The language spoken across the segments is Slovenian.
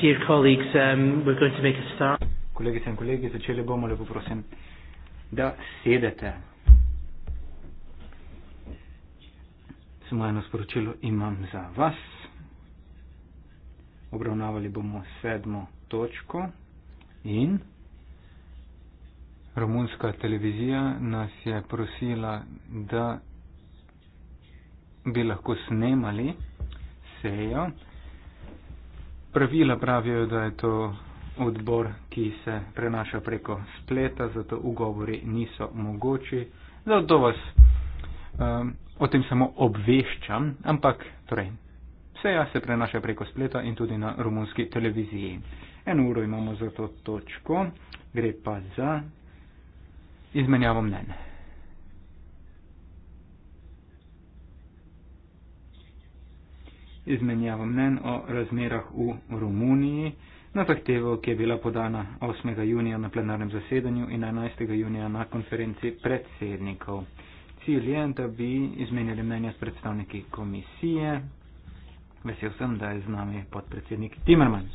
Dear colleagues, um, we're going to make a start. Kolegice in kolegi, začeli bomo lepo prosim, da sedete. Samo eno sporočilo imam za vas. Obravnavali bomo sedmo točko in Romunska televizija nas je prosila, da bi lahko snemali sejo. Pravila pravijo, da je to odbor, ki se prenaša preko spleta, zato ugovori niso mogoči. Zato vas um, o tem samo obveščam, ampak torej, seja se prenaša preko spleta in tudi na romunski televiziji. Eno uro imamo za to točko, gre pa za izmenjavo mnen. Izmenjavo mnen o razmerah v Romuniji na zahtevo, ki je bila podana 8. junija na plenarnem zasedanju in 11. junija na konferenci predsednikov. Cilj je, da bi izmenjali mnenja s predstavniki komisije. Vesel sem, da je z nami podpredsednik Timmermans.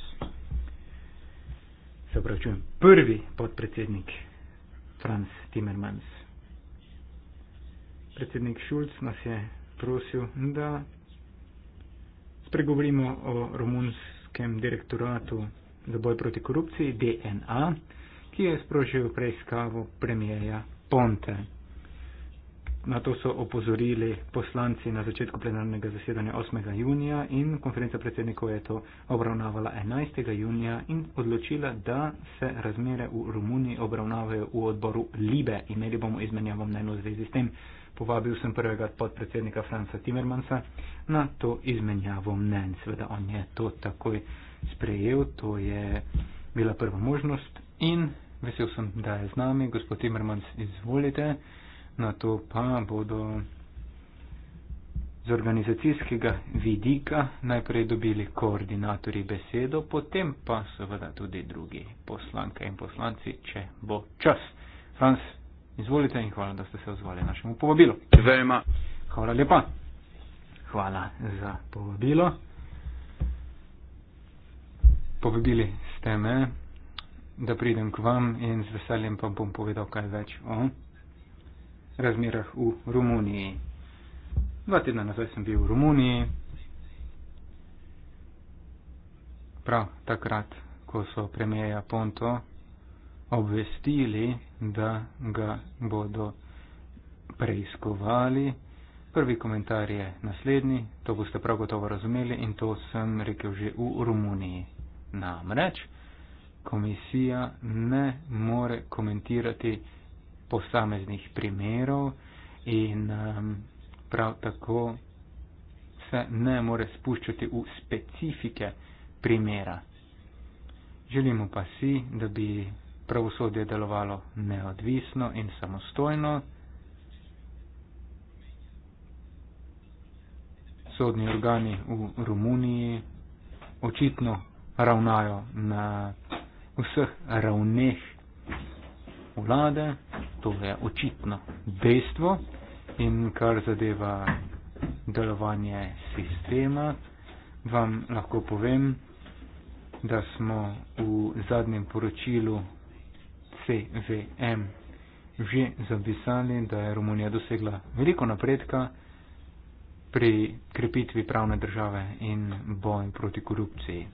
Se pravi, prvi podpredsednik Franz Timmermans. Predsednik Šulc nas je prosil, da spregovorimo o romunskem direktoratu za boj proti korupciji DNA, ki je sprožil preiskavo premijeja Ponte. Na to so opozorili poslanci na začetku plenarnega zasedanja 8. junija in konferenca predsednikov je to obravnavala 11. junija in odločila, da se razmere v Romuniji obravnavajo v odboru Libe. Imeli bomo izmenjavo mnenj v zvezi s tem. Povabil sem prvega podpredsednika Franca Timmermansa na to izmenjavo mnenj. Seveda on je to takoj sprejel, to je bila prva možnost in vesel sem, da je z nami. Gospod Timmermans, izvolite na to pa bodo z organizacijskega vidika najprej dobili koordinatorji besedo, potem pa seveda tudi drugi poslanke in poslanci, če bo čas. Franz, izvolite in hvala, da ste se ozvali našemu povabilu. Zajema. Hvala lepa. Hvala za povabilo. Povabili ste me, da pridem k vam in z veseljem pa bom povedal kaj več o razmerah v Romuniji. Dva tedna nazaj sem bil v Romuniji. Prav takrat, ko so premijeja Ponto obvestili, da ga bodo preiskovali, prvi komentar je naslednji, to boste prav gotovo razumeli in to sem rekel že v Romuniji. Namreč, komisija ne more komentirati posameznih primerov in um, prav tako se ne more spuščati v specifike primera. Želimo pa si, da bi pravosodje delovalo neodvisno in samostojno. Sodni organi v Romuniji očitno ravnajo na vseh ravneh vlade, to je očitno dejstvo in kar zadeva delovanje sistema, vam lahko povem, da smo v zadnjem poročilu CVM že zapisali, da je Romunija dosegla veliko napredka pri krepitvi pravne države in boju proti korupciji.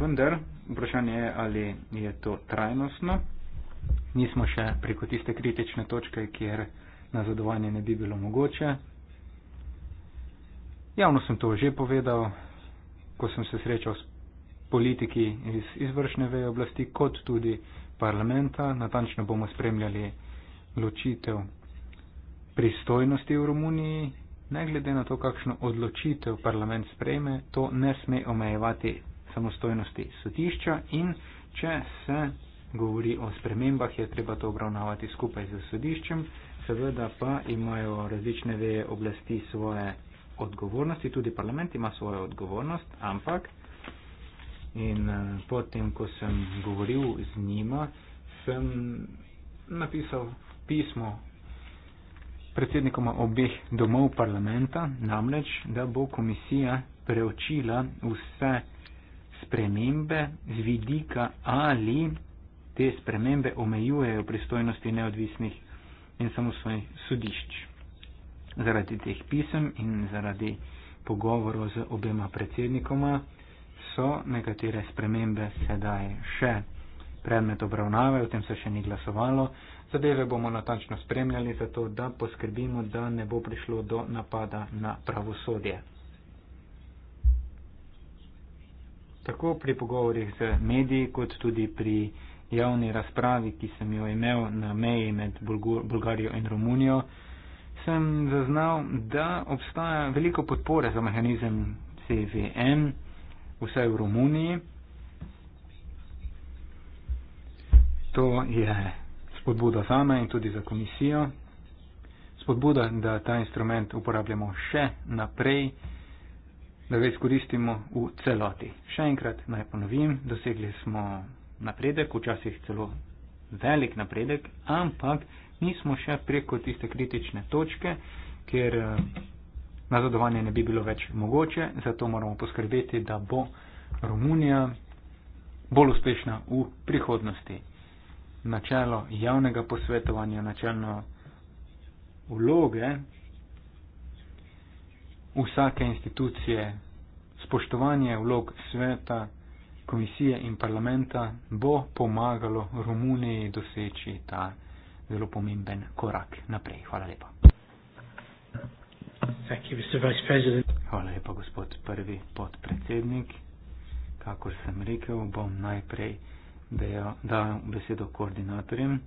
Vendar vprašanje je, ali je to trajnostno. Nismo še preko tiste kritične točke, kjer nazadovanje ne bi bilo mogoče. Javno sem to že povedal, ko sem se srečal s politiki iz izvršne veje oblasti, kot tudi parlamenta. Natančno bomo spremljali ločitev pristojnosti v Romuniji. Ne glede na to, kakšno odločitev parlament sprejme, to ne sme omejevati samostojnosti sodišča in če se govori o spremembah, je treba to obravnavati skupaj z sodiščem, seveda pa imajo različne veje oblasti svoje odgovornosti, tudi parlament ima svojo odgovornost, ampak in eh, potem, ko sem govoril z njima, sem napisal pismo predsednikoma obeh domov parlamenta, namreč, da bo komisija preučila vse spremembe z vidika ali te spremembe omejujejo pristojnosti neodvisnih in samostojnih sodišč. Zaradi teh pisem in zaradi pogovorov z obema predsednikoma so nekatere spremembe sedaj še predmet obravnave, o tem se še ni glasovalo. Zadeve bomo natančno spremljali, zato da poskrbimo, da ne bo prišlo do napada na pravosodje. tako pri pogovorih z mediji, kot tudi pri javni razpravi, ki sem jo imel na meji med Bolgarijo in Romunijo, sem zaznal, da obstaja veliko podpore za mehanizem CVM, vsaj v Romuniji. To je spodbuda zame in tudi za komisijo. Spodbuda, da ta instrument uporabljamo še naprej da ga izkoristimo v celoti. Še enkrat naj ponovim, dosegli smo napredek, včasih celo velik napredek, ampak nismo še preko tiste kritične točke, ker eh, nazadovanje ne bi bilo več mogoče, zato moramo poskrbeti, da bo Romunija bolj uspešna v prihodnosti. Načelo javnega posvetovanja, načelno vloge vsake institucije, spoštovanje vlog sveta, komisije in parlamenta bo pomagalo Romuniji doseči ta zelo pomemben korak naprej. Hvala lepa. Hvala lepa, gospod prvi podpredsednik. Kakor sem rekel, bom najprej dal besedo koordinatorjem.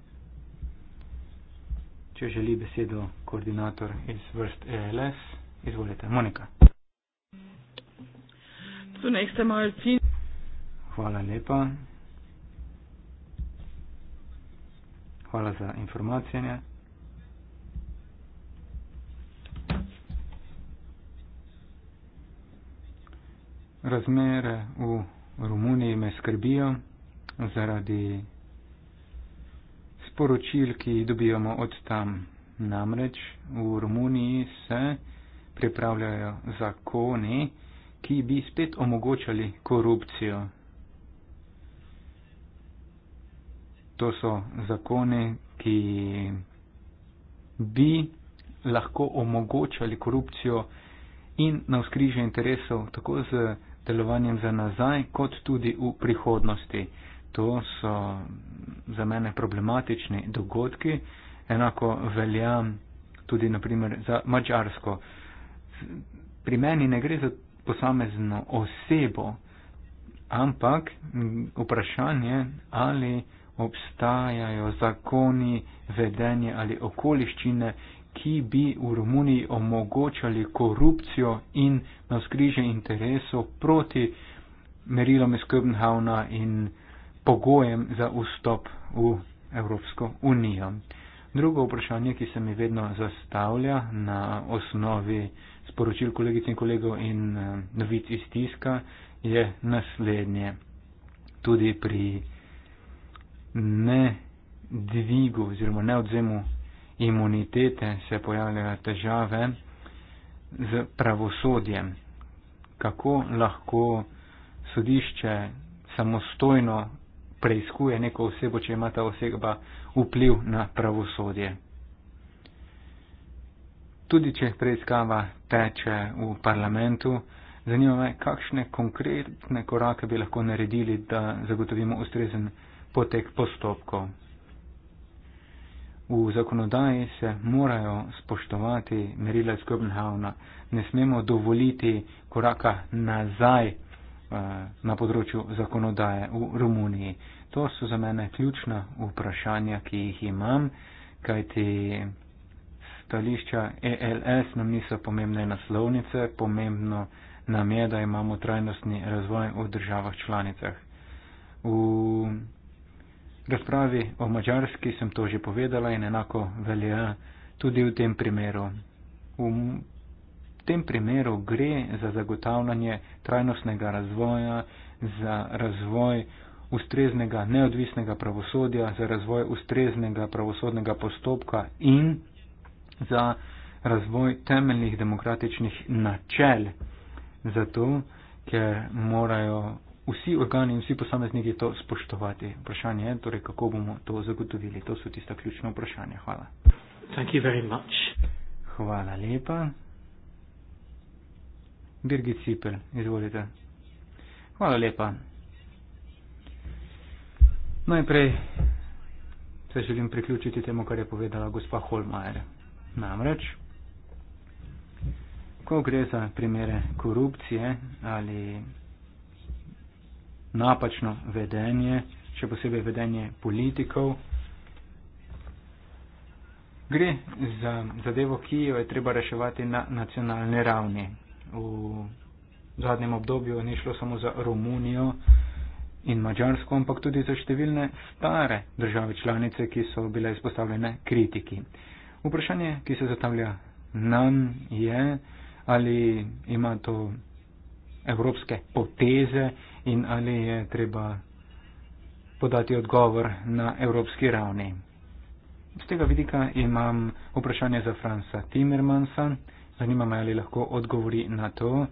Če želi besedo koordinator iz vrst ELS. Izvolite, Monika. Zunaj ste malo cin. Hvala lepa. Hvala za informacije. Razmere v Romuniji me skrbijo zaradi sporočil, ki jih dobivamo od tam. Namreč v Romuniji se pripravljajo zakoni, ki bi spet omogočali korupcijo. To so zakoni, ki bi lahko omogočali korupcijo in na vzkrižje interesov tako z delovanjem za nazaj, kot tudi v prihodnosti. To so za mene problematični dogodki, enako velja tudi naprimer za Mačarsko pri meni ne gre za posamezno osebo, ampak vprašanje, ali obstajajo zakoni, vedenje ali okoliščine, ki bi v Romuniji omogočali korupcijo in navskriže interesov proti merilom iz Köbenhavna in pogojem za vstop v Evropsko unijo. Drugo vprašanje, ki se mi vedno zastavlja na osnovi sporočil kolegic in kolegov in eh, novic iz tiska je naslednje. Tudi pri ne dvigu oziroma ne odzemu imunitete se pojavljajo težave z pravosodjem. Kako lahko sodišče samostojno preizkuje neko osebo, če ima ta oseba vpliv na pravosodje? tudi če preiskava teče v parlamentu. Zanima me, kakšne konkretne korake bi lahko naredili, da zagotovimo ustrezen potek postopkov. V zakonodaji se morajo spoštovati merila Skobnhavna. Ne smemo dovoliti koraka nazaj eh, na področju zakonodaje v Romuniji. To so za mene ključna vprašanja, ki jih imam, kajti stališča ELS nam niso pomembne naslovnice, pomembno nam je, da imamo trajnostni razvoj v državah članicah. V razpravi o Mačarski sem to že povedala in enako velja tudi v tem primeru. V tem primeru gre za zagotavljanje trajnostnega razvoja, za razvoj ustreznega neodvisnega pravosodja, za razvoj ustreznega pravosodnega postopka in za razvoj temeljnih demokratičnih načel, zato ker morajo vsi organi in vsi posamezniki to spoštovati. Vprašanje je, torej, kako bomo to zagotovili. To so tista ključna vprašanja. Hvala. Hvala lepa. Birgit Cipel, izvolite. Hvala lepa. Najprej se želim priključiti temu, kar je povedala gospa Holmajer. Namreč, ko gre za primere korupcije ali napačno vedenje, še posebej vedenje politikov, gre za zadevo, ki jo je treba reševati na nacionalni ravni. V zadnjem obdobju ni šlo samo za Romunijo in Mačarsko, ampak tudi za številne stare države članice, ki so bile izpostavljene kritiki. Vprašanje, ki se zastavlja nam, je, ali ima to evropske poteze in ali je treba podati odgovor na evropski ravni. Z tega vidika imam vprašanje za Franca Timmermansa. Zanima me, ali lahko odgovori na to.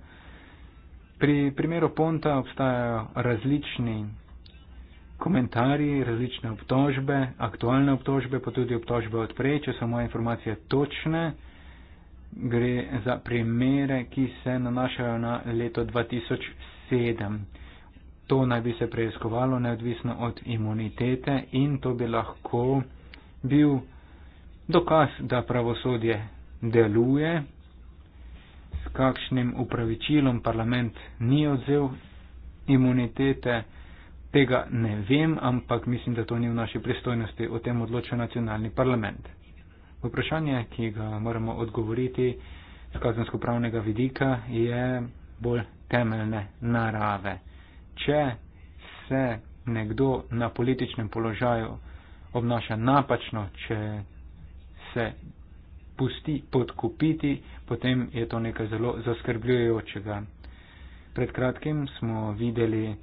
Pri primeru Ponta obstajajo različni komentarji, različne obtožbe, aktualne obtožbe, pa tudi obtožbe odprej, če so moje informacije točne. Gre za primere, ki se nanašajo na leto 2007. To naj bi se preiskovalo neodvisno od imunitete in to bi lahko bil dokaz, da pravosodje deluje, s kakšnim upravičilom parlament ni odzel imunitete tega ne vem, ampak mislim, da to ni v naši pristojnosti, o tem odloča nacionalni parlament. Vprašanje, ki ga moramo odgovoriti z kazensko-pravnega vidika, je bolj temeljne narave. Če se nekdo na političnem položaju obnaša napačno, če se pusti podkupiti, potem je to nekaj zelo zaskrbljujočega. Pred kratkim smo videli,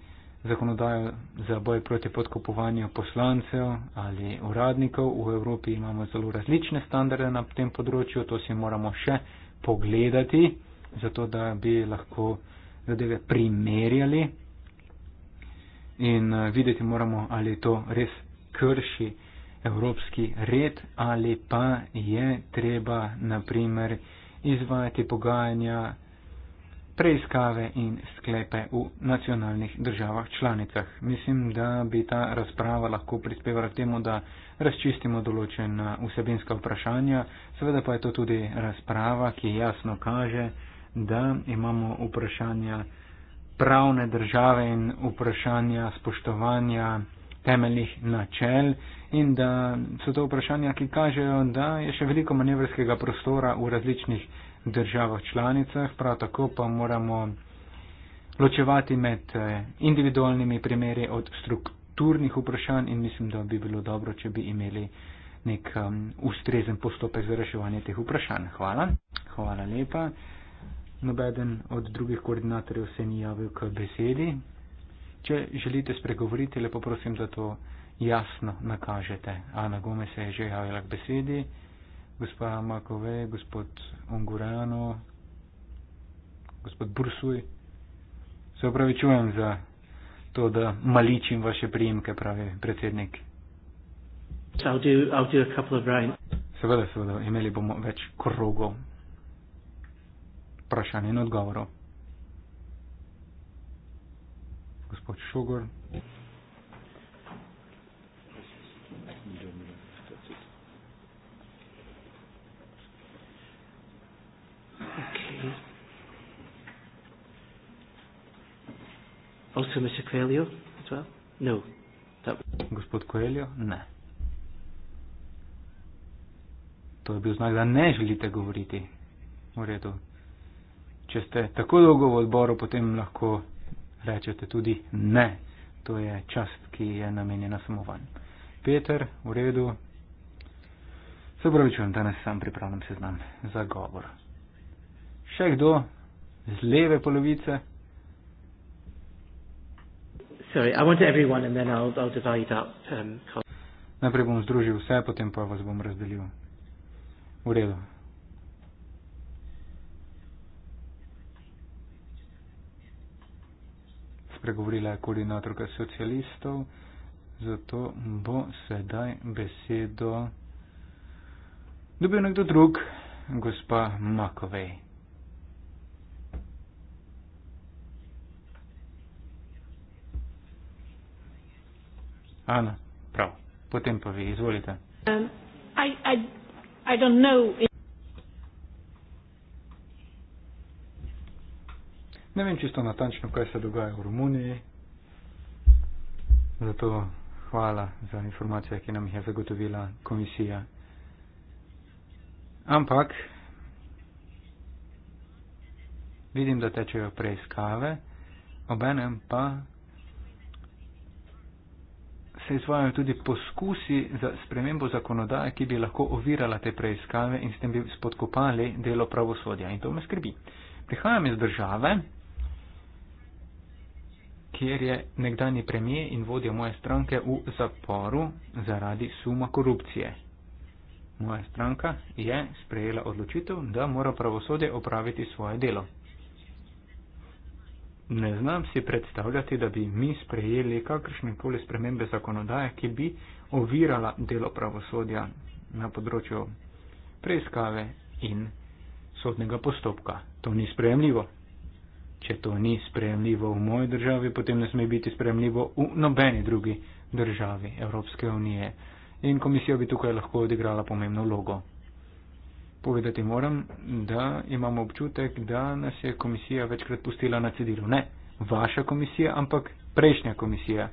zakonodajo za boj proti podkupovanju poslancev ali uradnikov. V Evropi imamo zelo različne standarde na tem področju, to si moramo še pogledati, zato da bi lahko zadeve primerjali in eh, videti moramo, ali to res krši evropski red ali pa je treba, naprimer, izvajati pogajanja preiskave in sklepe v nacionalnih državah članicah. Mislim, da bi ta razprava lahko prispevala k temu, da razčistimo določena vsebinska vprašanja. Seveda pa je to tudi razprava, ki jasno kaže, da imamo vprašanja pravne države in vprašanja spoštovanja temeljnih načel in da so to vprašanja, ki kažejo, da je še veliko manevrskega prostora v različnih državah državah članicah, prav tako pa moramo ločevati med eh, individualnimi primeri od strukturnih vprašanj in mislim, da bi bilo dobro, če bi imeli nek um, ustrezen postopek za reševanje teh vprašanj. Hvala. Hvala lepa. Nobeden od drugih koordinatorjev se ni javil k besedi. Če želite spregovoriti, lepo prosim, da to jasno nakažete. Ana Gome se je že javila k besedi gospa Makove, gospod Ungurano, gospod Bursuj. Se opravičujem za to, da maličim vaše prijemke, pravi predsednik. I'll do, I'll do a couple of rain. Seveda, seveda, imeli bomo več krogov. Vprašanje in odgovorov. Gospod Šogor. Yeah. Mm-hmm. Also, Mr. Coelho, as well? No. That... Gospod Coelho, ne. To je bil znak, da ne želite govoriti. V redu. Če ste tako dolgo v odboru, potem lahko rečete tudi ne. To je čast, ki je namenjena samo vam. Peter, v redu. Se pravi, če vam danes sam pripravljam seznam za govor. Še kdo z leve polovice? Um, Najprej bom združil vse, potem pa vas bom razdelil. V redu. Spregovorila je koordinatorka socialistov, zato bo sedaj besedo dobil nekdo drug, gospa Makovej. Ana, prav. Potem pa vi, izvolite. Um, ne vem čisto natančno, kaj se dogaja v Romuniji. Zato hvala za informacije, ki nam jih je zagotovila komisija. Ampak vidim, da tečejo preiskave, obenem pa se izvajajo tudi poskusi za spremembo zakonodaje, ki bi lahko ovirala te preiskave in s tem bi spodkopali delo pravosodja. In to me skrbi. Prihajam iz države, kjer je nekdani premije in vodja moje stranke v zaporu zaradi suma korupcije. Moja stranka je sprejela odločitev, da mora pravosodje opraviti svoje delo. Ne znam si predstavljati, da bi mi sprejeli kakršne koli spremembe zakonodaje, ki bi ovirala delo pravosodja na področju preiskave in sodnega postopka. To ni sprejemljivo. Če to ni sprejemljivo v moji državi, potem ne sme biti sprejemljivo v nobeni drugi državi Evropske unije. In komisija bi tukaj lahko odigrala pomembno vlogo povedati moram, da imamo občutek, da nas je komisija večkrat pustila na cedilu. Ne vaša komisija, ampak prejšnja komisija,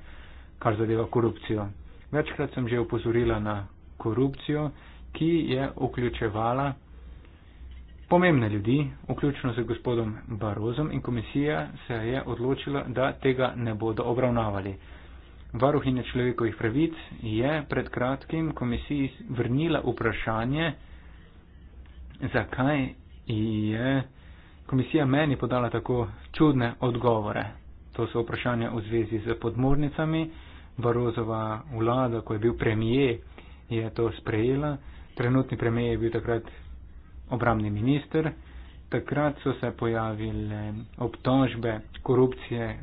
kar zadeva korupcijo. Večkrat sem že upozorila na korupcijo, ki je vključevala pomembne ljudi, vključno z gospodom Barozom in komisija se je odločila, da tega ne bodo obravnavali. Varuhinja človekovih pravic je pred kratkim komisiji vrnila vprašanje, zakaj je komisija meni podala tako čudne odgovore. To so vprašanja v zvezi z podmornicami. Barozova vlada, ko je bil premije, je to sprejela. Trenutni premije je bil takrat obramni minister. Takrat so se pojavile obtožbe korupcije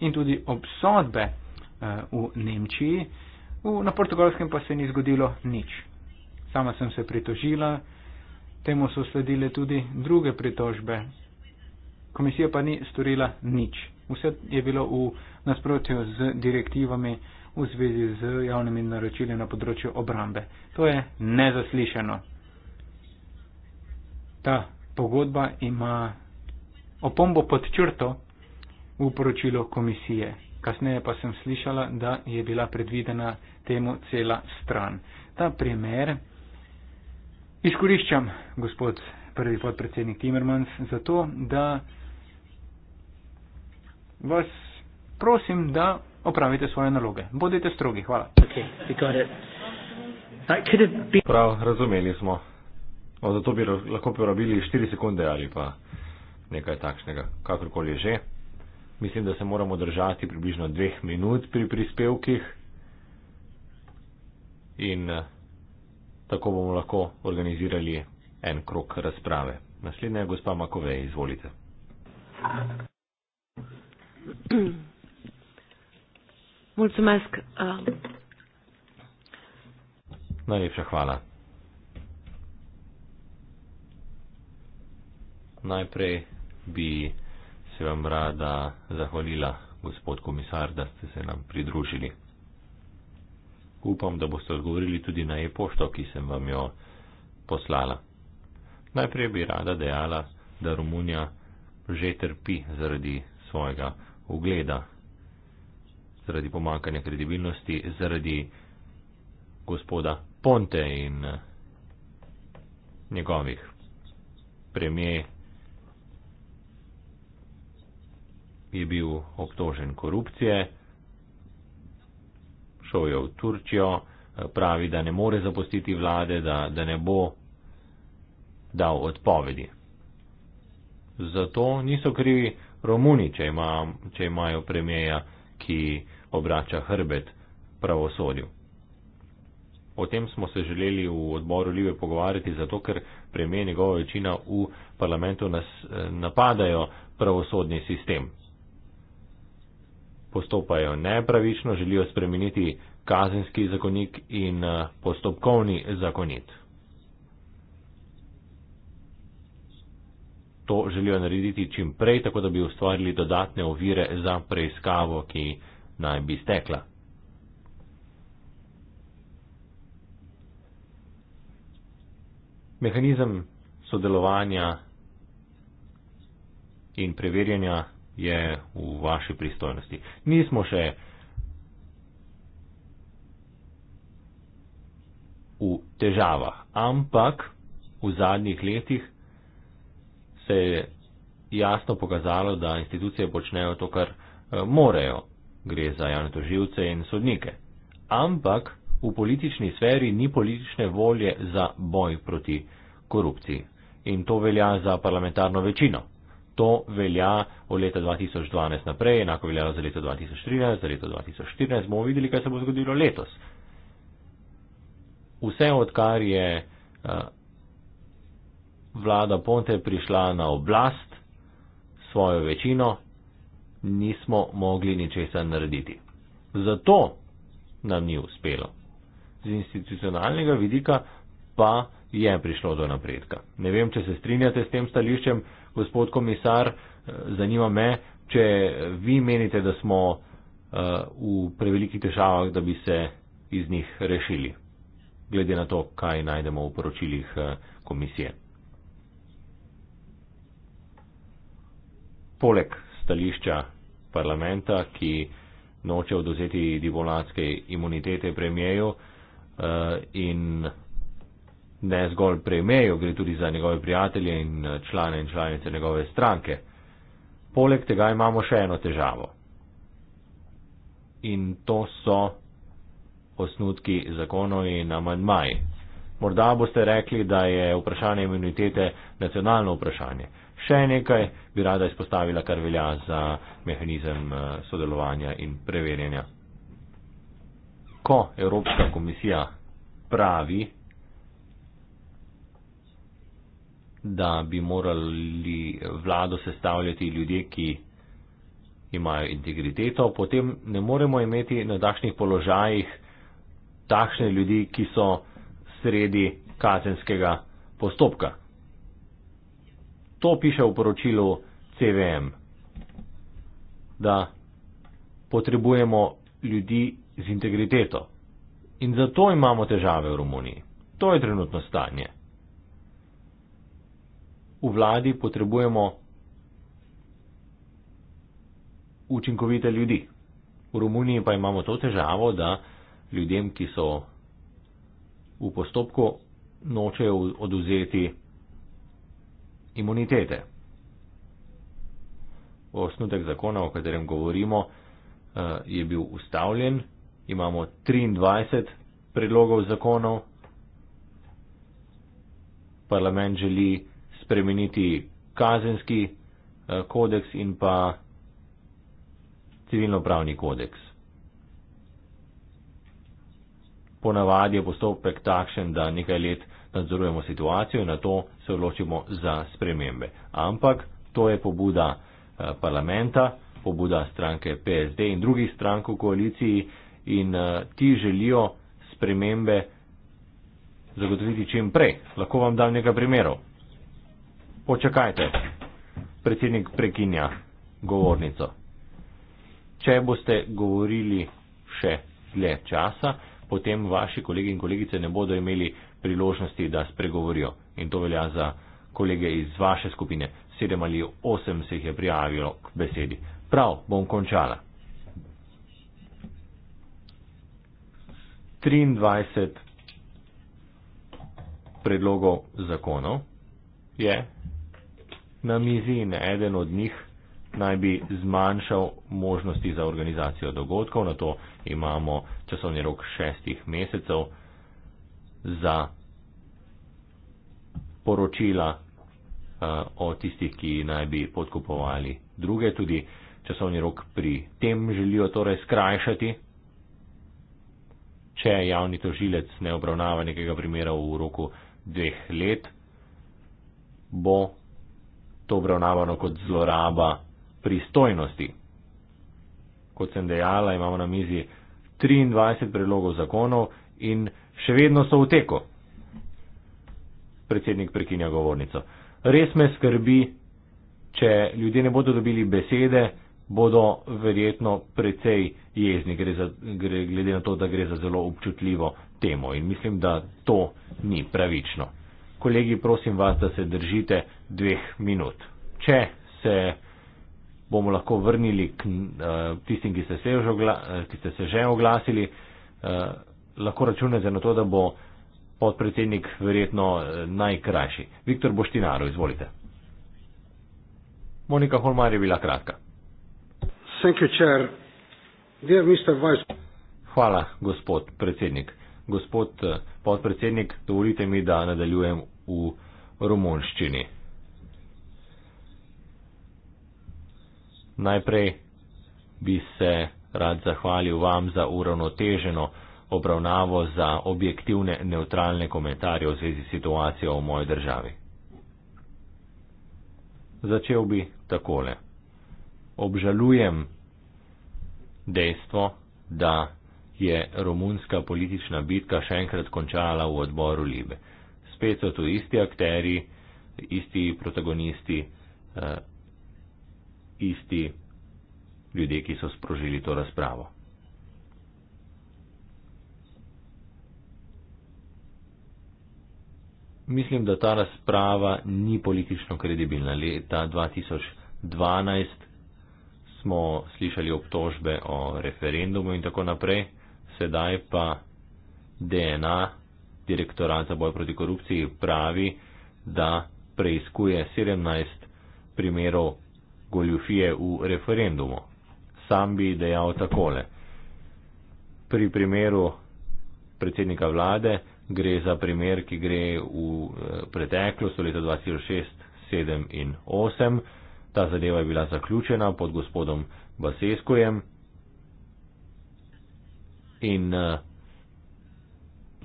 in tudi obsodbe eh, v Nemčiji. Na portugalskem pa se ni zgodilo nič. Sama sem se pritožila, Temu so sledile tudi druge pritožbe. Komisija pa ni storila nič. Vse je bilo v nasprotju z direktivami v zvezi z javnimi naročili na področju obrambe. To je nezaslišano. Ta pogodba ima opombo pod črto v poročilo komisije. Kasneje pa sem slišala, da je bila predvidena temu cela stran. Ta primer Izkoriščam, gospod prvi podpredsednik Timmermans, zato, da vas prosim, da opravite svoje naloge. Bodite strogi. Hvala. Okay, Prav, razumeli smo. O, zato bi lahko porabili 4 sekunde ali pa nekaj takšnega, kakorkoli že. Mislim, da se moramo držati približno dveh minut pri prispevkih. In, uh, tako bomo lahko organizirali en krok razprave. Naslednja je gospa Makovej, izvolite. Mulcumesk. Um. Najlepša hvala. Najprej bi se vam rada zahvalila, gospod komisar, da ste se nam pridružili upam, da boste odgovorili tudi na e-pošto, ki sem vam jo poslala. Najprej bi rada dejala, da Romunija že trpi zaradi svojega ugleda, zaradi pomankanja kredibilnosti, zaradi gospoda Ponte in eh, njegovih premije. Je bil obtožen korupcije šel je v Turčijo, eh, pravi, da ne more zapustiti vlade, da, da ne bo dal odpovedi. Zato niso krivi Romuni, če, ima, če imajo premijeja, ki obrača hrbet pravosodju. O tem smo se želeli v odboru Live pogovarjati, zato ker premije njegova večina v parlamentu nas eh, napadajo pravosodni sistem postopajo nepravično, želijo spremeniti kazenski zakonik in eh, postopkovni zakonit. To želijo narediti čim prej, tako da bi ustvarili dodatne ovire za preiskavo, ki naj bi stekla. Mehanizem sodelovanja in preverjanja je v vaši pristojnosti. Mi smo še v težavah, ampak v zadnjih letih se je jasno pokazalo, da institucije počnejo to, kar eh, morejo. Gre za javne toživce in sodnike. Ampak v politični sferi ni politične volje za boj proti korupciji. In to velja za parlamentarno večino. To velja od leta 2012 naprej, enako velja za leto 2013, za leto 2014. Bomo videli, kaj se bo zgodilo letos. Vse odkar je eh, vlada Ponte prišla na oblast svojo večino, nismo mogli ničesar narediti. Zato nam ni uspelo. Z institucionalnega vidika pa je prišlo do napredka. Ne vem, če se strinjate s tem stališčem. Gospod komisar, eh, zanima me, če vi menite, da smo eh, v prevelikih težavah, da bi se iz njih rešili, glede na to, kaj najdemo v poročilih eh, komisije. Poleg stališča parlamenta, ki noče oduzeti divolanske imunitete premijeju in ne zgolj premejo, gre tudi za njegove prijatelje in eh, člane in članice njegove stranke. Poleg tega imamo še eno težavo. In to so osnutki zakonov in amandmaj. Morda boste rekli, da je vprašanje imunitete nacionalno vprašanje. Še nekaj bi rada izpostavila, kar velja za mehanizem eh, sodelovanja in preverjanja. Ko Evropska komisija pravi, da bi morali vlado sestavljati ljudje, ki imajo integriteto, potem ne moremo imeti na takšnih položajih takšne ljudi, ki so sredi kazenskega postopka. To piše v poročilu CVM, da potrebujemo ljudi z integriteto. In zato imamo težave v Romuniji. To je trenutno stanje v vladi potrebujemo učinkovite ljudi. V Romuniji pa imamo to težavo, da ljudem, ki so v postopku, nočejo oduzeti imunitete. Osnutek zakona, o katerem govorimo, eh, je bil ustavljen. Imamo 23 predlogov zakonov. Parlament želi spremeniti kazenski eh, kodeks in pa civilno-pravni kodeks. Ponavadi je postopek takšen, da nekaj let nadzorujemo situacijo in na to se odločimo za spremembe. Ampak to je pobuda eh, parlamenta, pobuda stranke PSD in drugih strank v koaliciji in eh, ti želijo spremembe zagotoviti čim prej. Lahko vam dam nekaj primerov počakajte, predsednik prekinja govornico. Če boste govorili še dlje časa, potem vaši kolegi in kolegice ne bodo imeli priložnosti, da spregovorijo. In to velja za kolege iz vaše skupine. Sedem ali osem se jih je prijavilo k besedi. Prav, bom končala. 23 predlogov zakonov je na mizi in eden od njih naj bi zmanjšal možnosti za organizacijo dogodkov. Na to imamo časovni rok šestih mesecev za poročila eh, o tistih, ki naj bi podkupovali druge. Tudi časovni rok pri tem želijo torej skrajšati. Če javni tožilec ne obravnava nekega primera v roku dveh let, bo to obravnavano kot zloraba pristojnosti. Kot sem dejala, imamo na mizi 23 predlogov zakonov in še vedno so v teku. Predsednik prekinja govornico. Res me skrbi, če ljudje ne bodo dobili besede, bodo verjetno precej jezni, gre za, gre, glede na to, da gre za zelo občutljivo temo. In mislim, da to ni pravično kolegi, prosim vas, da se držite dveh minut. Če se bomo lahko vrnili k uh, tistim, ki ste, se ogla, eh, ki ste se že oglasili, uh, lahko računate na to, da bo podpredsednik verjetno uh, najkrajši. Viktor Boštinaro, izvolite. Monika Holmar je bila kratka. You, Dear Mr. Vice. Hvala, gospod predsednik. Gospod podpredsednik, dovolite mi, da nadaljujem v romunščini. Najprej bi se rad zahvalil vam za uravnoteženo obravnavo za objektivne neutralne komentarje v zvezi s situacijo v moji državi. Začel bi takole. Obžalujem dejstvo, da je romunska politična bitka še enkrat končala v odboru Libe spet so tu isti akteri, isti protagonisti, uh, isti ljudje, ki so sprožili to razpravo. Mislim, da ta razprava ni politično kredibilna. Leta 2012 smo slišali obtožbe o referendumu in tako naprej, sedaj pa DNA direktorat za boj proti korupciji pravi, da preiskuje 17 primerov goljufije v referendumu. Sam bi dejal takole. Pri primeru predsednika vlade gre za primer, ki gre v eh, preteklost, v leta 2006, 2007 in 2008. Ta zadeva je bila zaključena pod gospodom Baseskojem. In eh,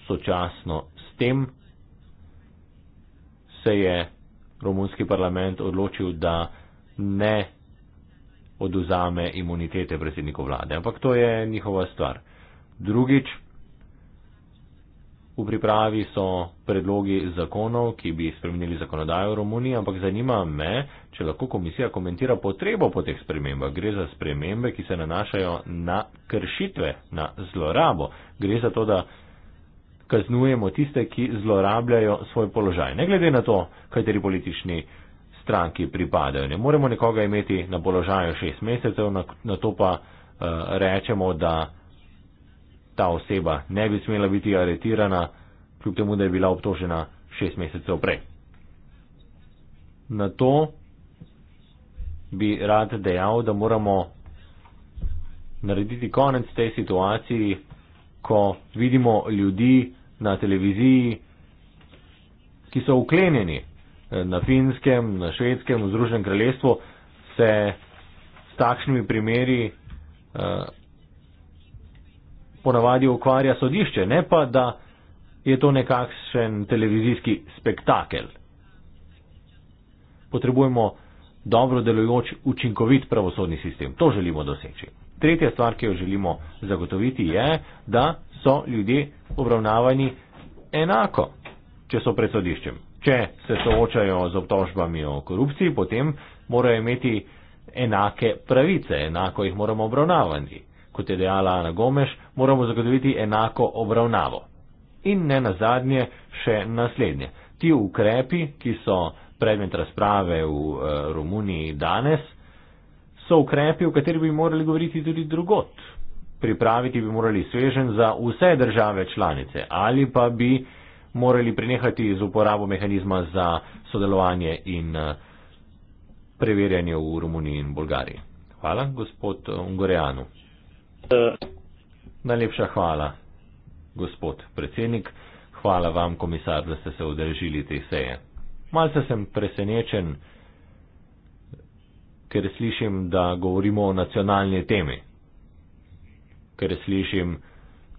sočasno s tem se je romunski parlament odločil, da ne oduzame imunitete predsedniku vlade. Ampak to je njihova stvar. Drugič, v pripravi so predlogi zakonov, ki bi spremenili zakonodajo v Romuniji, ampak zanima me, če lahko komisija komentira potrebo po teh spremembah. Gre za spremembe, ki se nanašajo na kršitve, na zlorabo. Gre za to, da kaznujemo tiste, ki zlorabljajo svoj položaj. Ne glede na to, kateri politični stranki pripadajo. Ne moremo nekoga imeti na položaju šest mesecev, na, na to pa uh, rečemo, da ta oseba ne bi smela biti aretirana, kljub temu, da je bila obtožena šest mesecev prej. Na to bi rad dejal, da moramo narediti konec tej situaciji, ko vidimo ljudi na televiziji, ki so uklenjeni eh, na finskem, na švedskem, v Združenem kraljestvu, se s takšnimi primeri eh, ponavadi ukvarja sodišče, ne pa da je to nekakšen televizijski spektakel. Potrebujemo dobro delujoč, učinkovit pravosodni sistem. To želimo doseči. Tretja stvar, ki jo želimo zagotoviti, je, da so ljudje obravnavani enako, če so pred sodiščem. Če se soočajo z obtožbami o korupciji, potem morajo imeti enake pravice, enako jih moramo obravnavati. Kot je dejala Ana Gomeš, moramo zagotoviti enako obravnavo. In ne nazadnje, še naslednje. Ti ukrepi, ki so predmet razprave v eh, Romuniji danes, so ukrepi, o kateri bi morali govoriti tudi drugot. Pripraviti bi morali svežen za vse države članice ali pa bi morali prenehati z uporabo mehanizma za sodelovanje in eh, preverjanje v Romuniji in Bolgariji. Hvala, gospod eh, Ungorejanu. Uh. Najlepša hvala, gospod predsednik. Hvala vam, komisar, da ste se udeležili te seje. Malce sem presenečen ker slišim, da govorimo o nacionalni temi, ker slišim,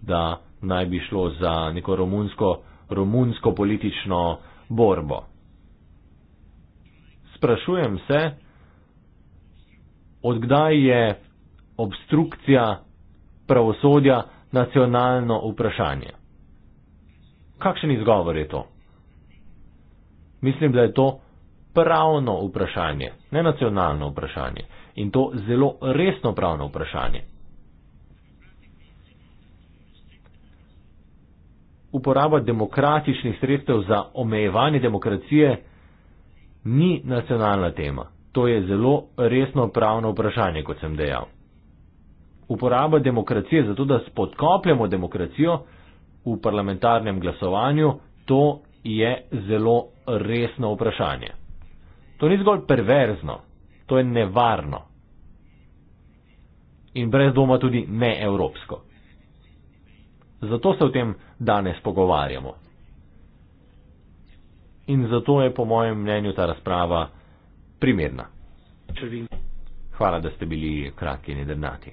da naj bi šlo za neko romunsko, romunsko politično borbo. Sprašujem se, odkdaj je obstrukcija pravosodja nacionalno vprašanje. Kakšen izgovor je to? Mislim, da je to pravno vprašanje, ne nacionalno vprašanje. In to zelo resno pravno vprašanje. Uporaba demokratičnih sredstev za omejevanje demokracije ni nacionalna tema. To je zelo resno pravno vprašanje, kot sem dejal. Uporaba demokracije zato, da spodkopljamo demokracijo v parlamentarnem glasovanju, to je zelo resno vprašanje. To ni zgolj perverzno, to je nevarno. In brez dvoma tudi neevropsko. Zato se o tem danes pogovarjamo. In zato je po mojem mnenju ta razprava primerna. Hvala, da ste bili kratki in drnati.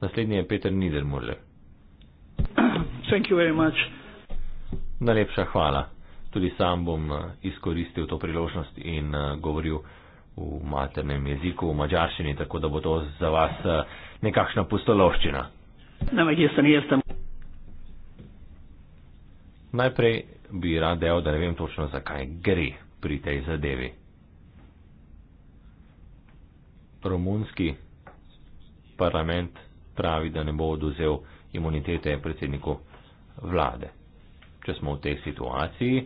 Naslednji je Peter Nidermuller. Najlepša hvala. Tudi sam bom eh, izkoristil to priložnost in eh, govoril v maternem jeziku, v mačarščini, tako da bo to za vas eh, nekakšna pustološčina. Na meji sem jaz tam. Najprej bi rad del, da ne vem točno, zakaj gre pri tej zadevi. Romunski parlament pravi, da ne bo oduzel imunitete predsedniku vlade. Če smo v tej situaciji,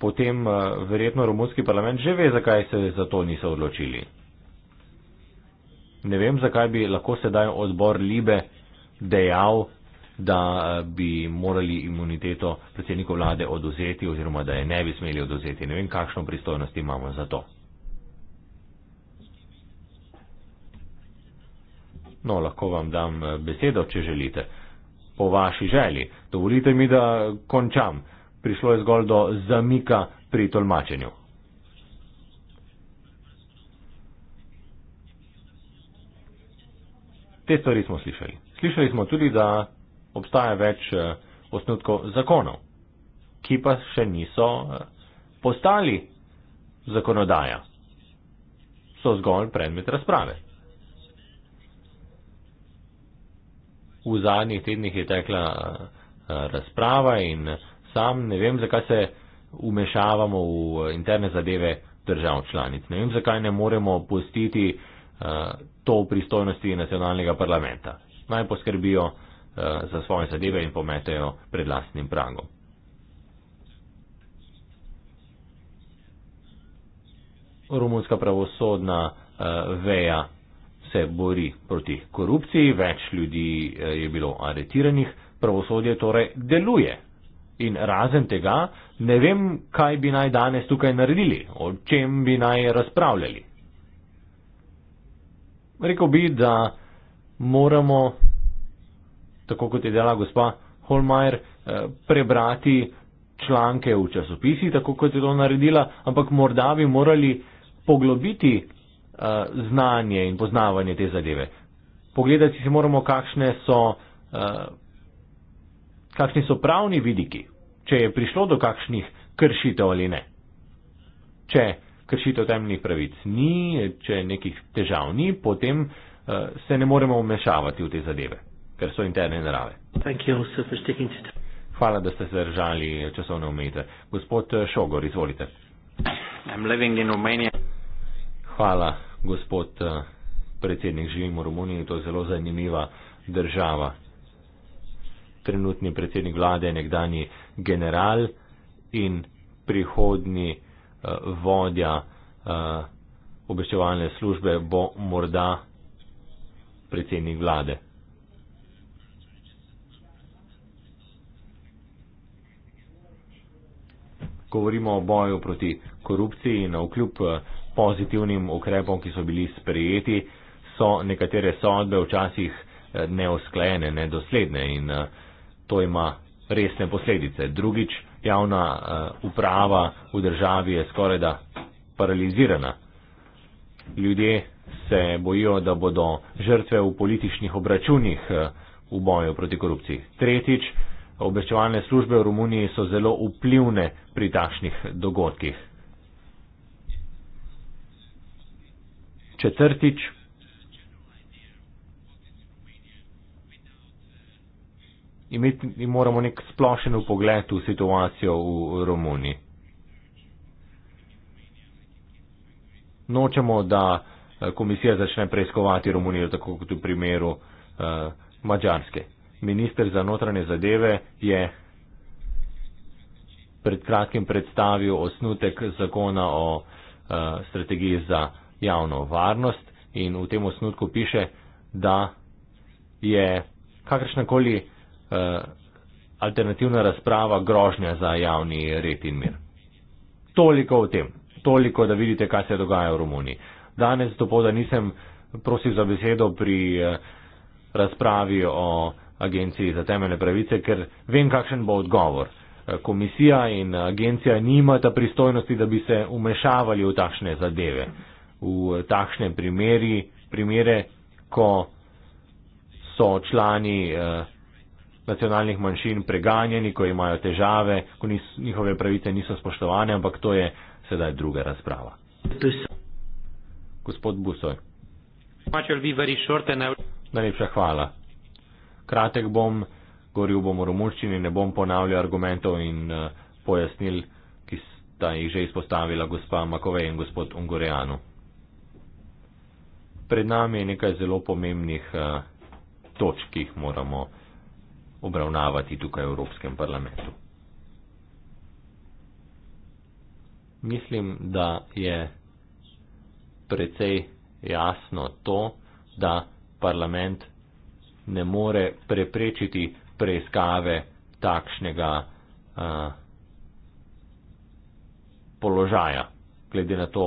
potem eh, verjetno romunski parlament že ve, zakaj se za to niso odločili. Ne vem, zakaj bi lahko sedaj odbor Libe dejal, da eh, bi morali imuniteto predsedniku vlade oduzeti oziroma da je ne bi smeli oduzeti. Ne vem, kakšno pristojnost imamo za to. No, lahko vam dam eh, besedo, če želite. Po vaši želji. Dovolite mi, da končam prišlo je zgolj do zamika pri tolmačenju. Te stvari smo slišali. Slišali smo tudi, da obstaja več eh, osnutkov zakonov, ki pa še niso eh, postali zakonodaja. So zgolj predmet razprave. V zadnjih tednih je tekla eh, razprava in sam ne vem, zakaj se umešavamo v eh, interne zadeve držav članic. Ne vem, zakaj ne moremo pustiti uh, to v pristojnosti nacionalnega parlamenta. Naj poskrbijo uh, za svoje zadeve in pometejo pred lastnim pragom. Romunska pravosodna uh, veja se bori proti korupciji, več ljudi uh, je bilo aretiranih, pravosodje torej deluje. In razen tega, ne vem, kaj bi naj danes tukaj naredili, o čem bi naj razpravljali. Rekl bi, da moramo, tako kot je dela gospa Holmajer, eh, prebrati članke v časopisi, tako kot je to naredila, ampak morda bi morali poglobiti eh, znanje in poznavanje te zadeve. Pogledati si moramo, kakšne so, eh, kakšni so pravni vidiki če je prišlo do kakšnih kršitev ali ne. Če kršitev temeljnih pravic ni, če nekih težav ni, potem uh, se ne moremo vmešavati v te zadeve, ker so interne narave. Hvala, da ste zdržali časovne omejitve. Gospod eh, Šogor, izvolite. Hvala, gospod eh, predsednik. Živim v Romuniji, to je zelo zanimiva država. Trenutni predsednik vlade, nekdani general in prihodni uh, eh, vodja uh, obveščevalne službe bo morda predsednik vlade. Govorimo o boju proti korupciji in vkljub eh, pozitivnim ukrepom, ki so bili sprejeti, so nekatere sodbe včasih neusklajene, nedosledne in to ima resne posledice. Drugič, javna uh, uprava v državi je skoraj da paralizirana. Ljudje se bojijo, da bodo žrtve v političnih obračunih uh, v boju proti korupciji. Tretjič, obveščevalne službe v Romuniji so zelo vplivne pri takšnih dogodkih. Četrtič, imeti in moramo nek splošen pogled v situacijo v Romuniji. Nočemo, da eh, komisija začne preiskovati Romunijo, tako kot v primeru uh, eh, Mačarske. Minister za notranje zadeve je pred kratkim predstavil osnutek zakona o uh, strategiji za javno varnost in v tem osnutku piše, da je kakršnakoli uh, Eh, alternativna razprava grožnja za javni red in mir. Toliko o tem, toliko, da vidite, kaj se dogaja v Romuniji. Danes to poda nisem prosil za besedo pri eh, razpravi o agenciji za temeljne pravice, ker vem, kakšen bo odgovor. Eh, komisija in agencija nimata pristojnosti, da bi se umešavali v takšne zadeve, v takšne primeri, primere, ko so člani eh, nacionalnih manjšin preganjeni, ko imajo težave, ko nis, njihove pravice niso spoštovane, ampak to je sedaj druga razprava. Gospod Busoj. Najlepša hvala. Kratek bom, govoril bom o romunščini, ne bom ponavljal argumentov in eh, pojasnil, ki sta jih že izpostavila gospa Makovej in gospod Ungorejanu. Pred nami je nekaj zelo pomembnih eh, točk, ki jih moramo obravnavati tukaj v Evropskem parlamentu. Mislim, da je precej jasno to, da parlament ne more preprečiti preiskave takšnega uh, položaja, glede na to,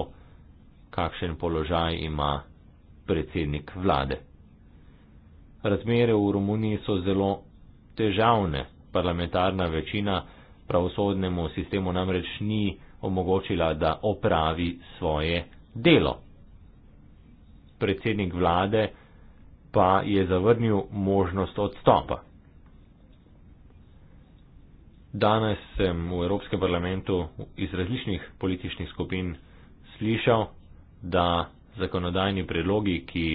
kakšen položaj ima predsednik vlade. Razmere v Romuniji so zelo težavne. Parlamentarna večina pravosodnemu sistemu namreč ni omogočila, da opravi svoje delo. Predsednik vlade pa je zavrnil možnost odstopa. Danes sem v Evropskem parlamentu iz različnih političnih skupin slišal, da zakonodajni predlogi, ki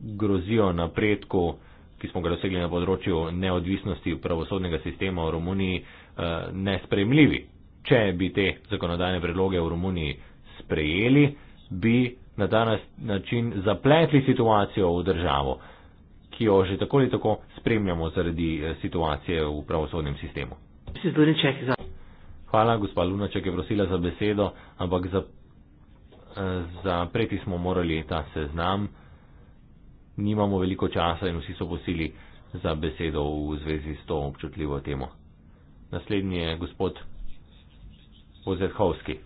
grozijo napredku, ki smo ga dosegli na področju neodvisnosti pravosodnega sistema v Romuniji, eh, nespremljivi. Če bi te zakonodajne predloge v Romuniji sprejeli, bi na ta način zapletli situacijo v državo, ki jo že tako ali tako spremljamo zaradi eh, situacije v pravosodnem sistemu. Hvala, gospa Lunaček je prosila za besedo, ampak za, eh, zapreti smo morali ta seznam nimamo veliko časa in vsi so posili za besedo v zvezi s to občutljivo temo. Naslednji je gospod Ozerhovski.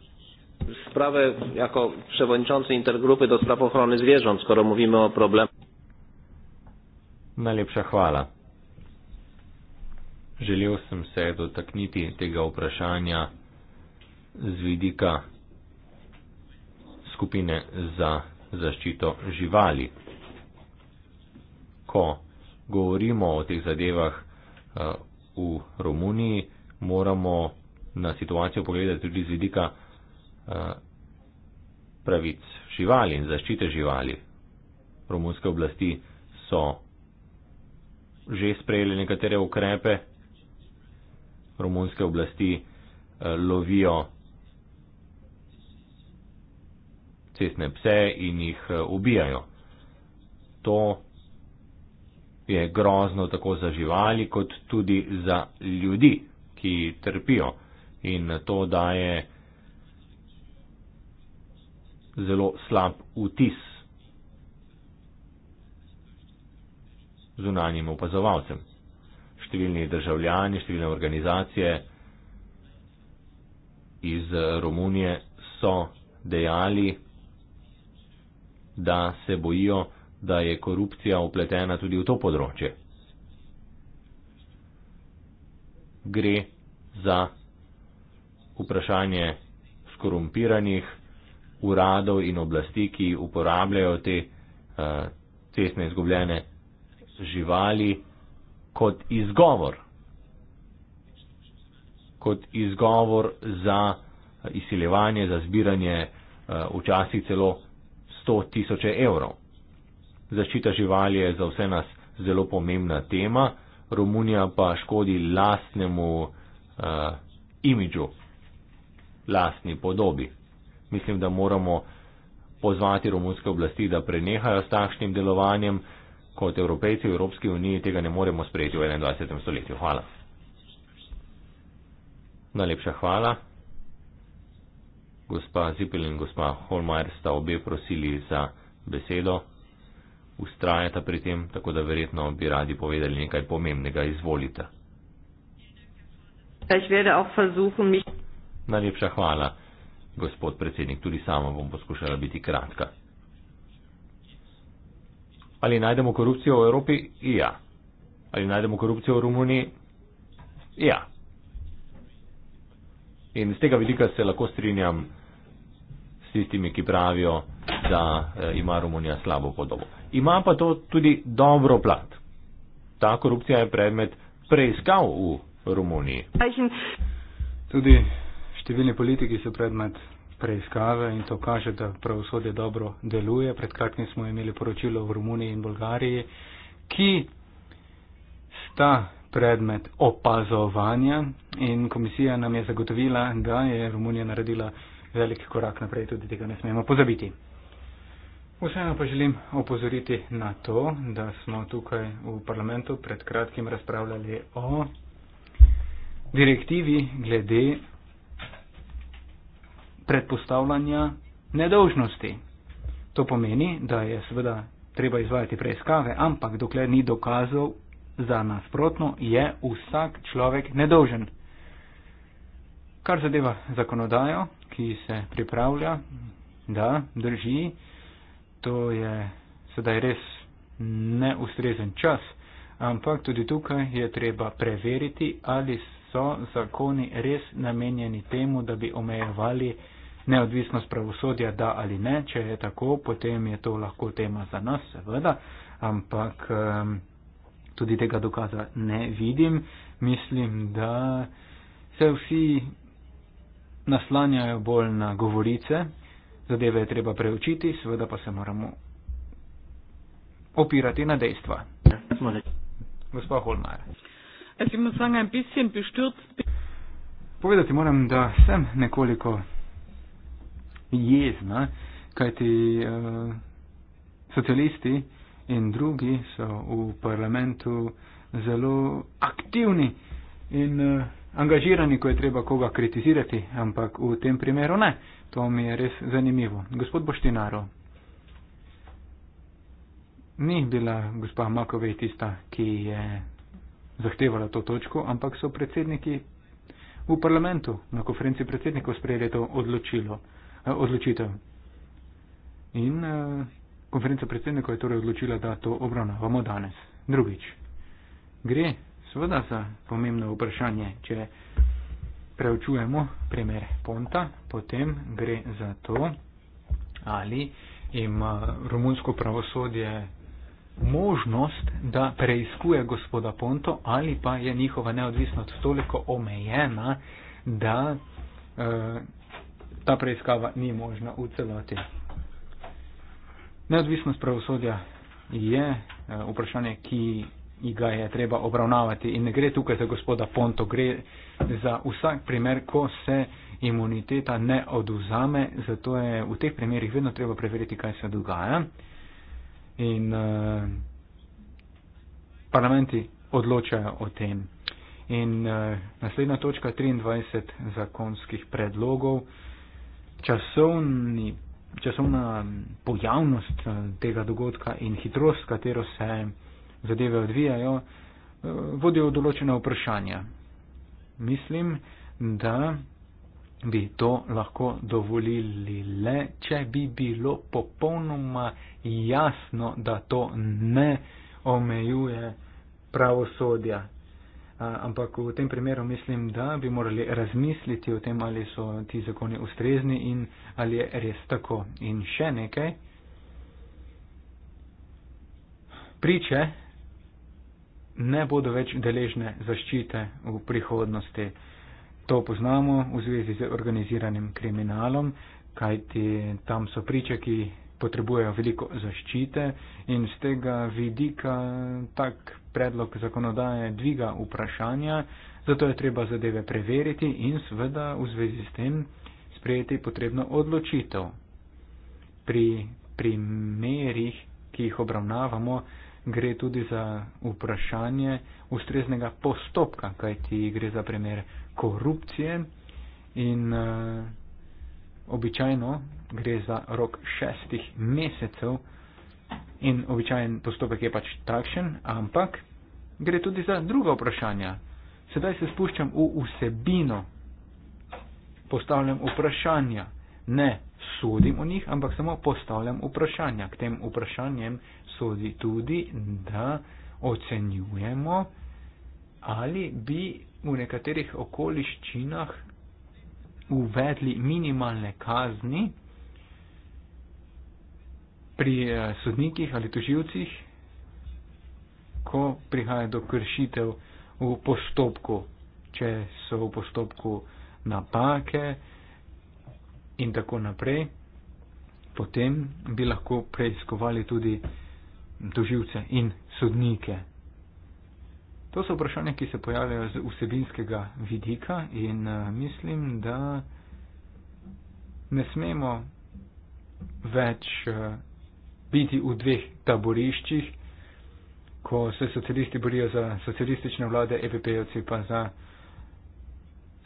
Sprawę jako przewodniczący intergrupy do spraw ochrony zwierząt, skoro mówimy o problemach. Najlepsza chwała. Żelił sam se dotknąć tego opraszania z widika skupiny za zaszczyto żywali ko govorimo o teh zadevah eh, v Romuniji, moramo na situacijo pogledati tudi z vidika eh, pravic živali in zaščite živali. Romunske oblasti so že sprejeli nekatere ukrepe. Romunske oblasti eh, lovijo cestne pse in jih ubijajo. To je grozno tako za živali, kot tudi za ljudi, ki trpijo. In to daje zelo slab vtis zunanjim opazovalcem. Številni državljani, številne organizacije iz Romunije so dejali, da se bojijo, da je korupcija upletena tudi v to področje. Gre za vprašanje skorumpiranih uradov in oblasti, ki uporabljajo te uh, cestne izgubljene živali kot izgovor, kot izgovor za izsilevanje, za zbiranje uh, včasih celo 100 tisoče evrov. Zaščita živali je za vse nas zelo pomembna tema, Romunija pa škodi lastnemu uh, imidžu, lastni podobi. Mislim, da moramo pozvati romunske oblasti, da prenehajo s takšnim delovanjem, kot evropejci v Evropski uniji tega ne moremo sprejeti v 21. stoletju. Hvala. Najlepša hvala. Gospa Zipel in gospa Holmajer sta obe prosili za besedo ustrajata pri tem, tako da verjetno bi radi povedali nekaj pomembnega. Izvolite. Najlepša hvala, gospod predsednik. Tudi sama bom poskušala biti kratka. Ali najdemo korupcijo v Evropi? Ja. Ali najdemo korupcijo v Romuniji? Ja. In z tega vidika se lahko strinjam s tistimi, ki pravijo, da eh, ima Romunija slabo podobo ima pa to tudi dobro plat. Ta korupcija je predmet preiskav v Romuniji. Tudi številni politiki so predmet preiskave in to kaže, da pravosodje dobro deluje. Pred kratkim smo imeli poročilo v Romuniji in Bolgariji, ki sta predmet opazovanja in komisija nam je zagotovila, da je Romunija naredila velik korak naprej, tudi tega ne smemo pozabiti. Vseeno pa želim opozoriti na to, da smo tukaj v parlamentu pred kratkim razpravljali o direktivi glede predpostavljanja nedolžnosti. To pomeni, da je seveda treba izvajati preiskave, ampak dokler ni dokazov za nasprotno, je vsak človek nedolžen. Kar zadeva zakonodajo, ki se pripravlja, da drži, to je sedaj res neustrezen čas, ampak tudi tukaj je treba preveriti, ali so zakoni res namenjeni temu, da bi omejevali neodvisnost pravosodja, da ali ne. Če je tako, potem je to lahko tema za nas, seveda, ampak um, tudi tega dokaza ne vidim. Mislim, da se vsi naslanjajo bolj na govorice, Zadeve je treba preučiti, seveda pa se moramo opirati na dejstva. Gospod Holmar. Povedati moram, da sem nekoliko jezna, kajti uh, socialisti in drugi so v parlamentu zelo aktivni in uh, angažirani, ko je treba koga kritizirati, ampak v tem primeru ne. To mi je res zanimivo. Gospod Boštinaro, ni bila gospa Makovej tista, ki je zahtevala to točko, ampak so predsedniki v parlamentu na konferenci predsednikov sprejeli to eh, odločitev. In eh, konferenca predsednikov je torej odločila, da to obravnavamo danes. Drugič. Gre seveda za pomembno vprašanje. Če preučujemo primer Ponta, potem gre za to, ali ima romunsko pravosodje možnost, da preizkuje gospoda Ponto ali pa je njihova neodvisnost toliko omejena, da eh, ta preiskava ni možna v celoti. Neodvisnost pravosodja je eh, vprašanje, ki ki ga je treba obravnavati. In ne gre tukaj za gospoda Ponto, gre za vsak primer, ko se imuniteta ne oduzame, zato je v teh primerih vedno treba preveriti, kaj se dogaja. In uh, parlamenti odločajo o tem. In uh, naslednja točka 23 zakonskih predlogov. Časovni, časovna pojavnost eh, tega dogodka in hitrost, katero se zadeve odvijajo, eh, vodijo določene vprašanja. Mislim, da bi to lahko dovolili le, če bi bilo popolnoma jasno, da to ne omejuje pravosodja. Ampak v tem primeru mislim, da bi morali razmisliti o tem, ali so ti zakoni ustrezni in ali je res tako. In še nekaj. Priče ne bodo več deležne zaščite v prihodnosti. To poznamo v zvezi z organiziranim kriminalom, kajti tam so priče, ki potrebujejo veliko zaščite in z tega vidika tak predlog zakonodaje dviga vprašanja, zato je treba zadeve preveriti in seveda v zvezi s tem sprejeti potrebno odločitev. Pri primerih, ki jih obravnavamo, gre tudi za vprašanje ustreznega postopka, kajti gre za primer korupcije in uh, običajno gre za rok šestih mesecev in običajen postopek je pač takšen, ampak gre tudi za druga vprašanja. Sedaj se spuščam v vsebino, postavljam vprašanja, ne sodim o njih, ampak samo postavljam vprašanja. K tem vprašanjem sodi tudi, da ocenjujemo, ali bi v nekaterih okoliščinah uvedli minimalne kazni pri eh, sodnikih ali toživcih, ko prihaja do kršitev v postopku, če so v postopku napake, in tako naprej, potem bi lahko preiskovali tudi doživce in sodnike. To so vprašanja, ki se pojavljajo z vsebinskega vidika in eh, mislim, da ne smemo več eh, biti v dveh taboriščih, ko se socialisti borijo za socialistične vlade, EPP-jevci pa za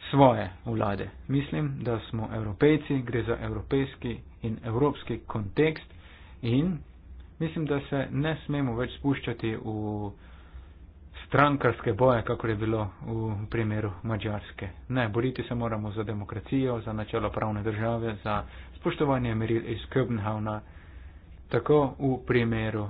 svoje vlade. Mislim, da smo evropejci, gre za evropejski in evropski kontekst in mislim, da se ne smemo več spuščati v strankarske boje, kako je bilo v primeru Mačarske. Ne, boriti se moramo za demokracijo, za načelo pravne države, za spoštovanje meril iz Köbenhavna, tako v primeru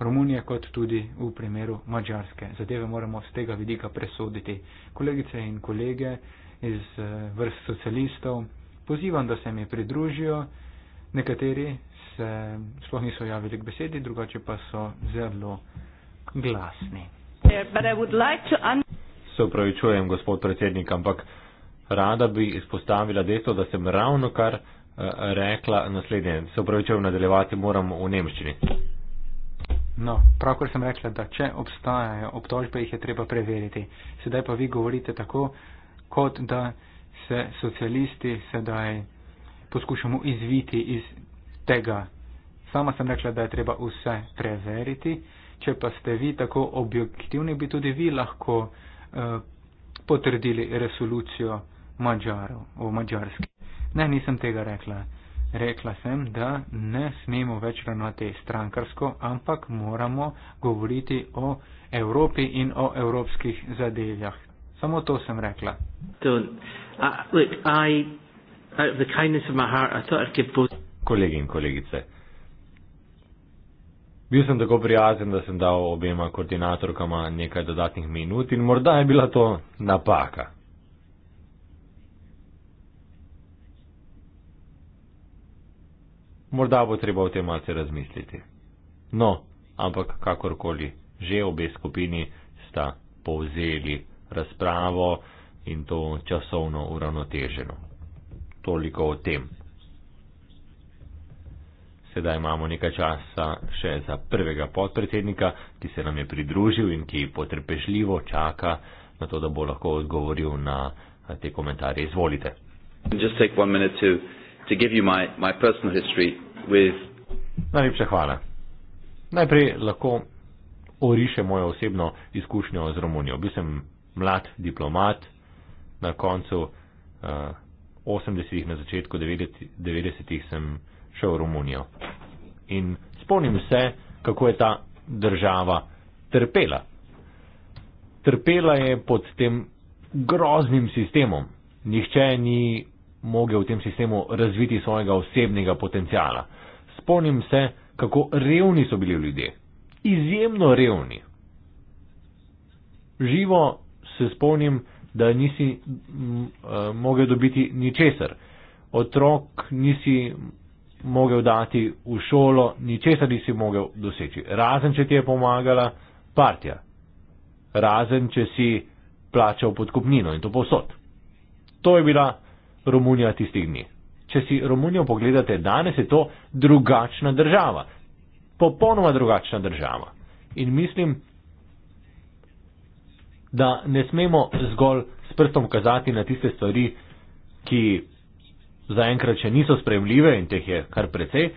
Romunije, kot tudi v primeru Mačarske. Zadeve moramo z tega vidika presoditi. Kolegice in kolege, iz eh, vrst socialistov. Pozivam, da se mi pridružijo. Nekateri se sploh niso javili k besedi, drugače pa so zelo glasni. Se upravičujem, gospod predsednik, ampak rada bi izpostavila dejstvo, da sem ravno kar eh, rekla naslednje. Se upravičujem, nadaljevati moram v nemščini. No, pravkar sem rekla, da če obstajajo obtožbe, jih je treba preveriti. Sedaj pa vi govorite tako, kot da se socialisti sedaj poskušamo izviti iz tega. Sama sem rekla, da je treba vse preveriti, če pa ste vi tako objektivni, bi tudi vi lahko eh, potrdili resolucijo Mađarov o Mađarski. Ne, nisem tega rekla. Rekla sem, da ne smemo več ravnati strankarsko, ampak moramo govoriti o Evropi in o evropskih zadevjah. Samo to sem rekla. Kolegi in kolegice, bil sem tako prijazen, da sem dal obema koordinatorkama nekaj dodatnih minut in morda je bila to napaka. Morda bo treba o tem malce razmisliti. No, ampak kakorkoli, že obe skupini sta povzeli razpravo in to časovno uravnoteženo. Toliko o tem. Sedaj imamo nekaj časa še za prvega podpredsednika, ki se nam je pridružil in ki potrpežljivo čaka na to, da bo lahko odgovoril na te komentarje. Izvolite. Najlepša hvala. Najprej lahko oriše mojo osebno izkušnjo z Romunijo. Bil sem mlad diplomat, na koncu uh, eh, 80-ih, na začetku 90-ih sem šel v Romunijo. In spomnim se, kako je ta država trpela. Trpela je pod tem groznim sistemom. Nihče ni mogel v tem sistemu razviti svojega osebnega potencijala. Spomnim se, kako revni so bili ljudje. Izjemno revni. Živo se spomnim, da nisi eh, mogel dobiti ničesar. Otrok nisi mogel dati v šolo, ničesar nisi mogel doseči. Razen, če ti je pomagala partija. Razen, če si plačal podkupnino in to posod. To je bila Romunija tistih dni. Če si Romunijo pogledate danes, je to drugačna država. Popolnoma drugačna država. In mislim, da ne smemo zgolj s prstom kazati na tiste stvari, ki zaenkrat še niso sprejemljive in teh je kar precej.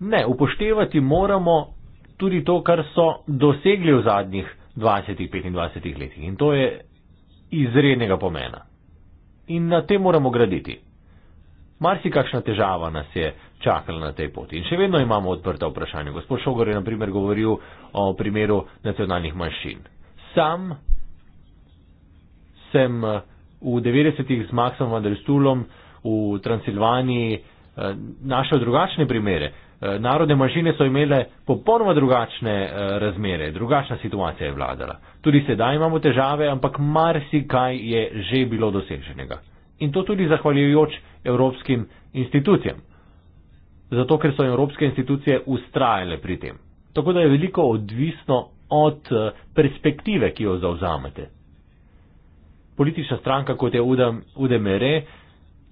Ne, upoštevati moramo tudi to, kar so dosegli v zadnjih 20-25 letih in to je izrednega pomena. In na tem moramo graditi. Marsi kakšna težava nas je čakala na tej poti in še vedno imamo odprta vprašanja. Gospod Šogor je naprimer govoril o primeru nacionalnih manjšin. Sam sem eh, v 90-ih z Maxom Vandrstulom v Transilvaniji eh, našel drugačne primere. Eh, narodne manjšine so imele popolnoma drugačne razmere, drugačna situacija je vladala. Tudi sedaj imamo težave, ampak marsikaj je že bilo doseženega. In to tudi zahvaljujoč evropskim institucijam. Zato, ker so evropske institucije ustrajale pri tem. Tako da je veliko odvisno od perspektive, ki jo zauzamete politična stranka kot je UDMR,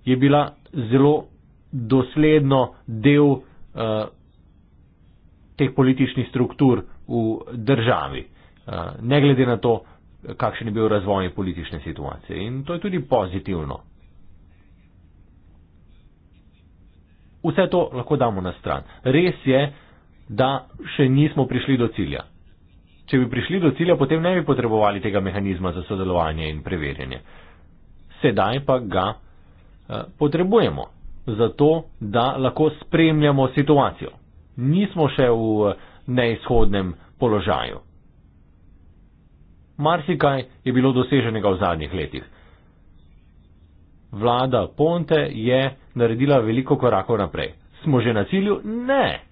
je bila zelo dosledno del uh, teh političnih struktur v državi, uh, ne glede na to, kakšen je bil razvoj politične situacije. In to je tudi pozitivno. Vse to lahko damo na stran. Res je, da še nismo prišli do cilja. Če bi prišli do cilja, potem ne bi potrebovali tega mehanizma za sodelovanje in preverjanje. Sedaj pa ga eh, potrebujemo, zato da lahko spremljamo situacijo. Nismo še v eh, neizhodnem položaju. Marsikaj je bilo doseženega v zadnjih letih. Vlada Ponte je naredila veliko korakov naprej. Smo že na cilju? Ne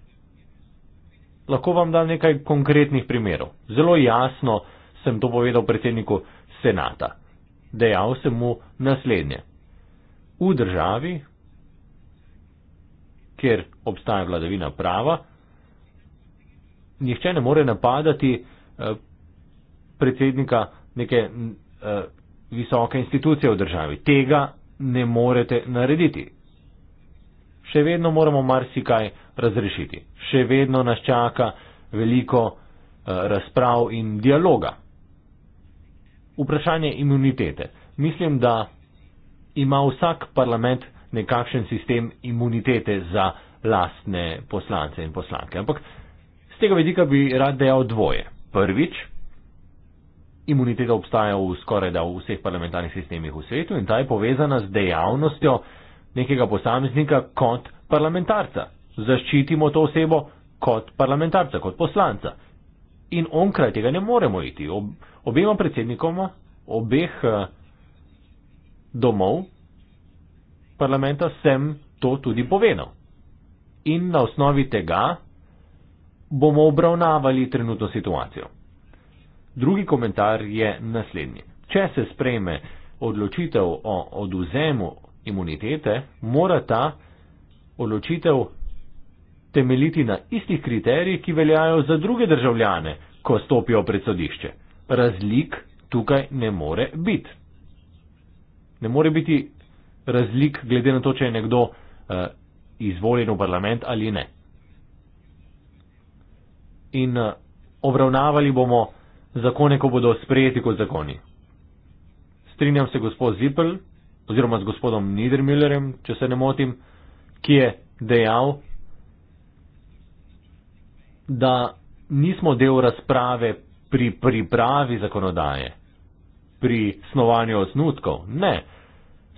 lahko vam dam nekaj konkretnih primerov. Zelo jasno sem to povedal predsedniku senata. Dejal sem mu naslednje. V državi, kjer obstaja vladavina prava, nihče ne more napadati eh, predsednika neke eh, visoke institucije v državi. Tega ne morete narediti. Še vedno moramo marsikaj razrešiti. Še vedno nas čaka veliko eh, razprav in dialoga. Vprašanje imunitete. Mislim, da ima vsak parlament nekakšen sistem imunitete za lastne poslance in poslanke. Ampak z tega vidika bi rad dejal dvoje. Prvič, imuniteta obstaja v skoraj da v vseh parlamentarnih sistemih v svetu in ta je povezana z dejavnostjo nekega posameznika kot parlamentarca zaščitimo to osebo kot parlamentarca, kot poslanca. In onkraj tega ne moremo iti. Ob, obema predsednikoma obeh eh, domov parlamenta sem to tudi povedal. In na osnovi tega bomo obravnavali trenutno situacijo. Drugi komentar je naslednji. Če se sprejme odločitev o oduzemu imunitete, mora ta odločitev temeljiti na istih kriterijih, ki veljajo za druge državljane, ko stopijo pred sodišče. Razlik tukaj ne more biti. Ne more biti razlik glede na to, če je nekdo uh, izvoljen v parlament ali ne. In uh, obravnavali bomo zakone, ko bodo sprejeti kot zakoni. Strinjam se gospod Zippel oziroma z gospodom Niedermüllerjem, če se ne motim, ki je dejal, da nismo del razprave pri pripravi zakonodaje, pri snovanju osnutkov. Ne.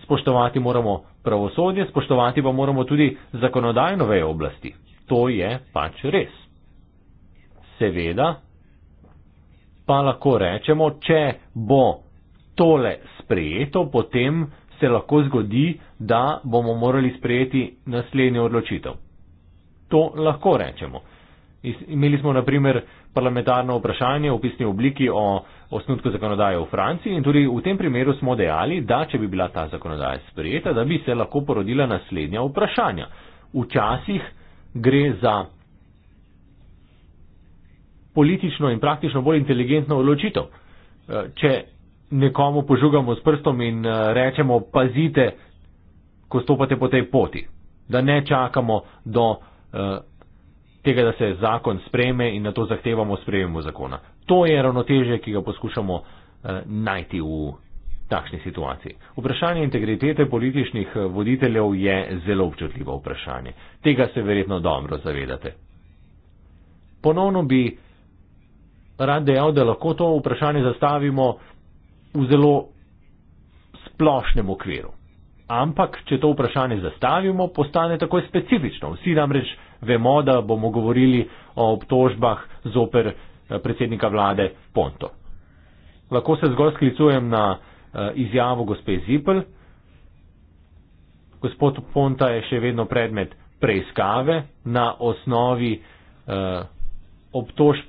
Spoštovati moramo pravosodje, spoštovati pa moramo tudi zakonodajno vejo oblasti. To je pač res. Seveda pa lahko rečemo, če bo tole sprejeto, potem se lahko zgodi, da bomo morali sprejeti naslednjo odločitev. To lahko rečemo. Imeli smo, naprimer, parlamentarno vprašanje v pisni obliki o osnutku zakonodaje v Franciji in tudi v tem primeru smo dejali, da če bi bila ta zakonodaja sprejeta, da bi se lahko porodila naslednja vprašanja. Včasih gre za politično in praktično bolj inteligentno odločitev. Eh, če nekomu požugamo s prstom in eh, rečemo, pazite, ko stopate po tej poti, da ne čakamo do. Eh, tega, da se zakon spreme in na to zahtevamo sprejemu zakona. To je ravnotežje, ki ga poskušamo eh, najti v takšni situaciji. Vprašanje integritete političnih eh, voditeljev je zelo občutljivo vprašanje. Tega se verjetno dobro zavedate. Ponovno bi rad dejal, da lahko to vprašanje zastavimo v zelo splošnem okviru. Ampak, če to vprašanje zastavimo, postane takoj specifično. Vsi namreč vemo, da bomo govorili o obtožbah zoper eh, predsednika vlade Ponto. Lahko se zgolj sklicujem na eh, izjavo gospe Zipl. Gospod Ponta je še vedno predmet preiskave na osnovi eh, obtožb,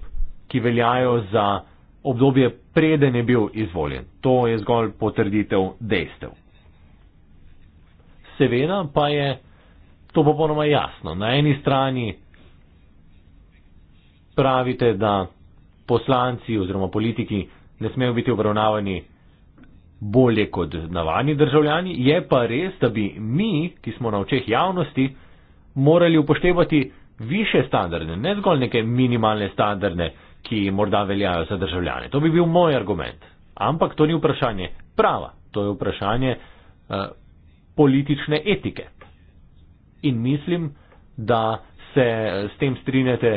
ki veljajo za obdobje preden je bil izvoljen. To je zgolj potrditev dejstev. Seveda pa je to popolnoma jasno. Na eni strani pravite, da poslanci oziroma politiki ne smejo biti obravnavani bolje kot navadni državljani, je pa res, da bi mi, ki smo na očeh javnosti, morali upoštevati više standarde, ne zgolj neke minimalne standarde, ki morda veljajo za državljane. To bi bil moj argument. Ampak to ni vprašanje prava, to je vprašanje uh, politične etike in mislim, da se s tem strinjate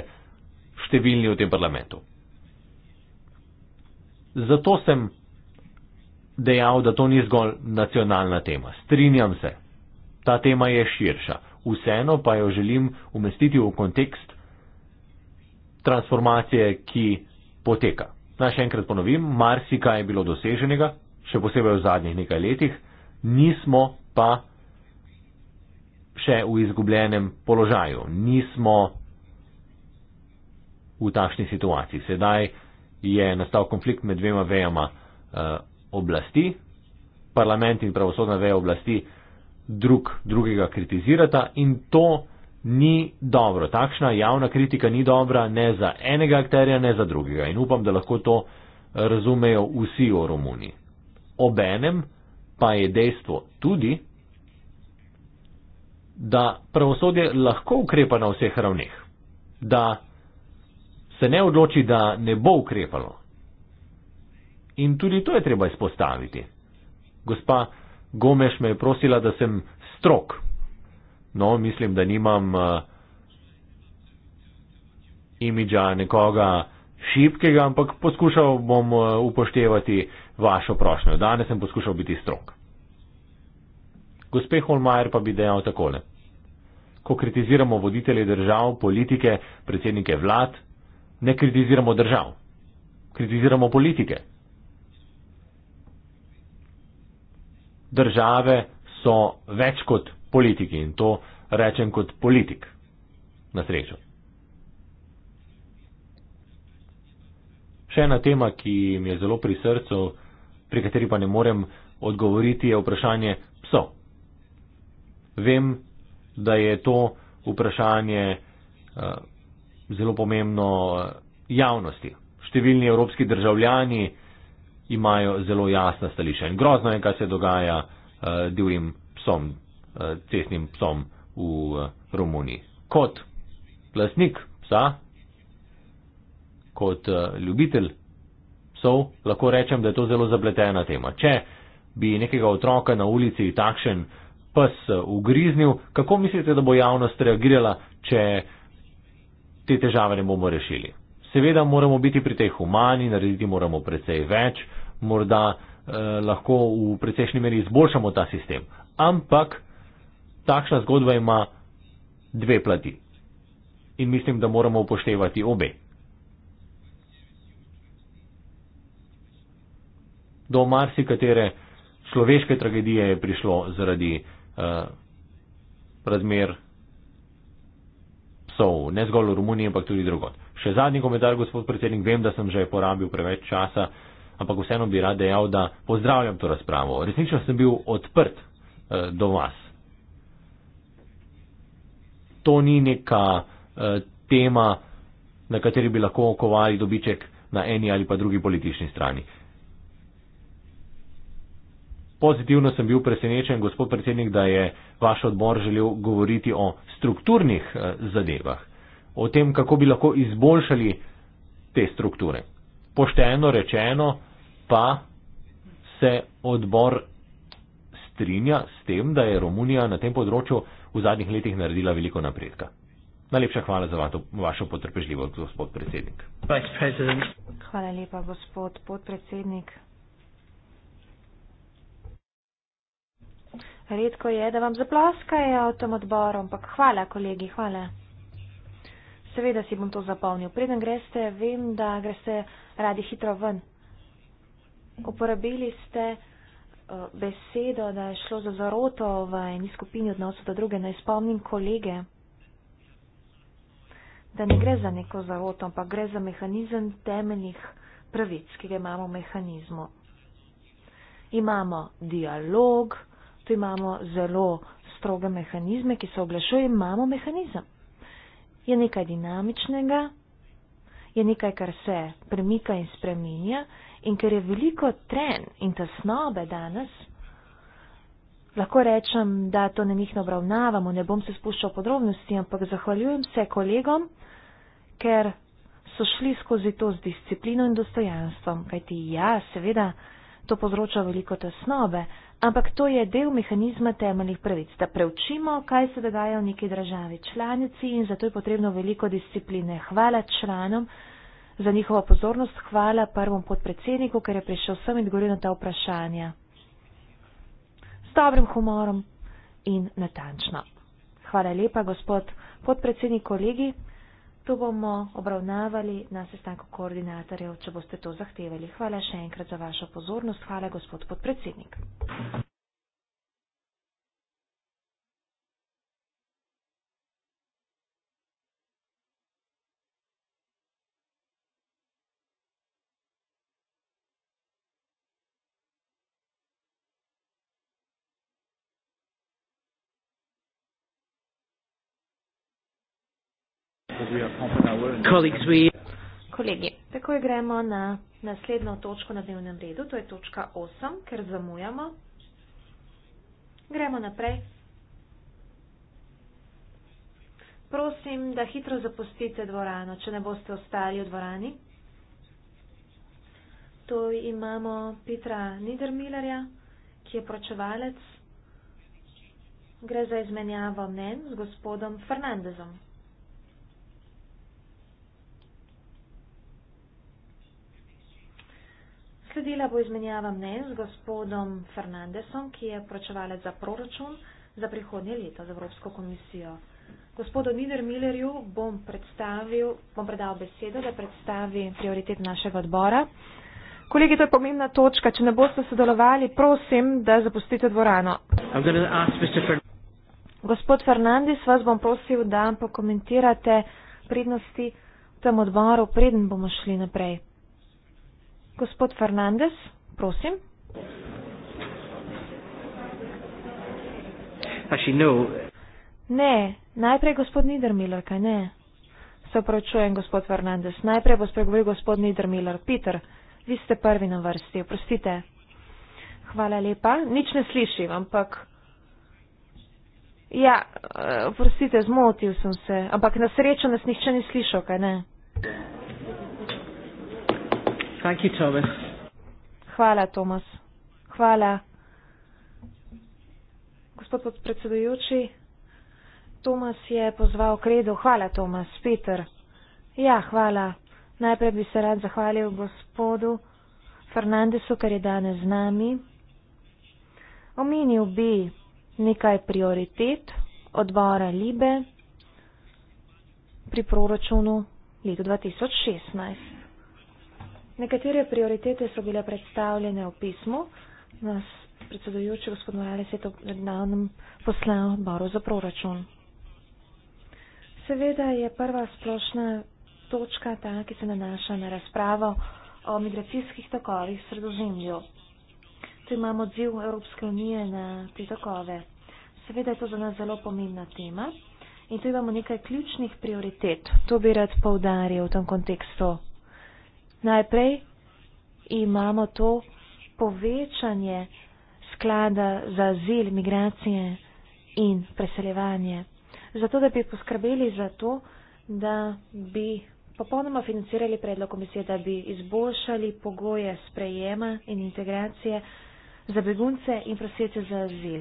številni v tem parlamentu. Zato sem dejal, da to ni zgolj nacionalna tema. Strinjam se, ta tema je širša. Vseeno pa jo želim umestiti v kontekst transformacije, ki poteka. Naj še enkrat ponovim, marsikaj je bilo doseženega, še posebej v zadnjih nekaj letih, nismo pa še v izgubljenem položaju. Nismo v takšni situaciji. Sedaj je nastal konflikt med dvema vejama eh, oblasti. Parlament in pravosodna veja oblasti drug, drugega kritizirata in to ni dobro. Takšna javna kritika ni dobra ne za enega akterja, ne za drugega. In upam, da lahko to razumejo vsi o Romuniji. Obenem pa je dejstvo tudi, da pravosodje lahko ukrepa na vseh ravneh, da se ne odloči, da ne bo ukrepalo. In tudi to je treba izpostaviti. Gospa Gomeš me je prosila, da sem strok. No, mislim, da nimam uh, imidža nekoga šipkega, ampak poskušal bom eh, upoštevati vašo prošnjo. Danes sem poskušal biti strok. Gospe Holmajer pa bi dejal takole. Ko kritiziramo voditelje držav, politike, predsednike vlad, ne kritiziramo držav, kritiziramo politike. Države so več kot politiki in to rečem kot politik. Na srečo. Še ena tema, ki mi je zelo pri srcu, pri kateri pa ne morem odgovoriti, je vprašanje psov. Vem, da je to vprašanje eh, zelo pomembno eh, javnosti. Številni evropski državljani imajo zelo jasna stališča in grozno je, kaj se dogaja eh, divjim psom, cestnim psom v Romuniji. Kot lasnik psa, kot ljubitelj psov, lahko rečem, da je to zelo zapletena tema. Če bi nekega otroka na ulici takšen pes ugriznil. Kako mislite, da bo javnost reagirala, če te težave ne bomo rešili? Seveda moramo biti pri tej humani, narediti moramo precej več, morda eh, lahko v precejšnji meri izboljšamo ta sistem. Ampak takšna zgodba ima dve plati in mislim, da moramo upoštevati obe. Do marsikatere človeške tragedije je prišlo zaradi Eh, razmer psov, ne zgolj v Romuniji, ampak tudi drugot. Še zadnji komentar, gospod predsednik, vem, da sem že porabil preveč časa, ampak vseeno bi rad dejal, da pozdravljam to razpravo. Resnično sem bil odprt eh, do vas. To ni neka eh, tema, na kateri bi lahko okovali dobiček na eni ali pa drugi politični strani. Pozitivno sem bil presenečen, gospod predsednik, da je vaš odbor želel govoriti o strukturnih eh, zadevah, o tem, kako bi lahko izboljšali te strukture. Pošteno rečeno pa se odbor strinja s tem, da je Romunija na tem področju v zadnjih letih naredila veliko napredka. Najlepša hvala za vašo potrpežljivost, gospod predsednik. Hvala lepa, gospod podpredsednik. redko je, da vam zaplaskajo v tem odboru, ampak hvala, kolegi, hvala. Seveda si bom to zapomnil. Preden greste, vem, da greste radi hitro ven. Uporabili ste eh, besedo, da je šlo za zaroto v eni skupini odnosov do druge. Naj spomnim kolege, da ne gre za neko zaroto, ampak gre za mehanizem temeljnih pravic, ki ga imamo v mehanizmu. Imamo dialog, tu imamo zelo stroge mehanizme, ki se oglašuje, imamo mehanizem. Je nekaj dinamičnega, je nekaj, kar se premika in spreminja in ker je veliko tren in tesnobe danes, lahko rečem, da to ne njih obravnavamo, ne bom se spuščal podrobnosti, ampak zahvaljujem se kolegom, ker so šli skozi to z disciplino in dostojanstvom, kajti ja, seveda, to povzroča veliko tesnobe ampak to je del mehanizma temeljnih pravic, da preučimo, kaj se dogaja v neki državi članici in zato je potrebno veliko discipline. Hvala članom za njihovo pozornost, hvala prvom podpredsedniku, ker je prišel sem in odgovoril na ta vprašanja s dobrim humorom in natančno. Hvala lepa, gospod podpredsednik kolegi. To bomo obravnavali na sestanku koordinatorjev, če boste to zahtevali. Hvala še enkrat za vašo pozornost. Hvala, gospod podpredsednik. Colleagues, we... Kolegi, takoj gremo na naslednjo točko na dnevnem redu, to je točka 8, ker zamujamo. Gremo naprej. Prosim, da hitro zapustite dvorano, če ne boste ostali v dvorani. To imamo Petra Nidermillerja, ki je pročevalec. Gre za izmenjavo mnen z gospodom Fernandezom. Sledila bo izmenjava mnen z gospodom Fernandesom, ki je pročevalec za proračun za prihodnje leto z Evropsko komisijo. Gospodu Nider Millerju bom, bom predal besedo, da predstavi prioritet našega odbora. Kolegi, to je pomembna točka. Če ne boste sodelovali, prosim, da zapustite dvorano. Gospod Fernandes, vas bom prosil, da pokomentirate prednosti v tem odboru, preden bomo šli naprej. Gospod Fernandez, prosim. No. Ne, najprej gospod Nidermiller, kaj ne? Se opravičujem, gospod Fernandez. Najprej bo spregovoril gospod Nidermiller. Peter, vi ste prvi na vrsti, oprostite. Hvala lepa. Nič ne slišim, ampak. Ja, eh, oprostite, zmotil sem se, ampak na srečo nas nihče ni slišal, kaj ne? Thank you, Thomas. Hvala, Tomas. Hvala. Gospod podpredsedujoči, Tomas je pozval kredo. Hvala, Tomas. Peter. Ja, hvala. Najprej bi se rad zahvalil gospodu Fernandesu, ker je danes z nami. Omenil bi nekaj prioritet odbora Libe pri proračunu letu 2016. Nekatere prioritete so bile predstavljene v pismu, nas predsedujoči gospod Morales je to pred nami poslal Boru za proračun. Seveda je prva splošna točka ta, ki se nanaša na razpravo o migracijskih tokovih v sredozemlju. Tu imamo odziv Evropske unije na te tokove. Seveda je to za nas zelo pomembna tema in tu imamo nekaj ključnih prioritet. To bi rad poudaril v tem kontekstu. Najprej imamo to povečanje sklada za azil, migracije in preseljevanje. Zato, da bi poskrbeli za to, da bi popolnoma financirali predlog komisije, da bi izboljšali pogoje sprejema in integracije za begunce in prosilce za azil.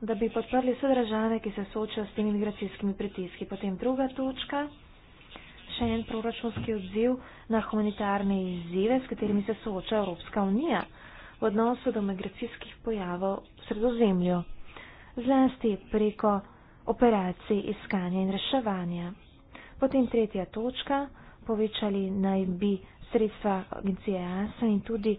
Da bi podprli vse države, ki se soočajo s temi migracijskimi pritiski. Potem druga točka še en proračunski odziv na humanitarne izzive, s katerimi se sooča Evropska unija v odnosu do migracijskih pojavov v sredozemlju, zlasti preko operacij iskanja in reševanja. Potem tretja točka, povečali naj bi sredstva agencije ASA in tudi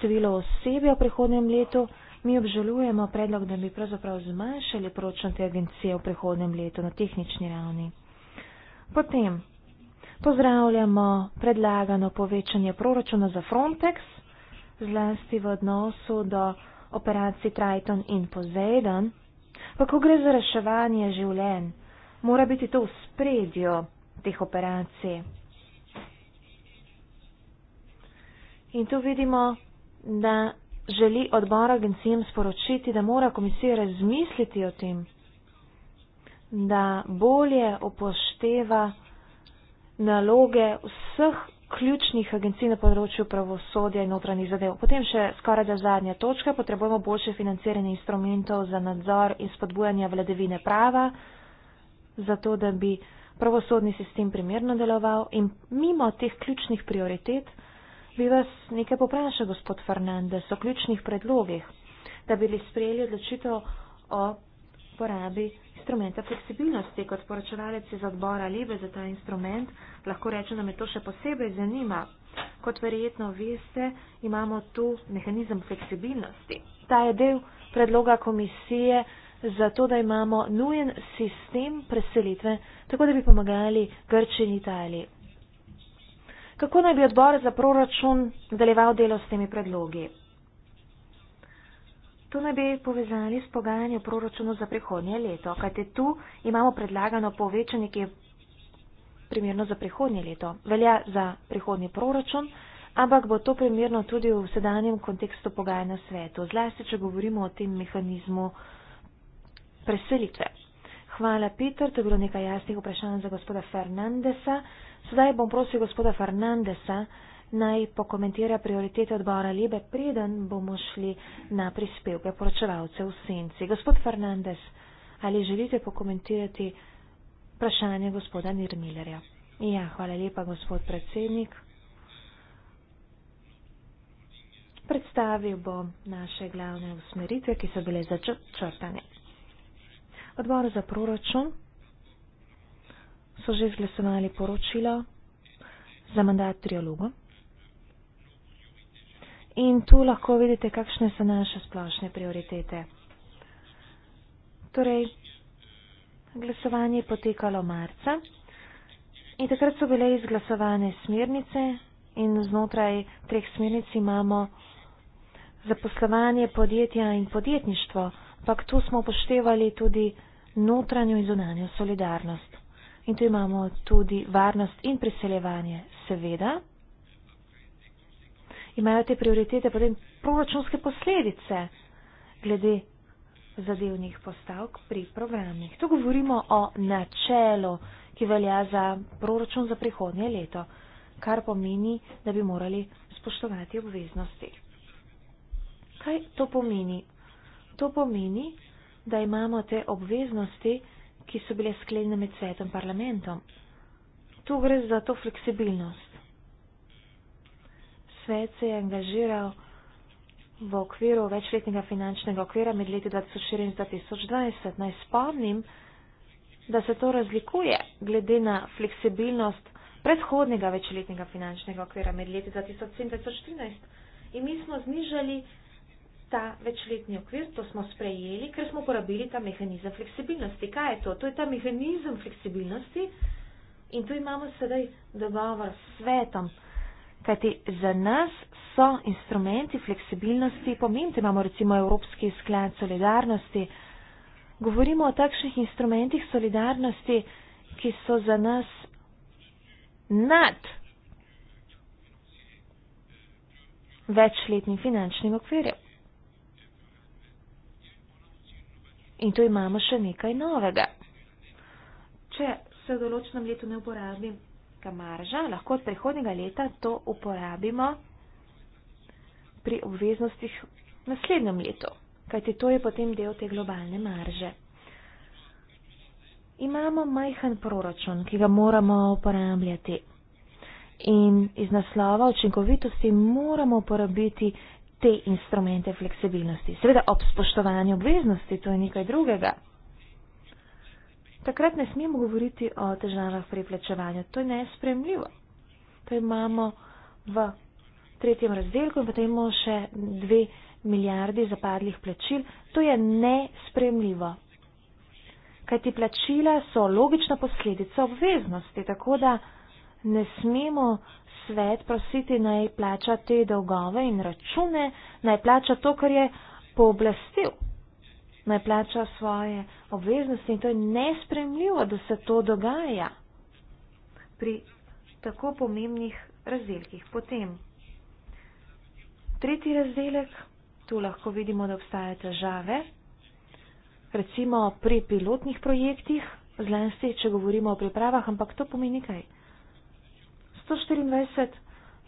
število osebja v prihodnjem letu. Mi obžalujemo predlog, da bi pravzaprav zmanjšali proračun te agencije v prihodnem letu na tehnični ravni. Potem pozdravljamo predlagano povečanje proračuna za Frontex, zlasti v odnosu do operacij Triton in Poseidon. Pa ko gre za reševanje življenj, mora biti to v spredju teh operacij. In tu vidimo, da želi odbor agencijem sporočiti, da mora komisija razmisliti o tem, da bolje upošteva naloge vseh ključnih agencij na področju pravosodja in notranjih zadev. Potem še skoraj da zadnja točka, potrebujemo boljše financiranje instrumentov za nadzor in spodbujanje vladevine prava, zato da bi pravosodni sistem primerno deloval in mimo teh ključnih prioritet bi vas nekaj poprašal, gospod Fernandez, o ključnih predlogih, da bi bili sprejeli odločitev o porabi instrumenta fleksibilnosti. Kot poročevalec iz odbora Libe za ta instrument, lahko rečem, da me to še posebej zanima. Kot verjetno veste, imamo tu mehanizem fleksibilnosti. Ta je del predloga komisije za to, da imamo nujen sistem preselitve, tako da bi pomagali Grči in Italiji. Kako naj bi odbor za proračun nadaljeval delo s temi predlogi? To naj bi povezali s pogajanjem o proračunu za prihodnje leto, kajte tu imamo predlagano povečanje, ki je primerno za prihodnje leto. Velja za prihodnji proračun, ampak bo to primerno tudi v sedanjem kontekstu pogajanja svetu, zlasti, če govorimo o tem mehanizmu preselitve. Hvala, Peter. To je bilo nekaj jasnih vprašanj za gospoda Fernandesa. Sedaj bom prosil gospoda Fernandesa, naj pokomentira prioritete odbora Libe, preden bomo šli na prispevke poročevalcev v senci. Gospod Fernandez, ali želite pokomentirati vprašanje gospoda Nirmilerja? Ja, hvala lepa, gospod predsednik. Predstavil bom naše glavne usmeritve, ki so bile začrtane. Odbor za proračun so že izglasovali poročilo za mandat trialogom in tu lahko vidite, kakšne so naše splošne prioritete. Torej, glasovanje je potekalo marca in takrat so bile izglasovane smernice in znotraj treh smernic imamo zaposlovanje podjetja in podjetništvo, ampak tu smo upoštevali tudi notranjo in zunanjo solidarnost. In tu imamo tudi varnost in priseljevanje, seveda imajo te prioritete potem proračunske posledice glede zadevnih postavk pri programih. Tu govorimo o načelu, ki velja za proračun za prihodnje leto, kar pomeni, da bi morali spoštovati obveznosti. Kaj to pomeni? To pomeni, da imamo te obveznosti, ki so bile sklenjene med svetom parlamentom. Tu gre za to fleksibilnost svet se je angažiral v okviru večletnega finančnega okvira med leti 2014 in 2020. Naj spomnim, da se to razlikuje glede na fleksibilnost predhodnega večletnega finančnega okvira med leti 2013 in 2014. In mi smo znižali ta večletni okvir, to smo sprejeli, ker smo uporabili ta mehanizem fleksibilnosti. Kaj je to? To je ta mehanizem fleksibilnosti in tu imamo sedaj dogovor s svetom kajti za nas so instrumenti fleksibilnosti pomembni. Imamo recimo Evropski sklad solidarnosti. Govorimo o takšnih instrumentih solidarnosti, ki so za nas nad večletnim finančnim okvirjem. In tu imamo še nekaj novega. Če se v določenem letu ne uporabim, nizka marža, lahko od prihodnega leta to uporabimo pri obveznostih v naslednjem letu, kajti to je potem del te globalne marže. Imamo majhen proračun, ki ga moramo uporabljati in iz naslova učinkovitosti moramo uporabiti te instrumente fleksibilnosti. Seveda ob spoštovanju obveznosti, to je nekaj drugega takrat ne smemo govoriti o težavah pri plačevanju. To je nespremljivo. To imamo v tretjem razdelku in potem imamo še dve milijardi zapadlih plačil. To je nespremljivo. Kaj ti plačila so logična posledica obveznosti, tako da ne smemo svet prositi naj plača te dolgove in račune, naj plača to, kar je pooblastil naj plača svoje obveznosti in to je nespremljivo, da se to dogaja pri tako pomembnih razdelkih. Potem, tretji razdelek, tu lahko vidimo, da obstajajo težave, recimo pri pilotnih projektih, zlasti, če govorimo o pripravah, ampak to pomeni kaj. 124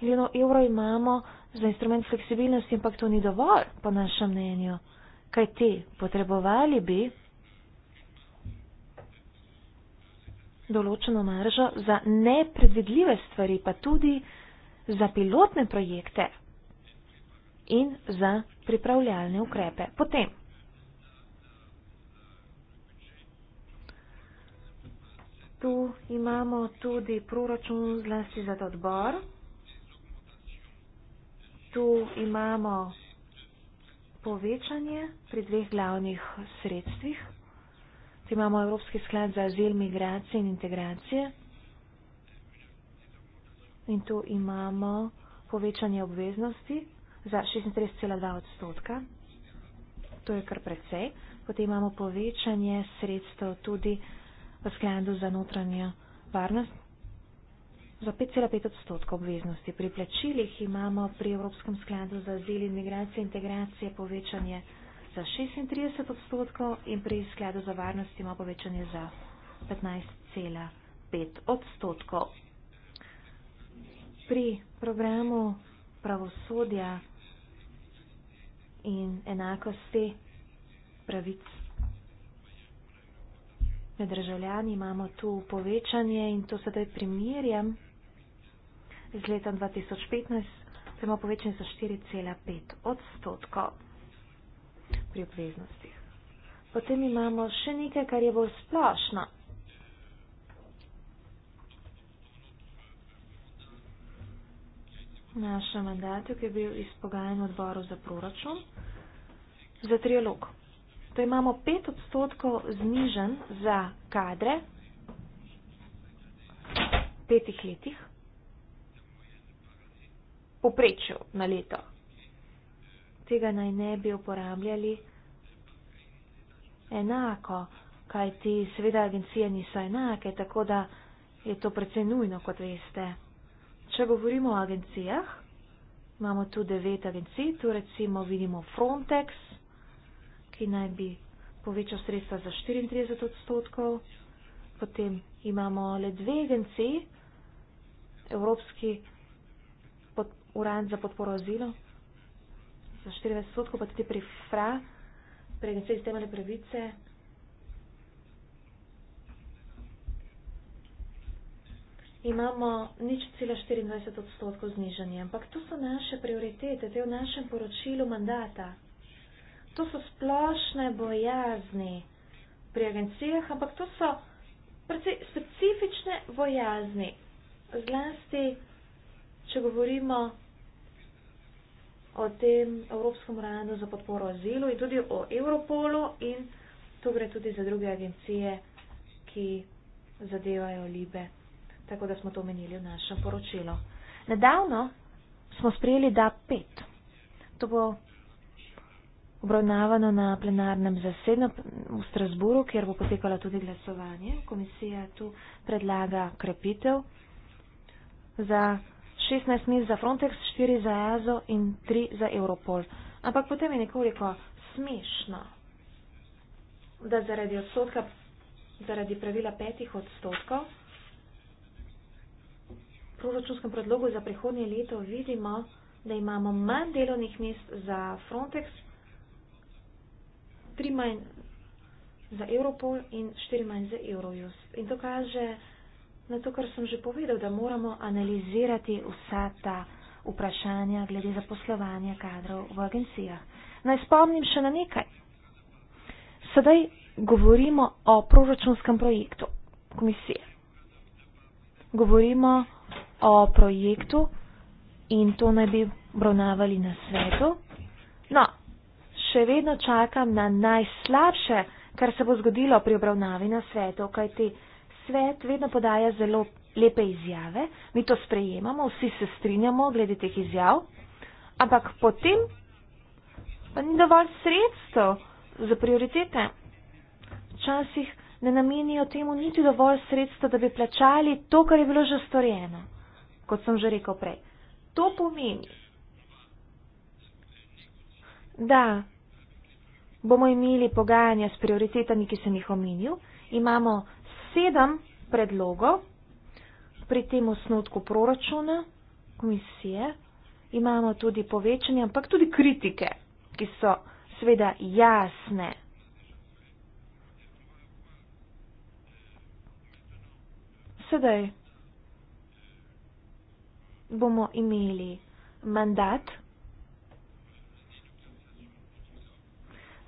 milijonov evrov imamo za instrument fleksibilnosti, ampak to ni dovolj, po našem mnenju kaj ti potrebovali bi določeno maržo za nepredvidljive stvari, pa tudi za pilotne projekte in za pripravljalne ukrepe. Potem tu imamo tudi proračun zlasti za ta odbor. Tu imamo povečanje pri dveh glavnih sredstvih. Te imamo Evropski sklad za azil, migracije in integracije. In tu imamo povečanje obveznosti za 36,2 odstotka. To je kar precej. Potem imamo povečanje sredstev tudi v skladu za notranjo varnost, Za 5,5 odstotka obveznosti pri plačilih imamo pri Evropskem skladu za azil in migracije in integracije povečanje za 36 odstotkov in pri skladu za varnost imamo povečanje za 15,5 odstotkov. Pri programu pravosodja in enakosti pravic med državljani imamo tu povečanje in to sedaj primerjam z letom 2015 se imamo povečanje za 4,5 odstotkov pri obveznostih. Potem imamo še nekaj, kar je bolj splošno. Naša mandat, ki je bil izpogajen odboru za proračun, za trialog. To imamo 5 odstotkov znižen za kadre v petih letih poprečju na leto. Tega naj ne bi uporabljali enako, kaj ti seveda agencije niso enake, tako da je to precej nujno, kot veste. Če govorimo o agencijah, imamo tu devet agencij, tu recimo vidimo Frontex, ki naj bi povečal sredstva za 34 odstotkov, potem imamo le dve agenciji, Evropski urad za podporo azilo, za 24 sodkov, pa tudi pri FRA, pri agenciji za temeljne pravice. imamo nič cela 24 odstotkov znižanja, ampak to so naše prioritete, to je v našem poročilu mandata. To so splošne bojazni pri agencijah, ampak to so precej specifične bojazni, zlasti, če govorimo o tem Evropskem uradu za podporo azilu in tudi o Evropolu in to gre tudi za druge agencije, ki zadevajo Libe. Tako da smo to omenili v našem poročilu. Nedavno smo sprejeli DA5. To bo obravnavano na plenarnem zasedno v Strasburu, kjer bo potekalo tudi glasovanje. Komisija tu predlaga krepitev za 16 mest za Frontex, 4 za EZO in 3 za Europol. Ampak potem je nekoliko smešno, da zaradi odstotka, zaradi pravila 5 odstotkov, v proračunskem predlogu za prihodnje leto vidimo, da imamo manj delovnih mest za Frontex, 3 manj za Europol in 4 manj za Eurojust. In to kaže, da na to, kar sem že povedal, da moramo analizirati vsa ta vprašanja glede zaposlovanja kadrov v agencijah. Naj spomnim še na nekaj. Sedaj govorimo o proračunskem projektu komisije. Govorimo o projektu in to naj bi obravnavali na svetu. No, še vedno čakam na najslabše, kar se bo zgodilo pri obravnavi na svetu, kajti svet vedno podaja zelo lepe izjave, mi to sprejemamo, vsi se strinjamo glede teh izjav, ampak potem pa ni dovolj sredstev za prioritete. Včasih ne namenijo temu niti dovolj sredstev, da bi plačali to, kar je bilo že storjeno, kot sem že rekel prej. To pomeni, da bomo imeli pogajanja s prioritetami, ki sem jih omenil, imamo sedem predlogov pri tem osnutku proračuna komisije. Imamo tudi povečanje, ampak tudi kritike, ki so seveda jasne. Sedaj bomo imeli mandat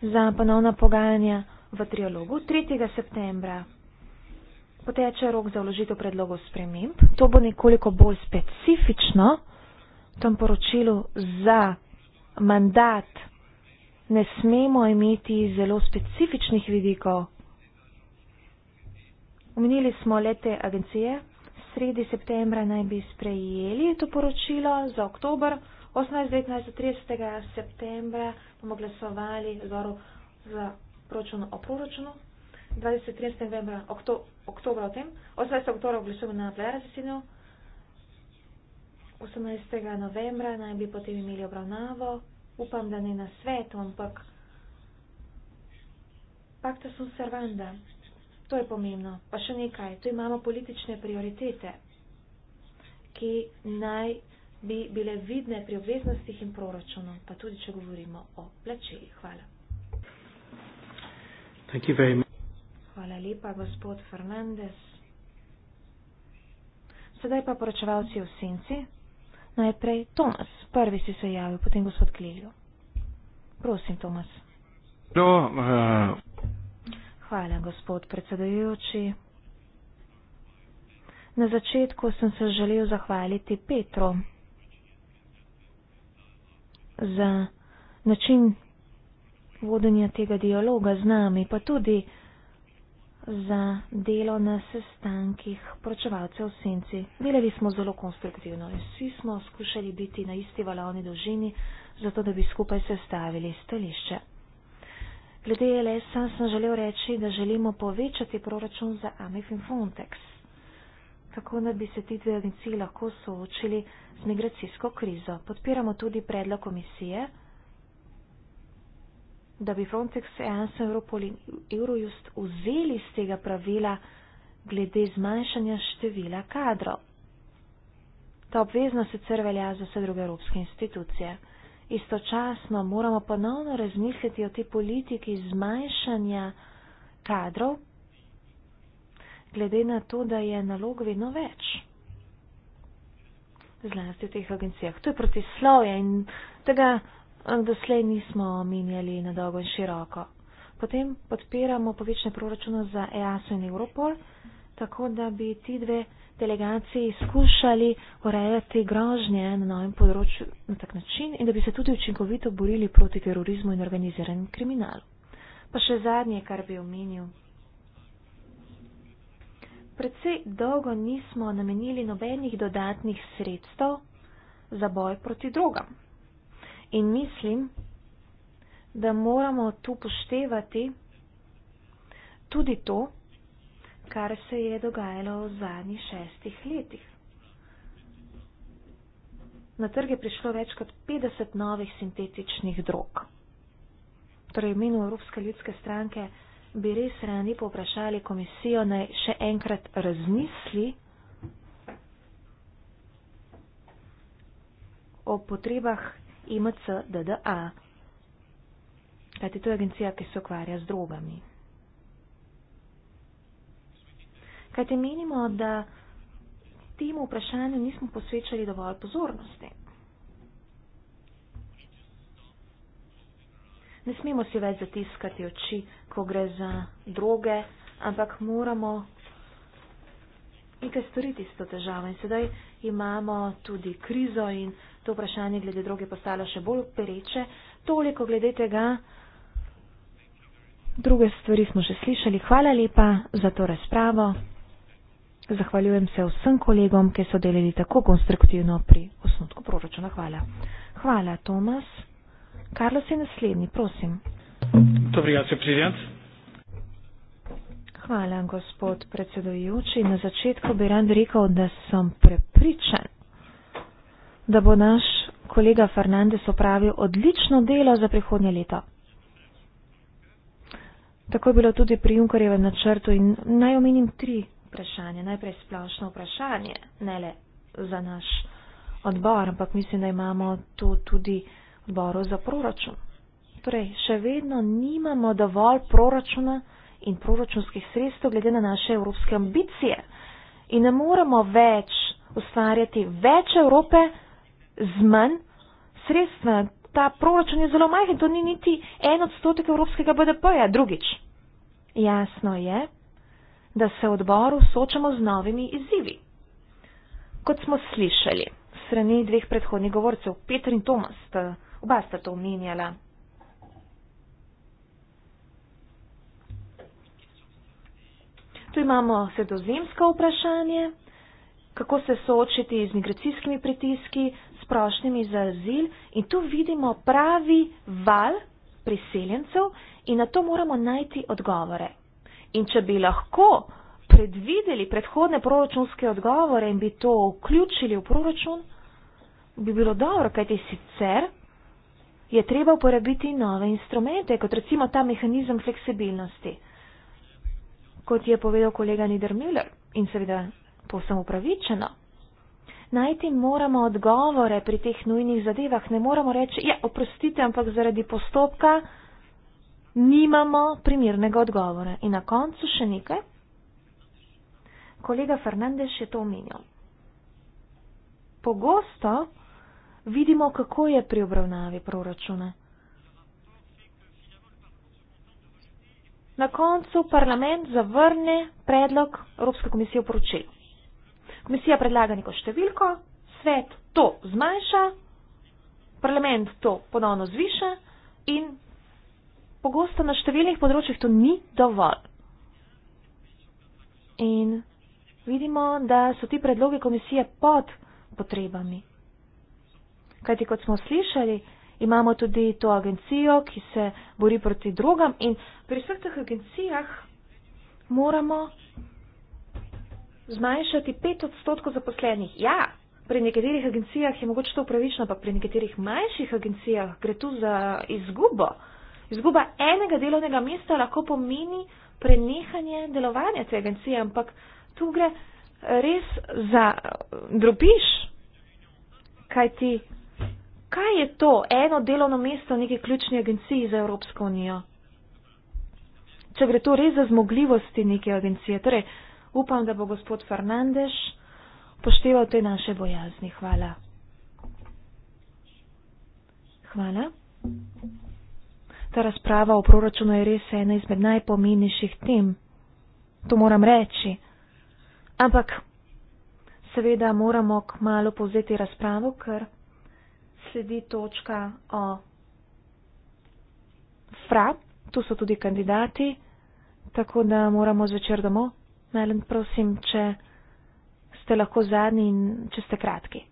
za ponovna pogajanja v trialogu 3. septembra poteče rok za vložitev predlogov sprememb. To bo nekoliko bolj specifično v tem poročilu za mandat. Ne smemo imeti zelo specifičnih vidikov. Omenili smo lete agencije. Sredi septembra naj bi sprejeli to poročilo za oktober. 18, 19, 30. septembra bomo glasovali vzoru za proračun o proračunu 23 novembra, okto, oktobra o tem, 18. oktobra oglašujemo na plenarni zasedanju, 18. novembra naj bi potem imeli obravnavo, upam, da ne na svetu, ampak pakta sunt servanda, to je pomembno, pa še nekaj, tu imamo politične prioritete, ki naj bi bile vidne pri obveznostih in proračunu, pa tudi, če govorimo o plačilih. Hvala. Thank you very much. Hvala lepa, gospod Fernandez. Sedaj pa poročevalci v senci. Najprej Tomas, prvi si se javil, potem gospod Kliljo. Prosim, Tomas. No, uh... Hvala, gospod predsedajoči. Na začetku sem se želel zahvaliti Petru za način vodenja tega dialoga z nami, pa tudi za delo na sestankih poročevalcev v senci. Delali smo zelo konstruktivno in vsi smo skušali biti na isti valovni dolžini, zato da bi skupaj sestavili stališče. Glede LSA sem želel reči, da želimo povečati proračun za AMIF in Frontex, tako da bi se ti dve agenciji lahko soočili z migracijsko krizo. Podpiramo tudi predlog komisije, da bi Frontex 1 Evropol in Eurojust vzeli z tega pravila glede zmanjšanja števila kadrov. Ta obveznost sicer velja za vse druge evropske institucije. Istočasno moramo ponovno razmisliti o tej politiki zmanjšanja kadrov, glede na to, da je nalog vedno več. Zlasti v teh agencijah. To je protislovje in tega doslej nismo omenjali na dolgo in široko. Potem podpiramo povečne proračune za EASO in Europol, tako da bi ti dve delegaciji skušali urejati grožnje na novem področju na tak način in da bi se tudi učinkovito borili proti terorizmu in organiziranem kriminalu. Pa še zadnje, kar bi omenil. Predvsej dolgo nismo namenili nobenih dodatnih sredstev za boj proti drogam. In mislim, da moramo tu poštevati tudi to, kar se je dogajalo v zadnjih šestih letih. Na trg je prišlo več kot 50 novih sintetičnih drog. Torej, v imenu Evropske ljudske stranke bi res radi povprašali komisijo, naj še enkrat razmisli o potrebah IMCDDA, kajti to je agencija, ki se ukvarja z drogami. Kajti menimo, da temu vprašanju nismo posvečali dovolj pozornosti. Ne smemo si več zatiskati oči, ko gre za droge, ampak moramo nekaj storiti s to težavo. In sedaj imamo tudi krizo in to vprašanje glede droge postalo še bolj pereče. Toliko glede tega. Druge stvari smo že slišali. Hvala lepa za to razpravo. Zahvaljujem se vsem kolegom, ki so delili tako konstruktivno pri osnutku proračuna. Hvala. Hvala, Tomas. Carlos je naslednji, prosim. Dobri, predsednik. Hvala, gospod predsedujoči. Na začetku bi rad rekel, da sem prepričan, da bo naš kolega Fernandez opravil odlično delo za prihodnje leto. Tako je bilo tudi pri Junkarjevem načrtu in naj omenim tri vprašanja. Najprej splošno vprašanje, ne le za naš odbor, ampak mislim, da imamo to tudi odboru za proračun. Torej, še vedno nimamo dovolj proračuna in proračunskih sredstev glede na naše evropske ambicije in ne moremo več ustvarjati več Evrope, z manj sredstva. Ta proračun je zelo majhen, to ni niti en odstotek evropskega BDP-ja. Drugič, jasno je, da se odboru soočamo z novimi izzivi. Kot smo slišali strani dveh predhodnih govorcev, Petr in Tomas, oba sta to omenjala. Tu imamo sredozemsko vprašanje, kako se soočiti z migracijskimi pritiski, prošnjami za azil in tu vidimo pravi val priseljencev in na to moramo najti odgovore. In če bi lahko predvideli predhodne proračunske odgovore in bi to vključili v proračun, bi bilo dobro, kajti sicer je treba uporabiti nove instrumente, kot recimo ta mehanizem fleksibilnosti, kot je povedal kolega Nidermüller in seveda povsem upravičeno najti moramo odgovore pri teh nujnih zadevah. Ne moramo reči, ja, oprostite, ampak zaradi postopka nimamo primirnega odgovora. In na koncu še nekaj. Kolega Fernandez je to omenil. Pogosto vidimo, kako je pri obravnavi proračuna. Na koncu parlament zavrne predlog Evropske komisije v poročilu. Komisija predlaga neko številko, svet to zmanjša, parlament to ponovno zviša in pogosto na številnih področjih to ni dovolj. In vidimo, da so ti predloge komisije pod potrebami. Kajti, kot smo slišali, imamo tudi to agencijo, ki se bori proti drogam in pri vseh teh agencijah moramo zmanjšati pet odstotkov zaposlenih. Ja, pri nekaterih agencijah je mogoče to pravično, pa pri nekaterih manjših agencijah gre tu za izgubo. Izguba enega delovnega mesta lahko pomeni prenehanje delovanja te agencije, ampak tu gre res za eh, drobiš. Kaj ti, kaj je to eno delovno mesto neke ključne agencije za Evropsko unijo? Če gre to res za zmogljivosti neke agencije, torej Upam, da bo gospod Fernandeš pošteval te naše bojazni. Hvala. Hvala. Ta razprava o proračunu je res ena izmed najpomembnejših tem. To moram reči. Ampak seveda moramo k malu povzeti razpravo, ker sledi točka o fra, tu so tudi kandidati, tako da moramo zvečer domov. Najlen, prosim, če ste lahko zadnji in če ste kratki.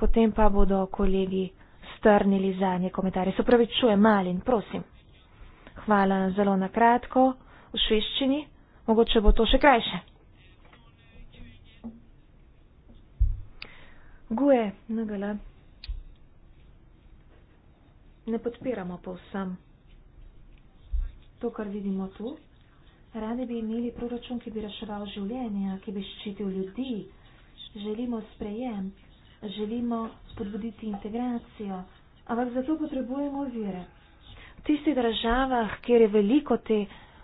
Potem pa bodo kolegi strnili zadnje komentarje. Se pravi, čuje Malin, prosim. Hvala zelo na kratko, v šveščini. Mogoče bo to še krajše. Guje, nagala. Ne podpiramo povsem to, kar vidimo tu. Radi bi imeli proračun, ki bi reševal življenja, ki bi ščitil ljudi. Želimo sprejem, želimo spodbuditi integracijo, ampak zato potrebujemo vire. V tistih državah, kjer je veliko te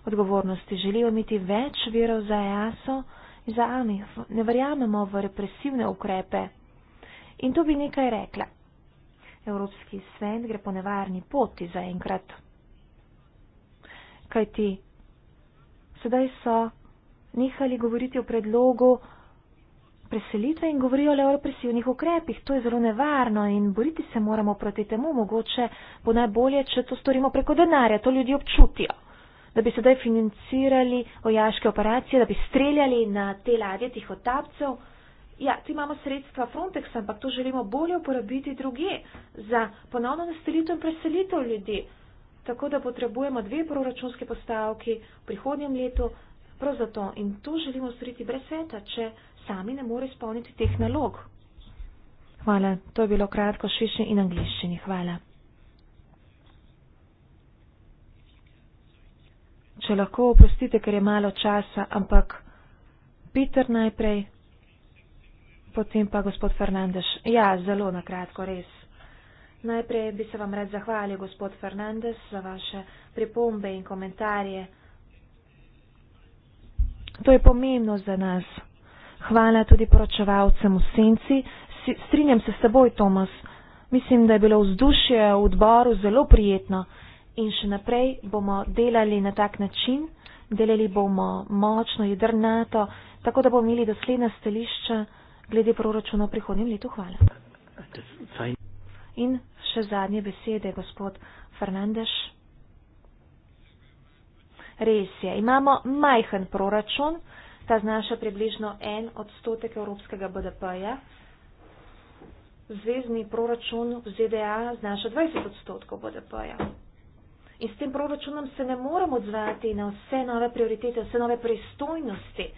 odgovornosti, želijo imeti več virov za jaso e in za ami. Ne verjamemo v represivne ukrepe. In to bi nekaj rekla. Evropski svet gre po nevarni poti zaenkrat. Kaj ti? sedaj so nehali govoriti o predlogu preselitve in govorijo le o represivnih ukrepih. To je zelo nevarno in boriti se moramo proti temu. Mogoče bo najbolje, če to storimo preko denarja. To ljudje občutijo. Da bi sedaj financirali vojaške operacije, da bi streljali na te ladje tih otapcev. Ja, tu imamo sredstva Frontexa, ampak to želimo bolje uporabiti druge za ponovno nastelitev in preselitev ljudi tako da potrebujemo dve proračunske postavki v prihodnjem letu prav za to. In to želimo storiti brez sveta, če sami ne more izpolniti teh nalog. Hvala. To je bilo kratko švišnje in angliščini. Hvala. Če lahko oprostite, ker je malo časa, ampak Peter najprej, potem pa gospod Fernandeš. Ja, zelo na kratko, res. Najprej bi se vam rad zahvalil, gospod Fernandez, za vaše pripombe in komentarje. To je pomembno za nas. Hvala tudi poročevalcem v senci. Strinjam se s teboj, Tomas. Mislim, da je bilo vzdušje v odboru zelo prijetno in še naprej bomo delali na tak način, delali bomo močno, jedrnato, tako da bomo imeli dosledna stališča glede proračuna v prihodnjem letu. Hvala. In še zadnje besede, gospod Fernandeš. Res je, imamo majhen proračun, ta znaša približno en odstotek evropskega BDP-ja. Zvezdni proračun v ZDA znaša 20 odstotkov BDP-ja. In s tem proračunom se ne moremo odzvati na vse nove prioritete, vse nove pristojnosti.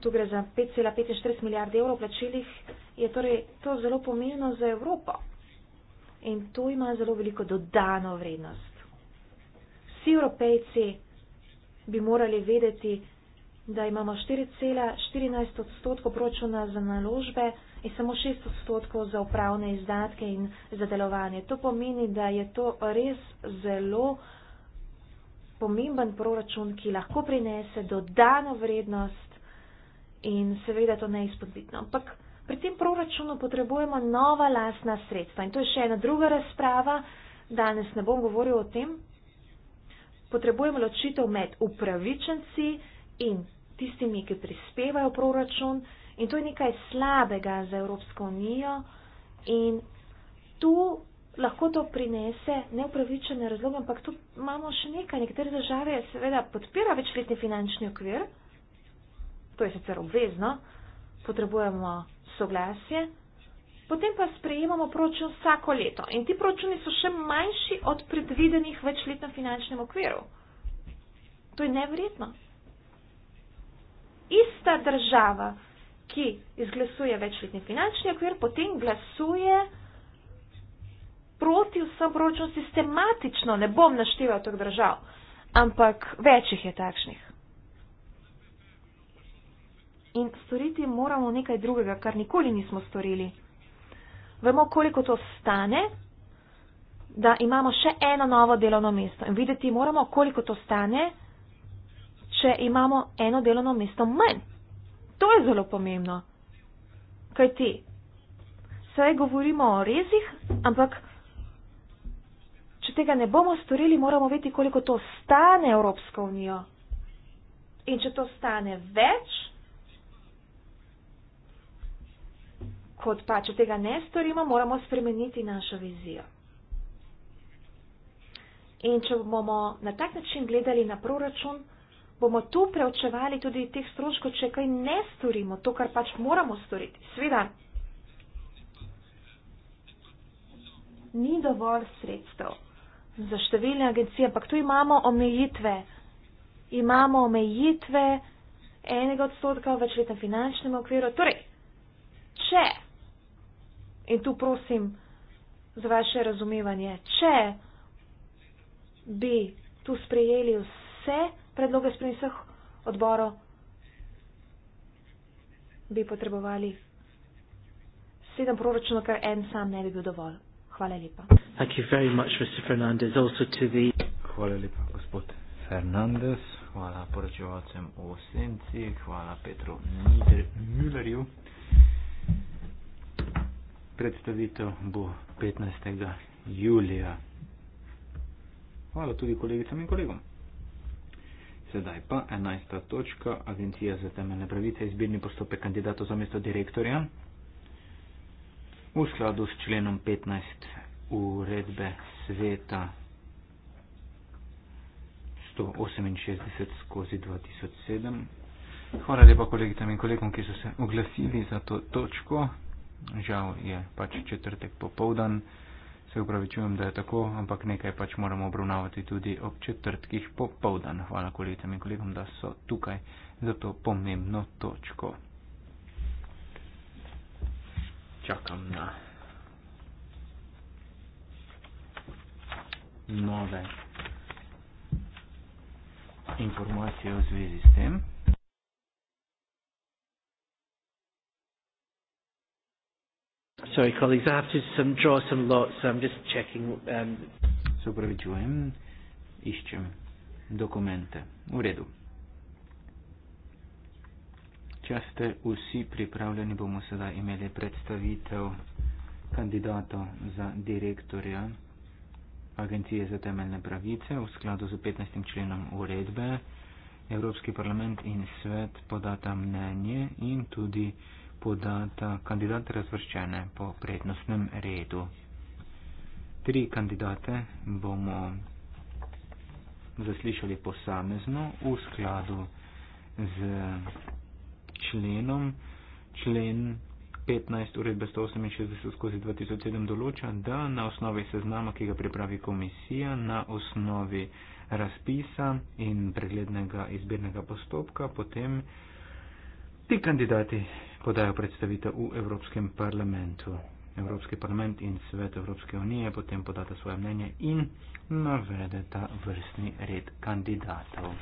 Tu gre za 5,45 milijarde evrov plačilih, je torej to zelo pomembno za Evropo in to ima zelo veliko dodano vrednost. Vsi evropejci bi morali vedeti, da imamo 4,14 odstotkov proračuna za naložbe in samo 6 odstotkov za upravne izdatke in za delovanje. To pomeni, da je to res zelo pomemben proračun, ki lahko prinese dodano vrednost in seveda to neizpodbitno. Ampak Pri tem proračunu potrebujemo nova lasna sredstva in to je še ena druga razprava, danes ne bom govoril o tem. Potrebujemo ločitev med upravičenci in tistimi, ki prispevajo proračun in to je nekaj slabega za Evropsko unijo in tu lahko to prinese neupravičene razloge, ampak tu imamo še nekaj. Nekatere države seveda podpira večletni finančni okvir, to je sicer obvezno, potrebujemo soglasje, potem pa sprejemamo proračun vsako leto. In ti proračuni so še manjši od predvidenih večlet na finančnem okviru. To je nevrjetno. Ista država, ki izglasuje večletni finančni okvir, potem glasuje proti vsem proračunom sistematično. Ne bom našteval teh držav, ampak večjih je takšnih in storiti moramo nekaj drugega, kar nikoli nismo storili. Vemo, koliko to stane, da imamo še eno novo delovno mesto. In videti moramo, koliko to stane, če imamo eno delovno mesto manj. To je zelo pomembno. Kaj ti? Saj govorimo o rezih, ampak če tega ne bomo storili, moramo vedeti, koliko to stane Evropsko unijo. In če to stane več, kot pa, če tega ne storimo, moramo spremeniti našo vizijo. In če bomo na tak način gledali na proračun, bomo tu preočevali tudi teh stroškov, če kaj ne storimo, to, kar pač moramo storiti. Sveda, ni dovolj sredstev za številne agencije, ampak tu imamo omejitve. Imamo omejitve enega odstotka v večletnem finančnem okviru. Torej, če In tu prosim za vaše razumevanje. Če bi tu sprejeli vse predloge sprejemstvih odborov, bi potrebovali sedem proračunov, kar en sam ne bi bil dovolj. Hvala lepa. Hvala lepa, gospod Fernandez. Hvala poročevalcem o senci. Hvala Petru Müllerju. Nieder- predstavitev bo 15. julija. Hvala tudi kolegicam in kolegom. Sedaj pa 11. točka, Agencija za temeljne pravice, izbirni postopek kandidata za mesto direktorja. V skladu s členom 15 uredbe sveta 168 skozi 2007. Hvala lepa kolegicam in kolegom, ki so se oglasili za to točko. Žal je pač četrtek popovdan, se upravičujem, da je tako, ampak nekaj pač moramo obravnavati tudi ob četrtkih popovdan. Hvala kolegicam in kolegom, da so tukaj za to pomembno točko. Čakam na nove informacije v zvezi s tem. Sorry, colleagues, I have to some, draw some lots, so I'm just checking. Um. Zobrazujem, iščem dokumente. V redu. Če ste vsi pripravljeni, bomo sedaj imeli predstavitev kandidata za direktorja Agencije za temeljne pravice v skladu z 15. členom uredbe. Evropski parlament in svet podata mnenje in tudi podata kandidate razvrščene po prednostnem redu. Tri kandidate bomo zaslišali posamezno v skladu z členom. Člen 15 uredbe 168 skozi 2007 določa, da na osnovi seznama, ki ga pripravi komisija, na osnovi razpisa in preglednega izbirnega postopka, potem ti kandidati podajo predstavitev v Evropskem parlamentu. Evropski parlament in svet Evropske unije potem podata svoje mnenje in navedeta vrstni red kandidatov.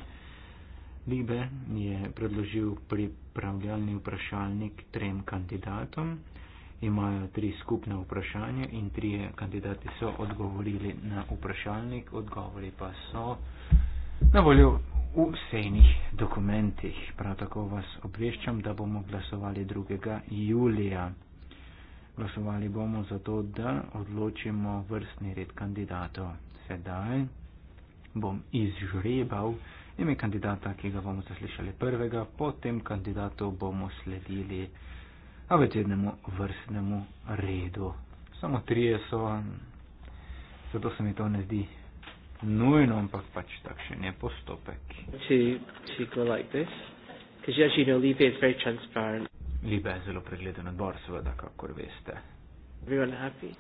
Libe je predložil pripravljalni vprašalnik trem kandidatom. Imajo tri skupne vprašanja in tri kandidati so odgovorili na vprašalnik. Odgovori pa so na voljo v sejnih dokumentih. Prav tako vas obveščam, da bomo glasovali 2. julija. Glasovali bomo zato, da odločimo vrstni red kandidatov. Sedaj bom izžrebal ime kandidata, ki ga bomo zaslišali prvega, potem kandidatov bomo sledili avetednemu vrstnemu redu. Samo trije so, zato se mi to ne zdi nujno, ampak pač takšen je postopek. To, to go like this, because as you know, Libya is very transparent. Libya je zelo pregleden odbor, seveda, kakor veste. Everyone happy?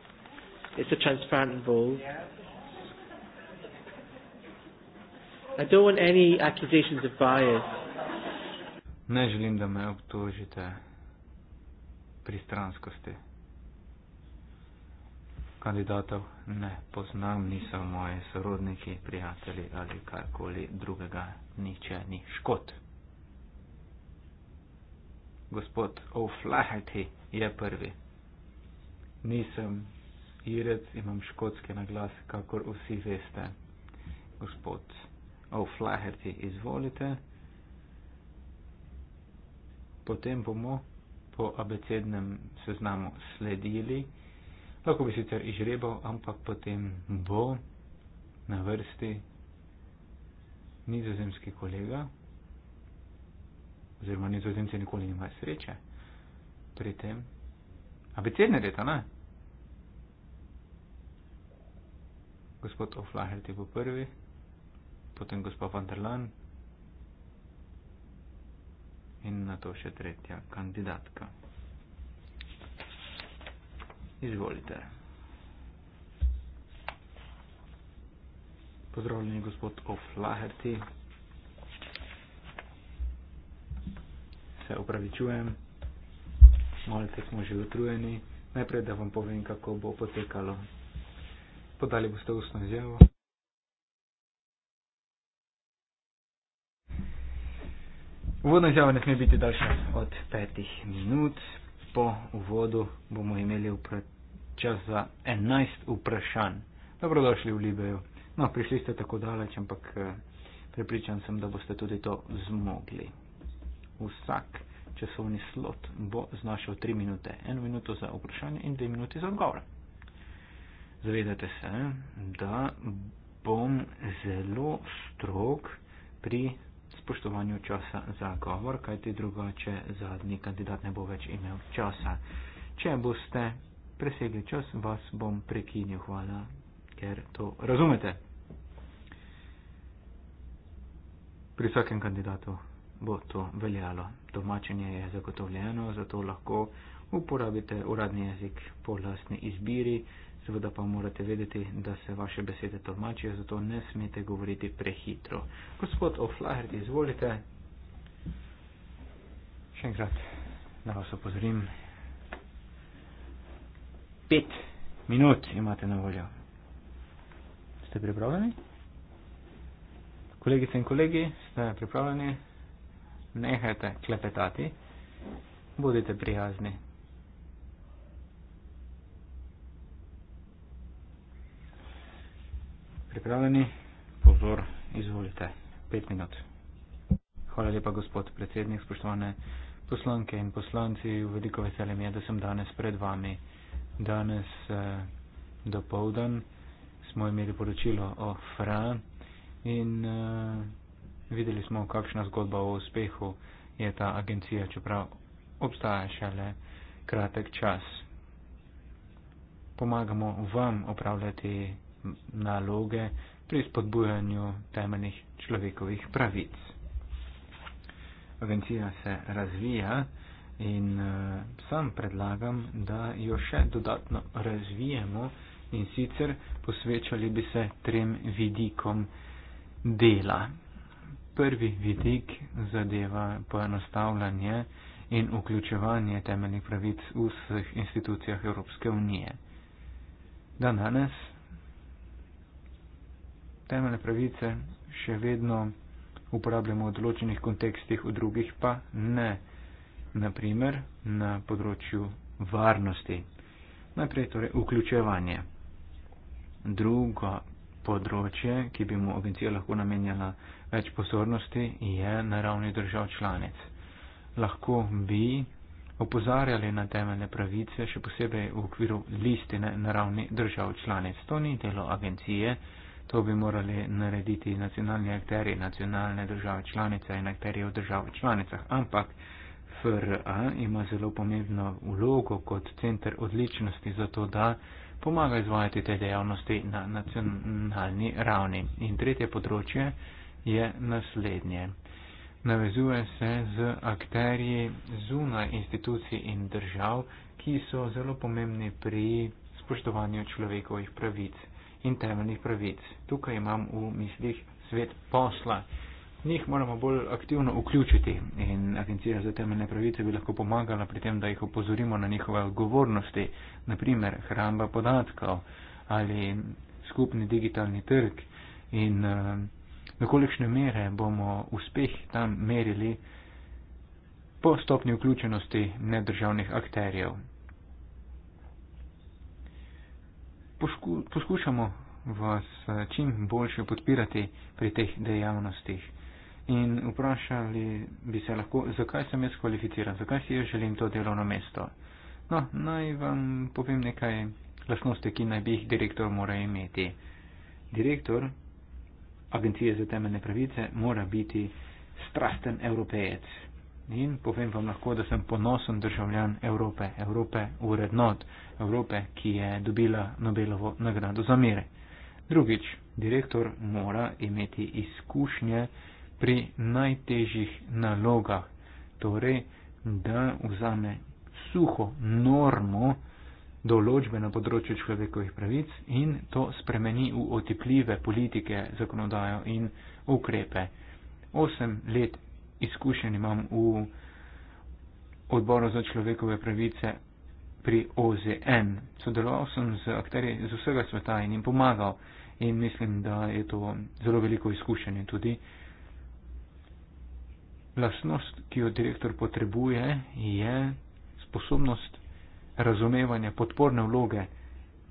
It's a transparent bowl. Yeah. I don't want any accusations of bias. Ne želim, da me obtožite pristranskosti kandidatov ne poznam, niso moji sorodniki, prijatelji ali karkoli drugega, niče ni škod. Gospod O'Flaherty je prvi. Nisem irec, imam škotske naglase, kakor vsi veste. Gospod O'Flaherty, izvolite. Potem bomo po abecednem seznamu sledili lahko bi sicer izžrebal, ampak potem bo na vrsti nizozemski kolega, oziroma nizozemci nikoli nimajo sreče pri tem. Abecedne leta, ne? Gospod Oflaherty bo prvi, potem gospod van der Lan in na to še tretja kandidatka. Izvolite. Pozdravljeni gospod Oflaherty. Se upravičujem. Malce smo že utrujeni. Najprej, da vam povem, kako bo potekalo. Podali boste ustno izjavo. Uvodna izjava ne sme biti daljša od petih minut. Po uvodu bomo imeli vprat čas za 11 vprašanj. Dobrodošli v Libeju. No, prišli ste tako daleč, ampak eh, prepričan sem, da boste tudi to zmogli. Vsak časovni slot bo znašal 3 minute. 1 minuto za vprašanje in 2 minuti za odgovor. Zavedate se, da bom zelo strog pri spoštovanju časa za govor, kajti drugače zadnji kandidat ne bo več imel časa. Če boste presegli čas, vas bom prekinil, hvala, ker to razumete. Pri vsakem kandidatu bo to veljalo. Domačenje je zagotovljeno, zato lahko uporabite uradni jezik po lastni izbiri, seveda pa morate vedeti, da se vaše besede tolmačijo, zato ne smete govoriti prehitro. Gospod Oflaher, izvolite. Še enkrat na vas opozorim pet minut imate na voljo. Ste pripravljeni? Kolegice in kolegi, ste pripravljeni? Nehajte klepetati. Budite prijazni. Pripravljeni? Pozor, izvolite. Pet minut. Hvala lepa, gospod predsednik, spoštovane poslanke in poslanci. Veliko veselje mi je, da sem danes pred vami danes eh, do povdan smo imeli poročilo o Fra in eh, videli smo, kakšna zgodba o uspehu je ta agencija, čeprav obstaja šele kratek čas. Pomagamo vam opravljati naloge pri spodbujanju temeljnih človekovih pravic. Agencija se razvija. In uh, sam predlagam, da jo še dodatno razvijemo in sicer posvečali bi se trem vidikom dela. Prvi vidik zadeva poenostavljanje in vključevanje temeljnih pravic v vseh institucijah Evropske unije. Da danes temeljne pravice še vedno uporabljamo v določenih kontekstih, v drugih pa ne naprimer na področju varnosti. Najprej torej vključevanje. Drugo področje, ki bi mu agencija lahko namenjala več pozornosti, je na ravni držav članic. Lahko bi opozarjali na temeljne pravice, še posebej v okviru listine na ravni držav članic. To ni delo agencije, to bi morali narediti nacionalni akteri, nacionalne države članice in akteri v državah članicah, ampak FRA ima zelo pomembno vlogo kot center odličnosti za to, da pomaga izvajati te dejavnosti na nacionalni ravni. In tretje področje je naslednje. Navezuje se z akterji zunaj institucij in držav, ki so zelo pomembni pri spoštovanju človekovih pravic in temeljnih pravic. Tukaj imam v mislih svet posla njih moramo bolj aktivno vključiti in agencija za temeljne pravice bi lahko pomagala pri tem, da jih opozorimo na njihove odgovornosti, naprimer hramba podatkov ali skupni digitalni trg in na eh, kolikšne mere bomo uspeh tam merili po stopni vključenosti nedržavnih akterjev. Poskušamo vas eh, čim boljše podpirati pri teh dejavnostih in vprašali bi se lahko, zakaj sem jaz kvalificiran, zakaj si jaz želim to delovno mesto. No, naj vam povem nekaj lasnosti, ki naj bi jih direktor mora imeti. Direktor Agencije za temeljne pravice mora biti strasten evropejec. In povem vam lahko, da sem ponosen državljan Evrope, Evrope urednot, Evrope, ki je dobila Nobelovo nagrado za mire. Drugič, direktor mora imeti izkušnje, pri najtežjih nalogah. Torej, da vzame suho normo določbe na področju človekovih pravic in to spremeni v otepljive politike, zakonodajo in ukrepe. Osem let izkušenj imam v odboru za človekove pravice pri OZN. Sodeloval sem z akteri z vsega sveta in jim pomagal in mislim, da je to zelo veliko izkušenje tudi. Lastnost, ki jo direktor potrebuje, je sposobnost razumevanja podporne vloge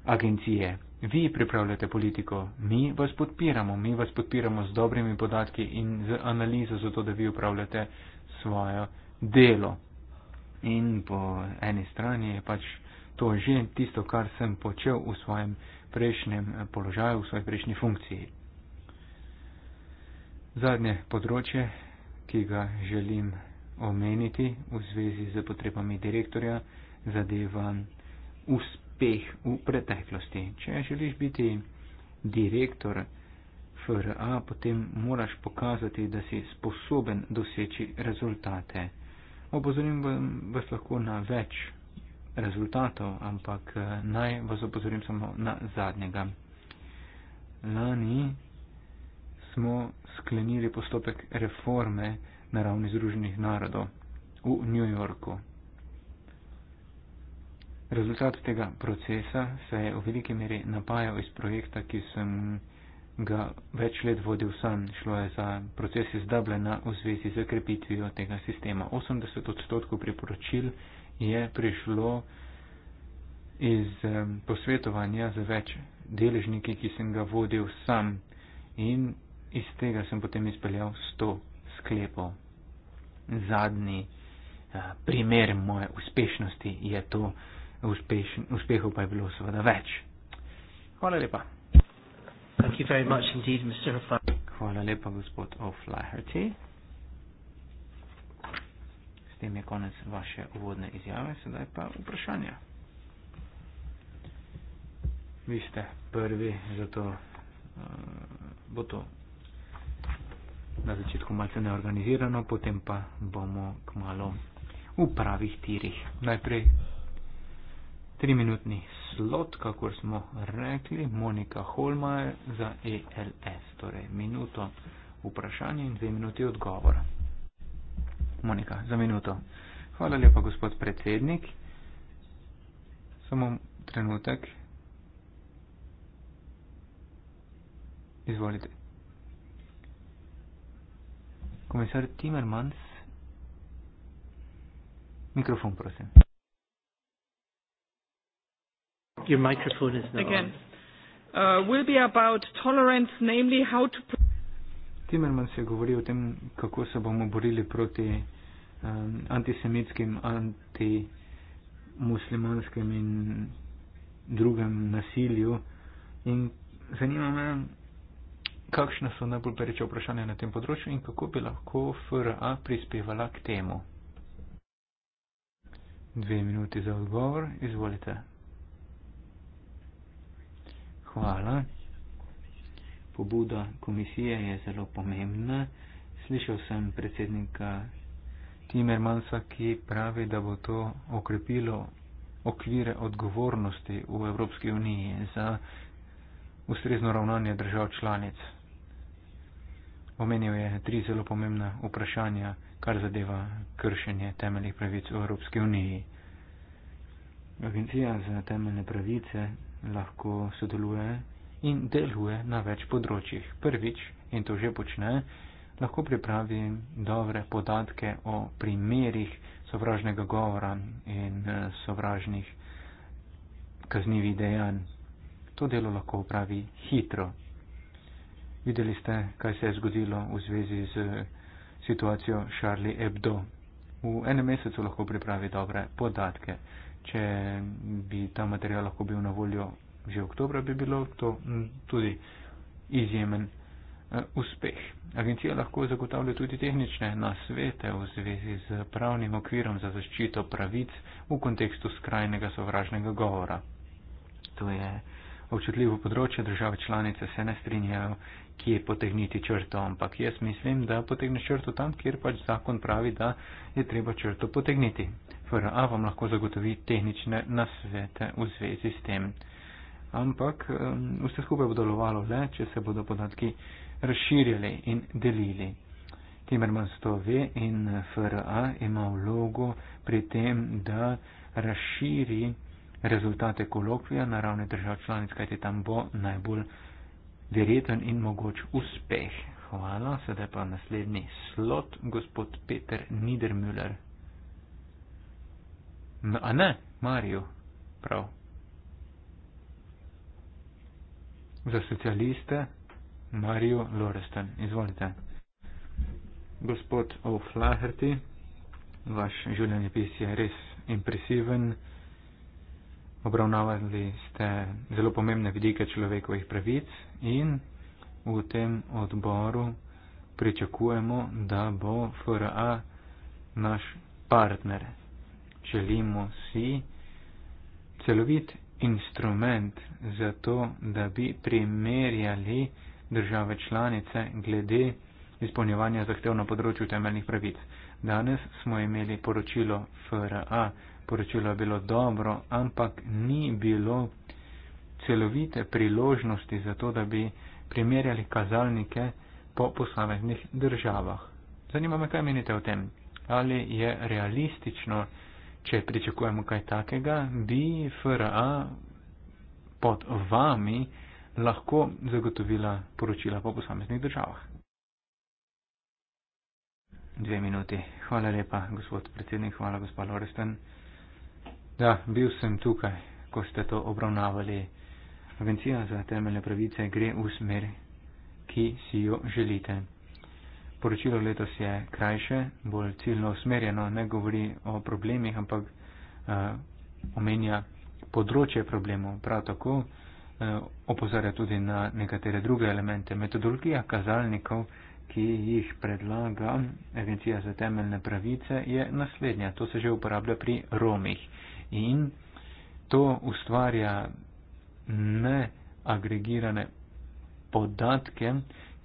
agencije. Vi pripravljate politiko, mi vas podpiramo, mi vas podpiramo z dobrimi podatki in z analizo, zato da vi upravljate svojo delo. In po eni strani je pač to že tisto, kar sem počel v svojem prejšnjem eh, položaju, v svoji prejšnji funkciji. Zadnje področje ki ga želim omeniti v zvezi z potrebami direktorja, zadeva uspeh v preteklosti. Če želiš biti direktor FRA, potem moraš pokazati, da si sposoben doseči rezultate. Opozorim vas lahko na več rezultatov, ampak eh, naj vas opozorim samo na zadnjega. Lani smo sklenili postopek reforme na ravni Združenih narodov v New Yorku. Rezultat tega procesa se je v veliki meri napajal iz projekta, ki sem ga več let vodil sam. Šlo je za proces iz Dublina v zvezi z okrepitvijo tega sistema. 80 odstotkov priporočil je prišlo iz posvetovanja z več deležniki, ki sem ga vodil sam. In iz tega sem potem izpeljal 100 sklepov. Zadnji eh, primer moje uspešnosti je to, uspešn, uspehov pa je bilo seveda več. Hvala lepa. Thank you very much indeed, Mr. Hvala lepa, gospod O'Flaherty. S tem je konec vaše uvodne izjave, sedaj pa vprašanja. Vi ste prvi, zato uh, bo to na začetku malce neorganizirano, potem pa bomo kmalo v pravih tirih. Najprej triminutni slot, kako smo rekli, Monika Holmajer za ELS, torej minuto vprašanje in dve minuti odgovora. Monika, za minuto. Hvala lepa, gospod predsednik. Samo trenutek. Izvolite. Comisar Timmermans. Mikrofon, prosim. Your microphone is not Again. on. Uh, will be about tolerance, namely how to... Timmermans je govoril o tem, kako se bomo borili proti um, antisemitskim, antimuslimanskim in drugem nasilju. In zanima me, kakšna so najbolj pereča vprašanja na tem področju in kako bi lahko FRA prispevala k temu. Dve minuti za odgovor, izvolite. Hvala. Pobuda komisije je zelo pomembna. Slišal sem predsednika Timermansa, ki pravi, da bo to okrepilo okvire odgovornosti v Evropski uniji za ustrezno ravnanje držav članic. Omenil je tri zelo pomembna vprašanja, kar zadeva kršenje temeljih pravic v Evropski uniji. Agencija za temeljne pravice lahko sodeluje in deluje na več področjih. Prvič, in to že počne, lahko pripravi dobre podatke o primerih sovražnega govora in eh, sovražnih kaznjivih dejanj. To delo lahko upravi hitro. Videli ste, kaj se je zgodilo v zvezi z situacijo Charlie Hebdo. V enem mesecu lahko pripravi dobre podatke. Če bi ta material lahko bil na voljo že v oktobra, bi bilo to tudi izjemen uh, uspeh. Agencija lahko zagotavlja tudi tehnične nasvete v zvezi z pravnim okvirom za zaščito pravic v kontekstu skrajnega sovražnega govora. To je uh, občutljivo področje, države članice se ne strinjajo, kje potegniti črto, ampak jaz mislim, da potegne črto tam, kjer pač zakon pravi, da je treba črto potegniti. FRA vam lahko zagotovi tehnične nasvete v zvezi s tem. Ampak vse skupaj bo delovalo le, če se bodo podatki razširjali in delili. Timmermans to ve in FRA ima vlogo pri tem, da razširi rezultate kolokvija na ravni držav članic, kajte tam bo najbolj verjeten in mogoč uspeh. Hvala, sedaj pa naslednji slot, gospod Peter Niedermüller. No, a ne, Mariju, prav. Za socialiste, Mariju Loresten, izvolite. Gospod O'Flaherty, vaš življenjepis je res impresiven obravnavali ste zelo pomembne vidike človekovih pravic in v tem odboru pričakujemo, da bo FRA naš partner. Želimo si celovit instrument za to, da bi primerjali države članice glede izpolnjevanja zahtev na področju temeljnih pravic. Danes smo imeli poročilo FRA poročilo je bilo dobro, ampak ni bilo celovite priložnosti za to, da bi primerjali kazalnike po posameznih državah. Zanima me, kaj menite o tem. Ali je realistično, če pričakujemo kaj takega, bi FRA pod vami lahko zagotovila poročila po posameznih državah? Dve minuti. Hvala lepa, gospod predsednik. Hvala, gospod Loresten. Da, bil sem tukaj, ko ste to obravnavali. Agencija za temeljne pravice gre v smer, ki si jo želite. Poročilo letos je krajše, bolj ciljno usmerjeno, ne govori o problemih, ampak uh, omenja področje problemov. Prav tako uh, opozarja tudi na nekatere druge elemente. Metodologija kazalnikov, ki jih predlaga Agencija za temeljne pravice, je naslednja. To se že uporablja pri romih. Uh, in to ustvarja neagregirane podatke,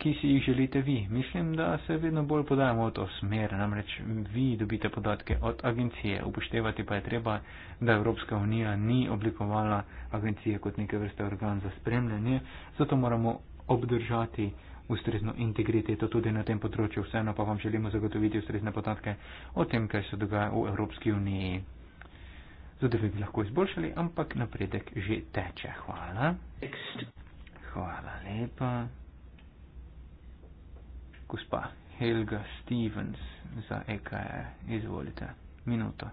ki si jih želite vi. Mislim, da se vedno bolj podajamo v to smer, namreč vi dobite podatke od agencije. Upoštevati pa je treba, da Evropska unija ni oblikovala agencije kot neke vrste organ za spremljanje, zato moramo obdržati ustrezno integriteto tudi na tem področju. Vseeno pa vam želimo zagotoviti ustrezne podatke o tem, kaj se dogaja v Evropski uniji zato bi lahko izboljšali, ampak napredek že teče. Hvala. Hvala lepa. Gospa Helga Stevens za EKE, e, izvolite. Minuto.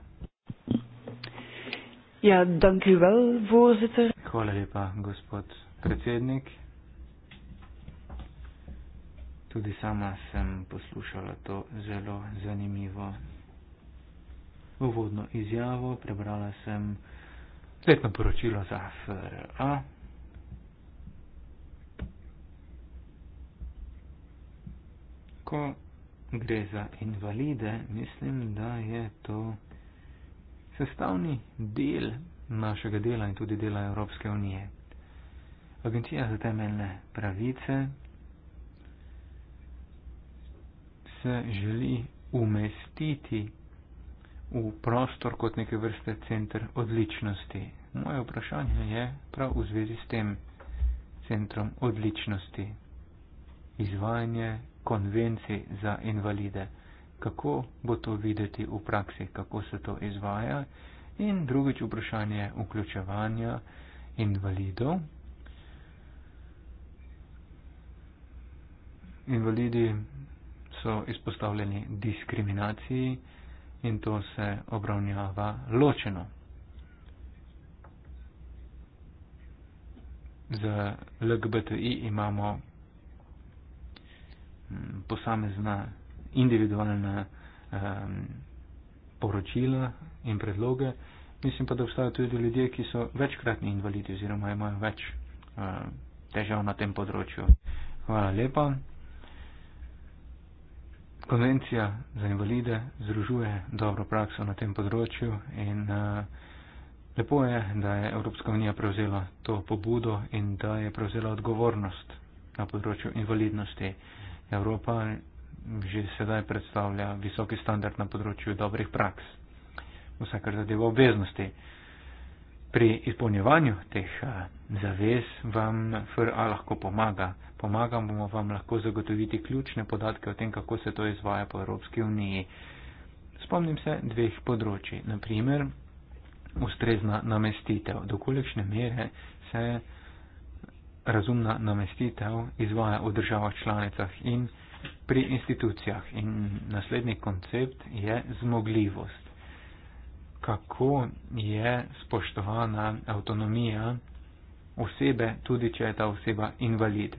Ja, dank u wel, voorzitter. Hvala lepa, gospod predsednik. Tudi sama sem poslušala to zelo zanimivo uvodno izjavo, prebrala sem letno poročilo za FRA. Ko gre za invalide, mislim, da je to sestavni del našega dela in tudi dela Evropske unije. Agencija za temeljne pravice se želi umestiti v prostor kot neke vrste center odličnosti. Moje vprašanje je prav v zvezi s tem centrom odličnosti. Izvajanje konvencij za invalide. Kako bo to videti v praksi, kako se to izvaja? In drugič vprašanje vključevanja invalidov. Invalidi so izpostavljeni diskriminaciji in to se obravnava ločeno. Za LGBTI imamo mm, posamezna individualna um, poročila in predloge. Mislim pa, da obstajajo tudi ljudje, ki so večkratni invalidi oziroma imajo več um, težav na tem področju. Hvala lepa. Konvencija za invalide združuje dobro prakso na tem področju in uh, lepo je, da je Evropska unija prevzela to pobudo in da je prevzela odgovornost na področju invalidnosti. Evropa že sedaj predstavlja visoki standard na področju dobrih praks, vsakar zadeva obveznosti. Uh, pri izpolnjevanju teh zavez vam FRA lahko pomaga. Pomagam bomo vam lahko zagotoviti ključne podatke o tem, kako se to izvaja po Evropski uniji. Spomnim se dveh področji. Naprimer, ustrezna namestitev. Dokolikšne mere se razumna namestitev izvaja v državah članicah in pri institucijah. In naslednji koncept je zmogljivost kako je spoštovana avtonomija osebe, tudi če je ta oseba invalid.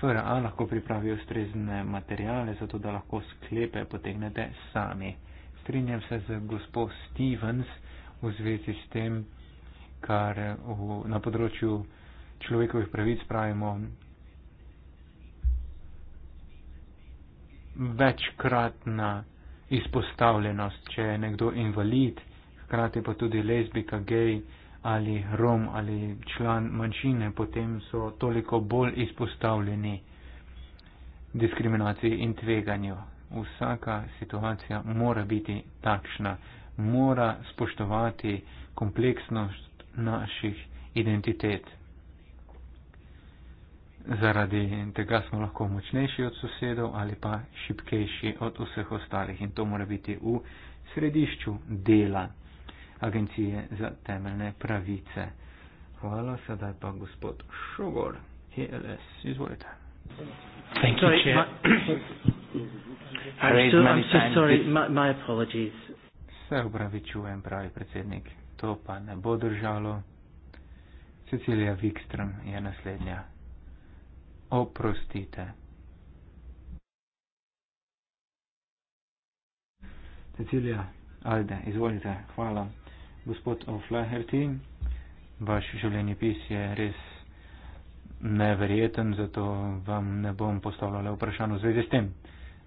FRA lahko pripravi ustrezne materijale, zato da lahko sklepe potegnete sami. Strinjam se z gospo Stevens v zvezi s tem, kar v, na področju človekovih pravic pravimo večkratna izpostavljenost, če je nekdo invalid hkrati pa tudi lezbika, gej ali rom ali član manjšine, potem so toliko bolj izpostavljeni diskriminaciji in tveganju. Vsaka situacija mora biti takšna, mora spoštovati kompleksnost naših identitet. Zaradi tega smo lahko močnejši od sosedov ali pa šipkejši od vseh ostalih in to mora biti v središču dela. Agencije za temeljne pravice. Hvala, sedaj pa gospod Šogor, HLS, izvolite. Se upravičujem, pravi predsednik, to pa ne bo držalo. Cecilija Wikström je naslednja. Oprostite. Cecilija, ajde, izvolite, hvala gospod O'Flaherty, vaš življenjepis je res neverjeten, zato vam ne bom postavljala vprašanj v zvezi s tem.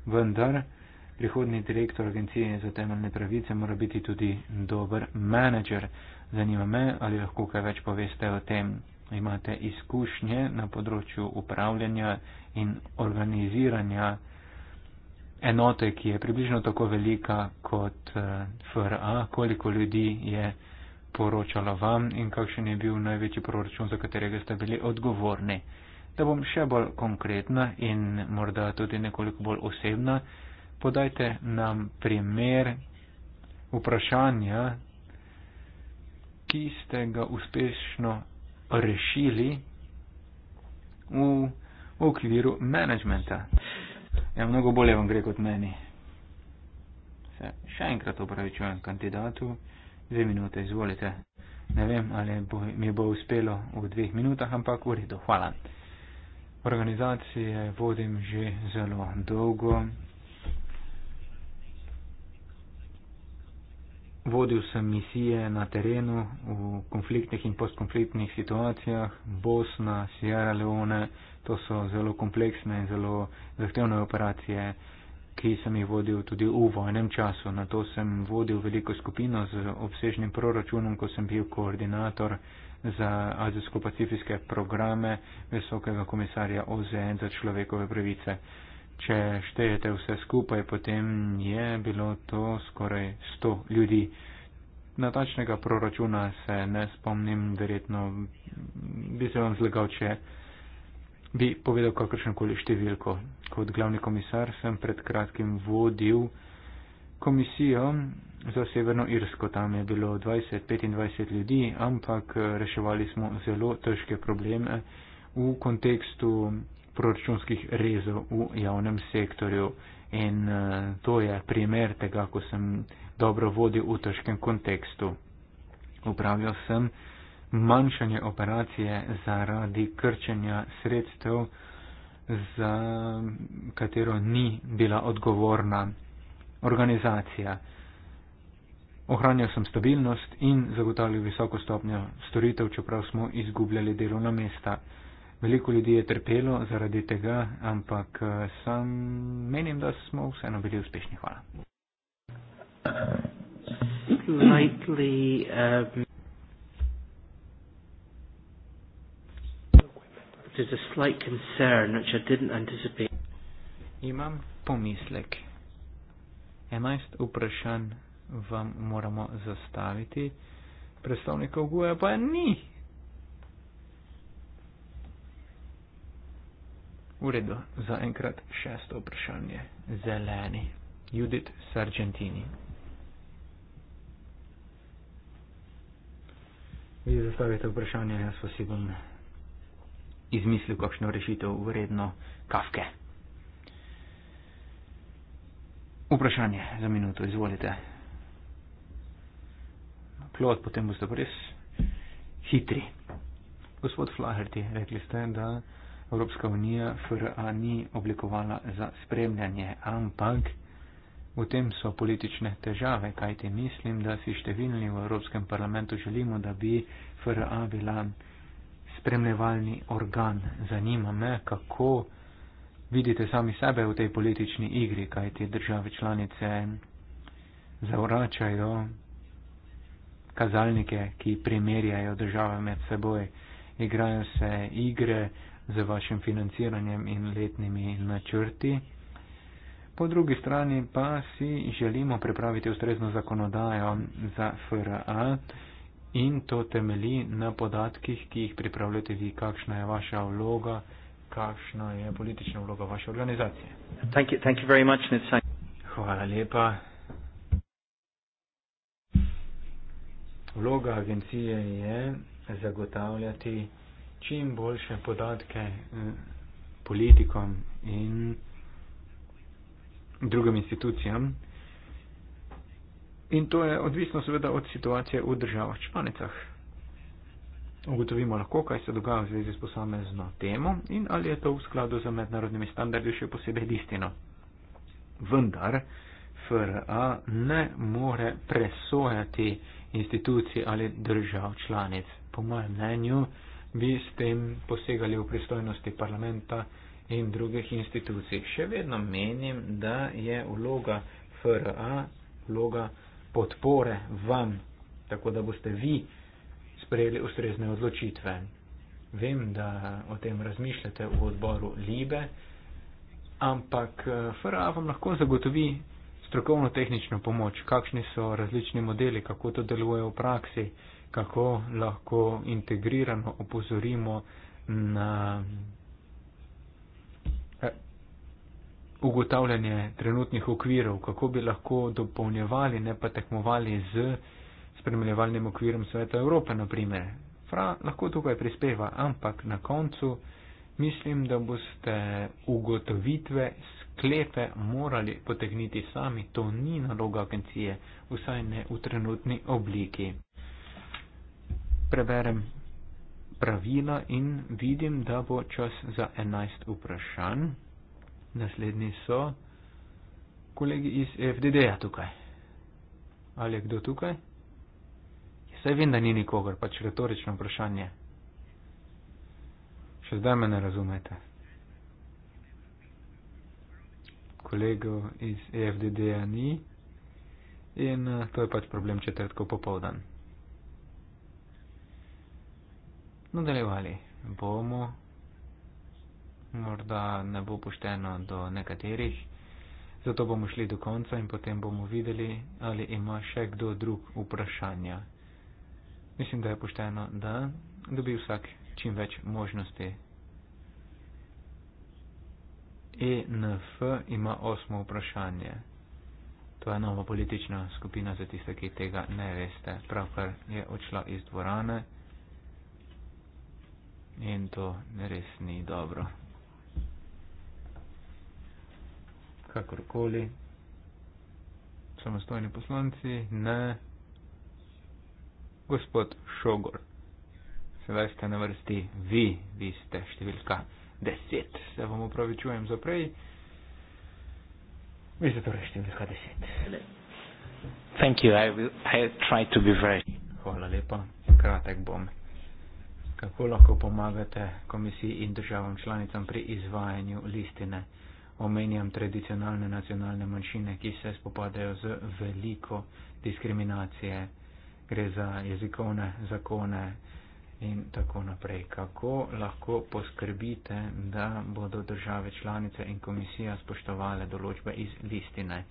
Vendar, prihodni direktor Agencije za temeljne pravice mora biti tudi dober menedžer. Zanima me, ali lahko kaj več poveste o tem. Imate izkušnje na področju upravljanja in organiziranja enote, ki je približno tako velika kot eh, FRA, koliko ljudi je poročalo vam in kakšen je bil največji proračun, za katerega ste bili odgovorni. Da bom še bolj konkretna in morda tudi nekoliko bolj osebna, podajte nam primer vprašanja, ki ste ga uspešno rešili v, v okviru menedžmenta. Ja, mnogo bolje vam gre kot meni. Se še enkrat opravičujem kandidatu. Dve minute, izvolite. Ne vem, ali bo, mi bo uspelo v dveh minutah, ampak v redu. Hvala. Organizacije vodim že zelo dolgo. Vodil sem misije na terenu v konfliktnih in postkonfliktnih situacijah. Bosna, Sierra Leone, To so zelo kompleksne in zelo zahtevne operacije, ki sem jih vodil tudi v vojnem času. Na to sem vodil veliko skupino z obsežnim proračunom, ko sem bil koordinator za azijsko-pacifijske programe Visokega komisarja OZN e za človekove pravice. Če štejete vse skupaj, potem je bilo to skoraj 100 ljudi. Natačnega proračuna se ne spomnim, verjetno bi se vam zlegal, če bi povedal kakršnokoli številko. Kot glavni komisar sem pred kratkim vodil komisijo za Severno Irsko. Tam je bilo 20-25 ljudi, ampak eh, reševali smo zelo težke probleme v kontekstu proračunskih rezov v javnem sektorju. In eh, to je primer tega, ko sem dobro vodil v težkem kontekstu. Upravljal sem manjšanje operacije zaradi krčenja sredstev, za katero ni bila odgovorna organizacija. Ohranjal sem stabilnost in zagotavljal visoko stopnjo storitev, čeprav smo izgubljali delovna mesta. Veliko ljudi je trpelo zaradi tega, ampak sam menim, da smo vseeno bili uspešni. Hvala. Likely, um... there's a slight concern which I didn't anticipate. Imam pomislek. Enajst vprašanj vam moramo zastaviti. Predstavnikov Guja pa ni. V redu, zaenkrat šesto vprašanje. Zeleni. Judith Sargentini. Vi zastavite vprašanje, jaz pa si bom izmislil kakšno rešitev vredno kafke. Vprašanje za minuto, izvolite. Klot, potem boste res hitri. Gospod Flaherty, rekli ste, da Evropska unija FRA ni oblikovala za spremljanje, ampak. V tem so politične težave, kajti mislim, da si številni v Evropskem parlamentu želimo, da bi FRA bila spremljevalni organ. Zanima me, kako vidite sami sebe v tej politični igri, kaj te države članice zavračajo kazalnike, ki primerjajo države med seboj, igrajo se igre z vašim financiranjem in letnimi načrti. Po drugi strani pa si želimo pripraviti ustrezno zakonodajo za FRA in to temelji na podatkih, ki jih pripravljate vi, kakšna je vaša vloga, kakšna je politična vloga vaše organizacije. Thank you, thank you very much, Hvala lepa. Vloga agencije je zagotavljati čim boljše podatke eh, politikom in drugim institucijam. In to je odvisno seveda od situacije v državah članicah. Ugotovimo lahko, kaj se dogaja v zvezi s posamezno temo in ali je to v skladu z mednarodnimi standardi še posebej listino. Vendar FRA ne more presojati institucij ali držav članic. Po mojem mnenju bi s tem posegali v pristojnosti parlamenta in drugih institucij. Še vedno menim, da je vloga FRA, vloga FRA, podpore vam, tako da boste vi sprejeli ustrezne odločitve. Vem, da o tem razmišljate v odboru Libe, ampak eh, FRA vam lahko zagotovi strokovno tehnično pomoč, kakšni so različni modeli, kako to deluje v praksi, kako lahko integrirano opozorimo na ugotavljanje trenutnih okvirov, kako bi lahko dopolnjevali, ne pa tekmovali z spremljevalnim okvirom Sveta Evrope, naprimer. Fra lahko tukaj prispeva, ampak na koncu mislim, da boste ugotovitve, sklepe morali potegniti sami. To ni naloga agencije, vsaj ne v trenutni obliki. Preberem pravila in vidim, da bo čas za 11 vprašanj. Naslednji so kolegi iz FDD-ja tukaj. Ali je kdo tukaj? Ja, saj vem, da ni nikogar, pač retorično vprašanje. Še zdaj me ne razumete. Kolego iz FDD-ja ni in eh, to je pač problem četrtko popovdan. Nadaljevali bomo morda ne bo pošteno do nekaterih. Zato bomo šli do konca in potem bomo videli, ali ima še kdo drug vprašanja. Mislim, da je pošteno, da dobi vsak čim več možnosti. ENF ima osmo vprašanje. To je nova politična skupina za tiste, ki tega ne veste. Pravkar je odšla iz dvorane in to res ni dobro. kakorkoli. Samostojni poslanci, ne. Gospod Šogor, sedaj ste na vrsti vi, vi ste številka deset, se vam upravičujem za prej. Vi ste torej številka deset. Thank you, I will, I try to be very... Hvala lepa, kratek bom. Kako lahko pomagate komisiji in državam članicam pri izvajanju listine? omenjam tradicionalne nacionalne manjšine, ki se spopadajo z veliko diskriminacije, gre za jezikovne zakone in tako naprej. Kako lahko poskrbite, da bodo države članice in komisija spoštovale določbe iz listine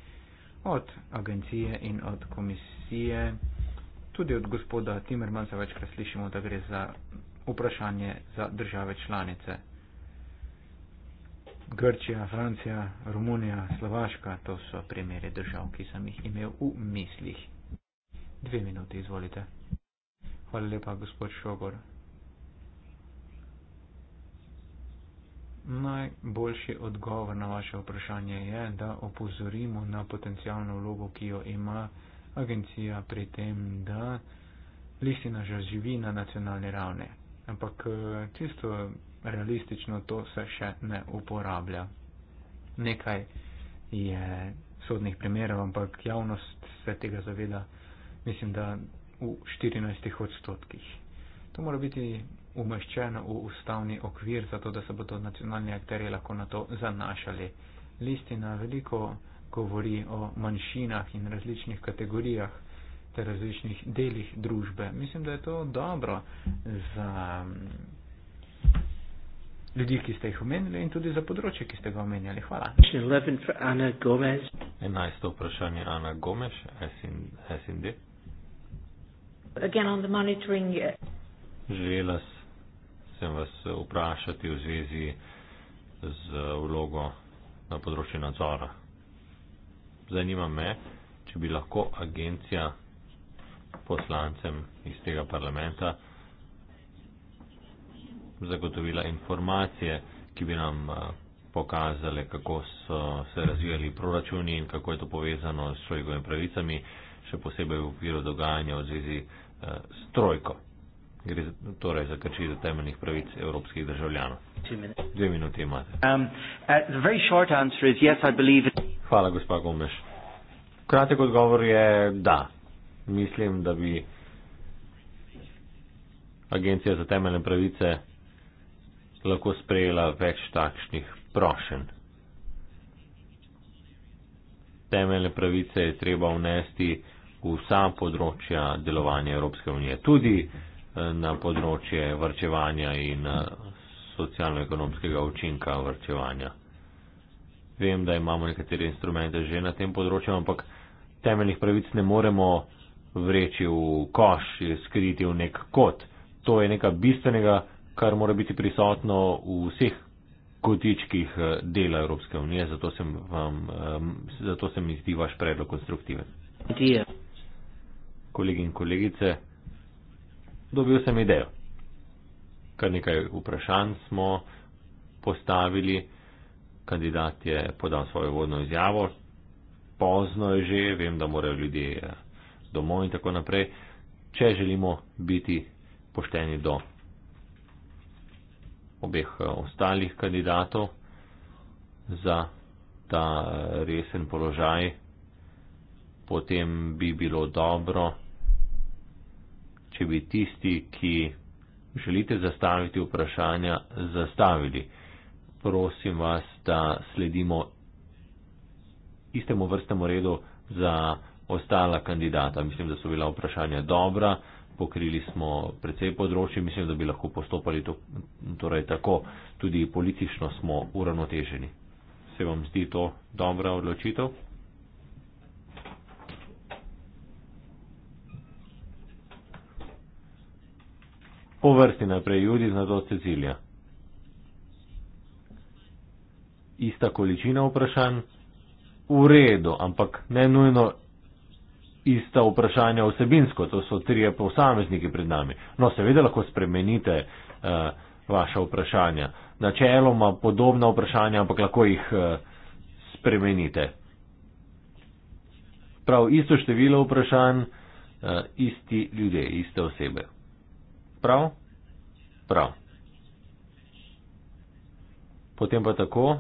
od agencije in od komisije? Tudi od gospoda Timermansa večkrat slišimo, da gre za vprašanje za države članice. Grčija, Francija, Romunija, Slovaška, to so primere držav, ki sem jih imel v mislih. Dve minuti, izvolite. Hvala lepa, gospod Šogor. Najboljši odgovor na vaše vprašanje je, da opozorimo na potencijalno vlogo, ki jo ima agencija pri tem, da listina že živi na nacionalni ravni. Ampak eh, tisto realistično to se še ne uporablja. Nekaj je sodnih primerov, ampak javnost se tega zaveda, mislim, da v 14 odstotkih. To mora biti umeščeno v ustavni okvir, zato da se bodo nacionalni akteri lahko na to zanašali. Listina veliko govori o manjšinah in različnih kategorijah ter različnih delih družbe. Mislim, da je to dobro za ljudi, ki ste jih omenili in tudi za področje, ki ste ga omenjali. Hvala. 11. vprašanje Ana Gomes, SND. Želela sem vas vprašati v zvezi z vlogo na področju nadzora. Zanima me, če bi lahko agencija poslancem iz tega parlamenta zagotovila informacije, ki bi nam eh, pokazale, kako so se razvijali proračuni in kako je to povezano s človekovimi pravicami, še posebej v okviru dogajanja v zvezi eh, s trojko. Gre torej za kršitev temeljnih pravic evropskih državljanov. Dve minuti imate. Um, uh, Hvala, gospa Gomeš. Kratek odgovor je da. Mislim, da bi Agencija za temeljne pravice lahko sprejela več takšnih prošen. Temeljne pravice je treba vnesti v vsa področja delovanja Evropske unije, tudi eh, na področje vrčevanja in eh, socialno-ekonomskega učinka vrčevanja. Vem, da imamo nekatere instrumente že na tem področju, ampak temeljnih pravic ne moremo vreči v koš, skriti v nek kot. To je nekaj bistvenega kar mora biti prisotno v vseh kotičkih eh, dela Evropske unije, zato se, vam, zato se mi zdi vaš predlog konstruktiven. Dije. Kolegi in kolegice, dobil sem idejo. Kar nekaj vprašanj smo postavili, kandidat je podal svojo vodno izjavo, pozno je že, vem, da morajo ljudje eh, domov in tako naprej, če želimo biti pošteni do obeh eh, ostalih kandidatov za ta eh, resen položaj, potem bi bilo dobro, če bi tisti, ki želite zastaviti vprašanja, zastavili. Prosim vas, da sledimo istemu vrstemu redu za ostala kandidata. Mislim, da so bila vprašanja dobra pokrili smo precej področji, mislim, da bi lahko postopali to, torej tako, tudi politično smo uravnoteženi. Se vam zdi to dobra odločitev? Po vrsti naprej, Judi, zato Cecilija. Ista količina vprašanj. V redu, ampak ne nujno ista vprašanja vsebinsko, to so trije posamezniki pred nami. No, seveda lahko spremenite uh, eh, vaše vprašanja. Načeloma podobna vprašanja, ampak lahko jih uh, spremenite. Prav isto število vprašanj, uh, isti ljudje, iste osebe. Prav? Prav. Potem pa tako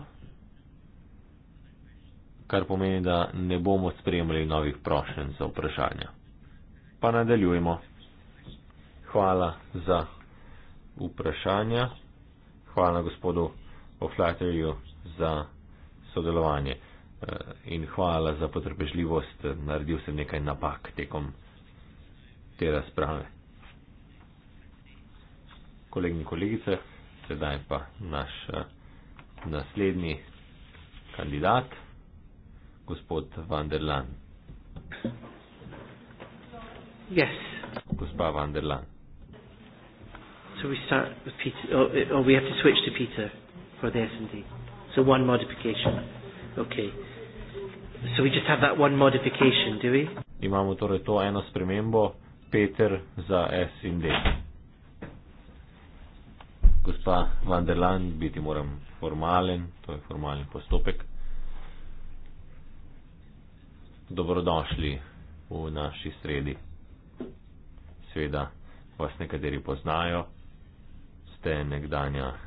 kar pomeni, da ne bomo spremljali novih prošenj za vprašanja. Pa nadaljujemo. Hvala za vprašanja. Hvala gospodu Oflaterju za sodelovanje eh, in hvala za potrpežljivost. Naredil sem nekaj napak tekom te razprave. Kolegi in kolegice, sedaj pa naš eh, naslednji kandidat gospod Van der Laan. Yes. Gospa Van der Laan. So we start with Peter, or, oh, eh, or oh, we have to switch to Peter for the S&D. So one modification. Okay. So we just have that one modification, do we? Imamo torej to eno spremembo, Peter za S&D. Gospa Van der Laan, biti moram formalen, to je formalen postopek dobrodošli v naši sredi. Sveda vas nekateri poznajo, ste nekdanja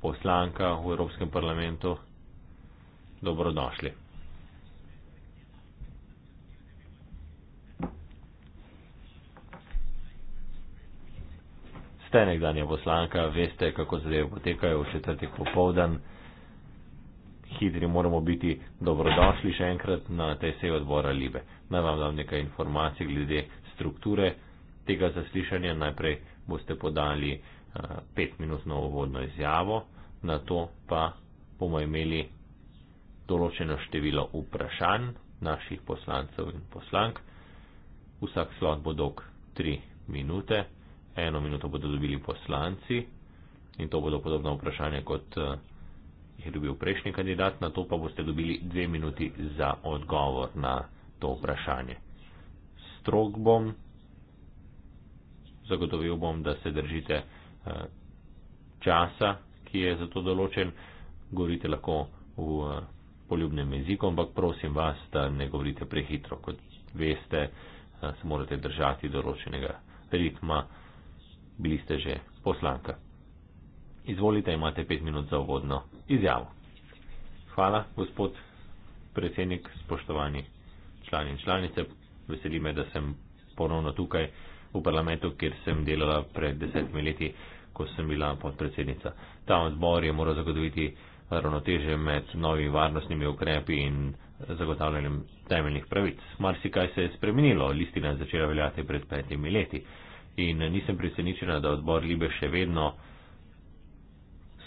poslanka v Evropskem parlamentu. Dobrodošli. Ste nekdanja poslanka, veste, kako zadeve potekajo v četrtek popovdan hitri moramo biti. Dobrodošli še enkrat na tej seji odbora Libe. Naj vam dam nekaj informacij glede strukture tega zaslišanja. Najprej boste podali eh, petminutno uvodno izjavo, na to pa bomo imeli določeno število vprašanj naših poslancev in poslank. Vsak slot bo dolg tri minute, eno minuto bodo dobili poslanci in to bodo podobna vprašanja kot. Uh, je dobil prejšnji kandidat, na to pa boste dobili dve minuti za odgovor na to vprašanje. Strog bom, zagotovil bom, da se držite eh, časa, ki je za to določen, govorite lahko v eh, poljubnem jeziku, ampak prosim vas, da ne govorite prehitro, kot veste, eh, se morate držati določenega ritma, bili ste že poslanka. Izvolite, imate pet minut za uvodno izjavo. Hvala, gospod predsednik, spoštovani člani in članice. Veseli me, da sem ponovno tukaj v parlamentu, kjer sem delala pred desetimi leti, ko sem bila podpredsednica. Ta odbor je moral zagotoviti ravnoteže med novimi varnostnimi ukrepi in zagotavljanjem temeljnih pravic. Marsikaj se je spremenilo, listina je začela veljati pred petimi leti. In nisem presenečena, da odbor Libe še vedno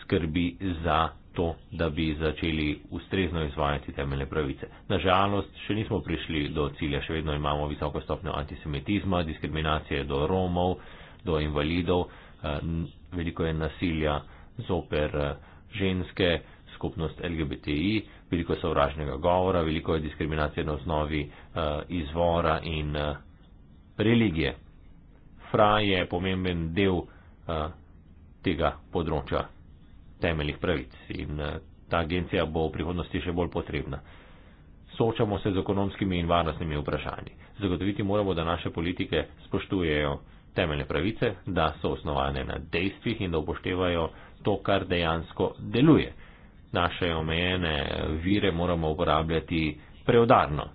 skrbi za to, da bi začeli ustrezno izvajati temeljne pravice. Nažalost, še nismo prišli do cilja, še vedno imamo visoko stopnjo antisemitizma, diskriminacije do Romov, do invalidov, eh, veliko je nasilja zoper eh, ženske, skupnost LGBTI, veliko sovražnega govora, veliko je diskriminacije na osnovi eh, izvora in religije. Fra je pomemben del tega področja temeljnih pravic in eh, ta agencija bo v prihodnosti še bolj potrebna. Soočamo se z ekonomskimi in varnostnimi vprašanji. Zagotoviti moramo, da naše politike spoštujejo temeljne pravice, da so osnovane na dejstvih in da upoštevajo to, kar dejansko deluje. Naše omejene vire moramo uporabljati preudarno.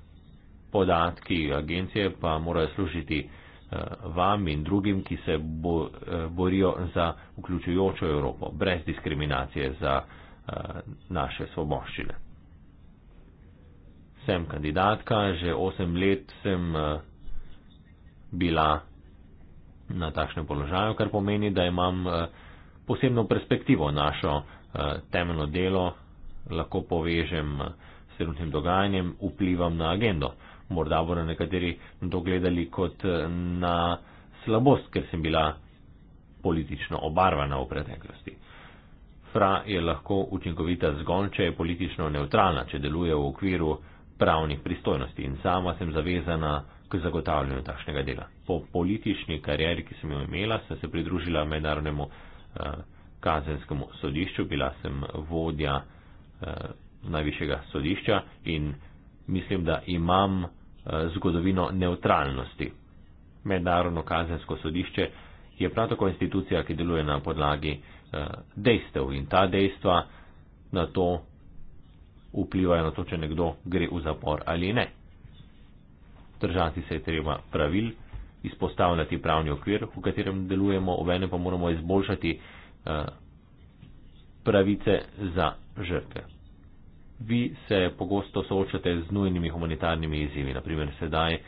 Podatki agencije pa morajo služiti Eh, vam in drugim, ki se eh, borijo za vključujočo Evropo, brez diskriminacije za eh, naše svoboščine. Sem kandidatka, že osem let sem bila na takšnem položaju, kar pomeni, da imam posebno perspektivo našo temeljno delo, lahko povežem s trenutnim dogajanjem, vplivam na agendo morda bodo nekateri to gledali kot na slabost, ker sem bila politično obarvana v preteklosti. Fra je lahko učinkovita zgolj, če je politično neutralna, če deluje v okviru pravnih pristojnosti in sama sem zavezana k zagotavljanju takšnega dela. Po politični karieri, ki sem jo imela, sem se pridružila mednarodnemu eh, kazenskemu sodišču, bila sem vodja eh, najvišjega sodišča in mislim, da imam eh, Eh, zgodovino neutralnosti. Mednarodno kazensko sodišče je prav tako institucija, ki deluje na podlagi eh, dejstev in ta dejstva na to vplivajo na to, če nekdo gre v zapor ali ne. Držati se je treba pravil, izpostavljati pravni okvir, v katerem delujemo, obene pa moramo izboljšati eh, pravice za žrtve vi se pogosto soočate z nujnimi humanitarnimi izzivi, naprimer sedaj eh,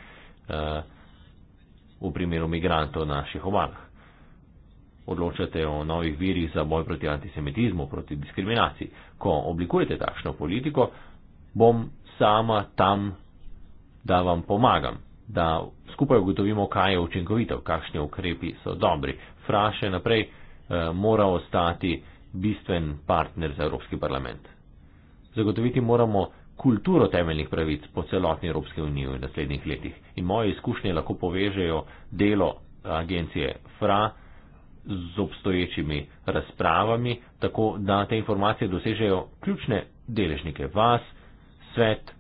v primeru migrantov na naših obalah. Odločate o novih virih za boj proti antisemitizmu, proti diskriminaciji. Ko oblikujete takšno politiko, bom sama tam, da vam pomagam, da skupaj ugotovimo, kaj je učinkovito, kakšni ukrepi so dobri. Fraše naprej eh, mora ostati bistven partner za Evropski parlament. Zagotoviti moramo kulturo temeljnih pravic po celotni Evropske unije v naslednjih letih. In moje izkušnje lahko povežejo delo agencije FRA z obstoječimi razpravami, tako da te informacije dosežejo ključne deležnike vas, svet, eh,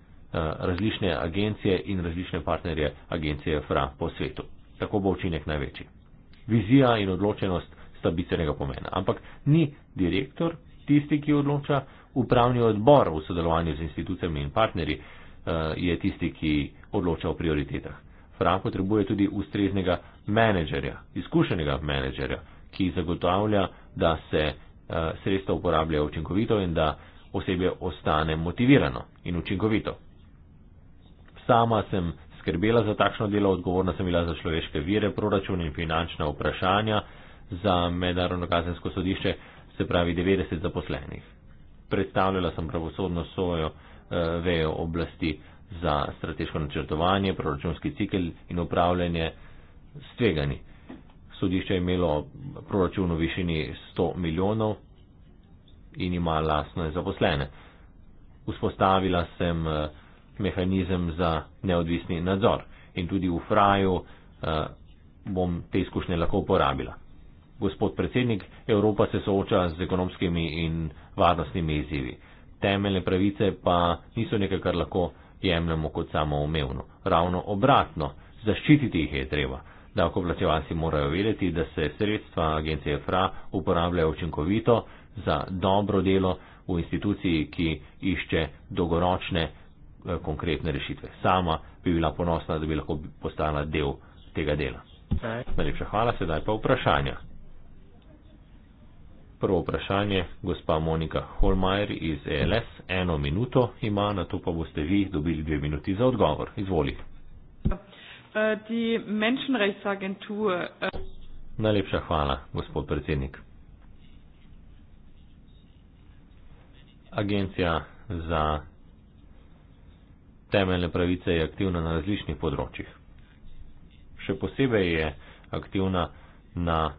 različne agencije in različne partnerje agencije FRA po svetu. Tako bo učinek največji. Vizija in odločenost sta bistvenega pomena. Ampak ni direktor tisti, ki odloča, upravni odbor v sodelovanju z institucijami in partnerji eh, je tisti, ki odloča o prioritetah. Fran potrebuje tudi ustreznega menedžerja, izkušenega menedžerja, ki zagotavlja, da se eh, sredstva uporabljajo učinkovito in da osebje ostane motivirano in učinkovito. Sama sem skrbela za takšno delo, odgovorna sem bila za človeške vire, proračun in finančna vprašanja za mednarodno kazensko sodišče, se pravi 90 zaposlenih predstavljala sem pravosodno svojo eh, vejo oblasti za strateško načrtovanje, proračunski cikl in upravljanje s tvegani. Sodišče je imelo proračun v višini 100 milijonov in ima lasne zaposlene. Vzpostavila sem eh, mehanizem za neodvisni nadzor in tudi v fraju eh, bom te izkušnje lahko uporabila. Gospod predsednik, Evropa se sooča z ekonomskimi in varnostnimi izzivi. Temeljne pravice pa niso nekaj, kar lahko jemljemo kot samoumevno. Ravno obratno, zaščititi jih je treba. Davkoplačevalci morajo vedeti, da se sredstva agencije FRA uporabljajo učinkovito za dobro delo v instituciji, ki išče dolgoročne eh, konkretne rešitve. Sama bi bila ponosna, da bi lahko postala del tega dela. Najlepša hvala, sedaj pa vprašanja. Prvo vprašanje, gospa Monika Holmajer iz ELS, eno minuto ima, na to pa boste vi dobili dve minuti za odgovor. Izvoli. Äh, Najlepša hvala, gospod predsednik. Agencija za temeljne pravice je aktivna na različnih področjih. Še posebej je aktivna na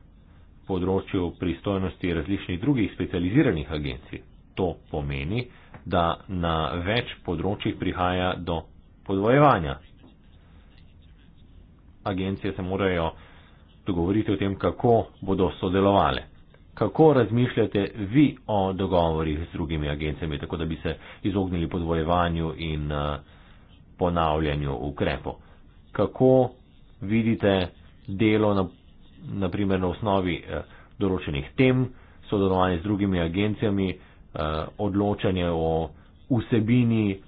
področju pristojnosti različnih drugih specializiranih agencij. To pomeni, da na več področjih prihaja do podvojevanja. Agencije se morajo dogovoriti o tem, kako bodo sodelovali. Kako razmišljate vi o dogovorih z drugimi agencijami, tako da bi se izognili podvojevanju in eh, ponavljanju ukrepov? Kako vidite delo na področju? naprimer na osnovi eh, določenih tem, sodelovanje z drugimi agencijami, eh, odločanje o vsebini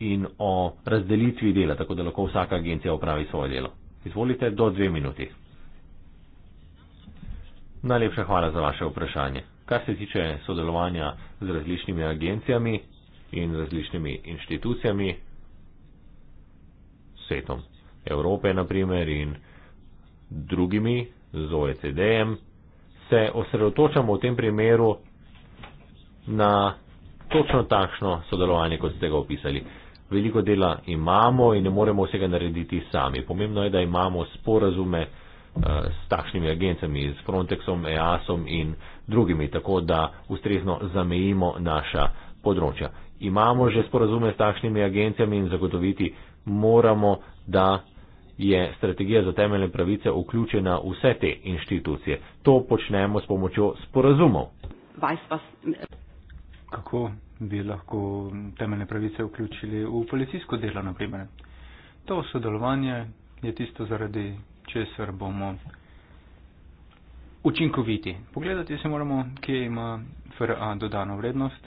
in o razdelitvi dela, tako da lahko vsaka agencija opravi svoje delo. Izvolite do dve minuti. Najlepša hvala za vaše vprašanje. Kar se tiče sodelovanja z različnimi agencijami in različnimi inštitucijami, svetom Evrope naprimer in drugimi, z OECD-em, se osredotočamo v tem primeru na točno takšno sodelovanje, kot ste ga opisali. Veliko dela imamo in ne moremo vsega narediti sami. Pomembno je, da imamo sporazume eh, s takšnimi agencami, s Frontexom, EASom in drugimi, tako da ustrezno zamejimo naša področja. Imamo že sporazume s takšnimi agencijami in zagotoviti moramo, da je strategija za temeljne pravice vključena v vse te inštitucije. To počnemo s pomočjo sporazumov. Kako bi lahko temeljne pravice vključili v policijsko delo, naprimer? To sodelovanje je tisto, zaradi česar bomo učinkoviti. Pogledati si moramo, kje ima FRA dodano vrednost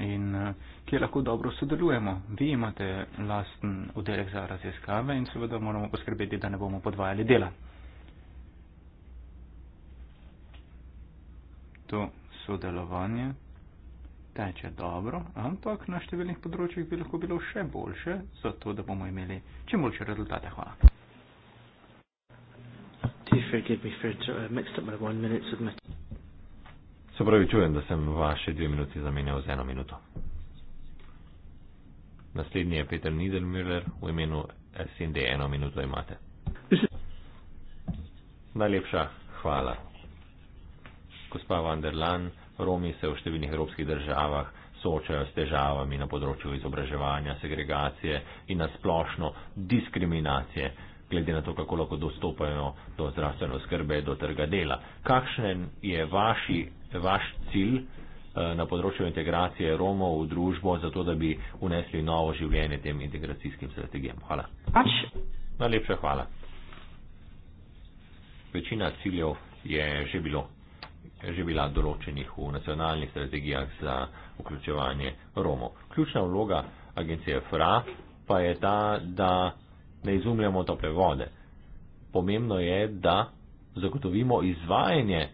in uh, kjer lahko dobro sodelujemo. Vi imate lasten oddelek za raziskave in seveda moramo poskrbeti, da ne bomo podvajali dela. To sodelovanje teče dobro, ampak na številnih področjih bi lahko bilo še boljše, zato da bomo imeli čim boljše rezultate. Hvala. Uh, Se pravi, čujem, da sem vaše dve minuti zamenjal z eno minuto. Naslednji je Peter Niedermüller v imenu SND. Eno minuto imate. Najlepša hvala. Gospa van der Lan, Romi se v številnih evropskih državah soočajo s težavami na področju izobraževanja, segregacije in nasplošno diskriminacije, glede na to, kako lahko dostopajo do zdravstvene skrbe, do trga dela. Kakšen je vaši, vaš cilj? Eh, na področju integracije Romov v družbo, zato da bi unesli novo življenje tem integracijskim strategijam. Hvala. Pač. Najlepša hvala. Večina ciljev je že, bilo, že bila določenih v nacionalnih strategijah za vključevanje Romov. Ključna vloga agencije FRA pa je ta, da ne izumljamo tople vode. Pomembno je, da zagotovimo izvajanje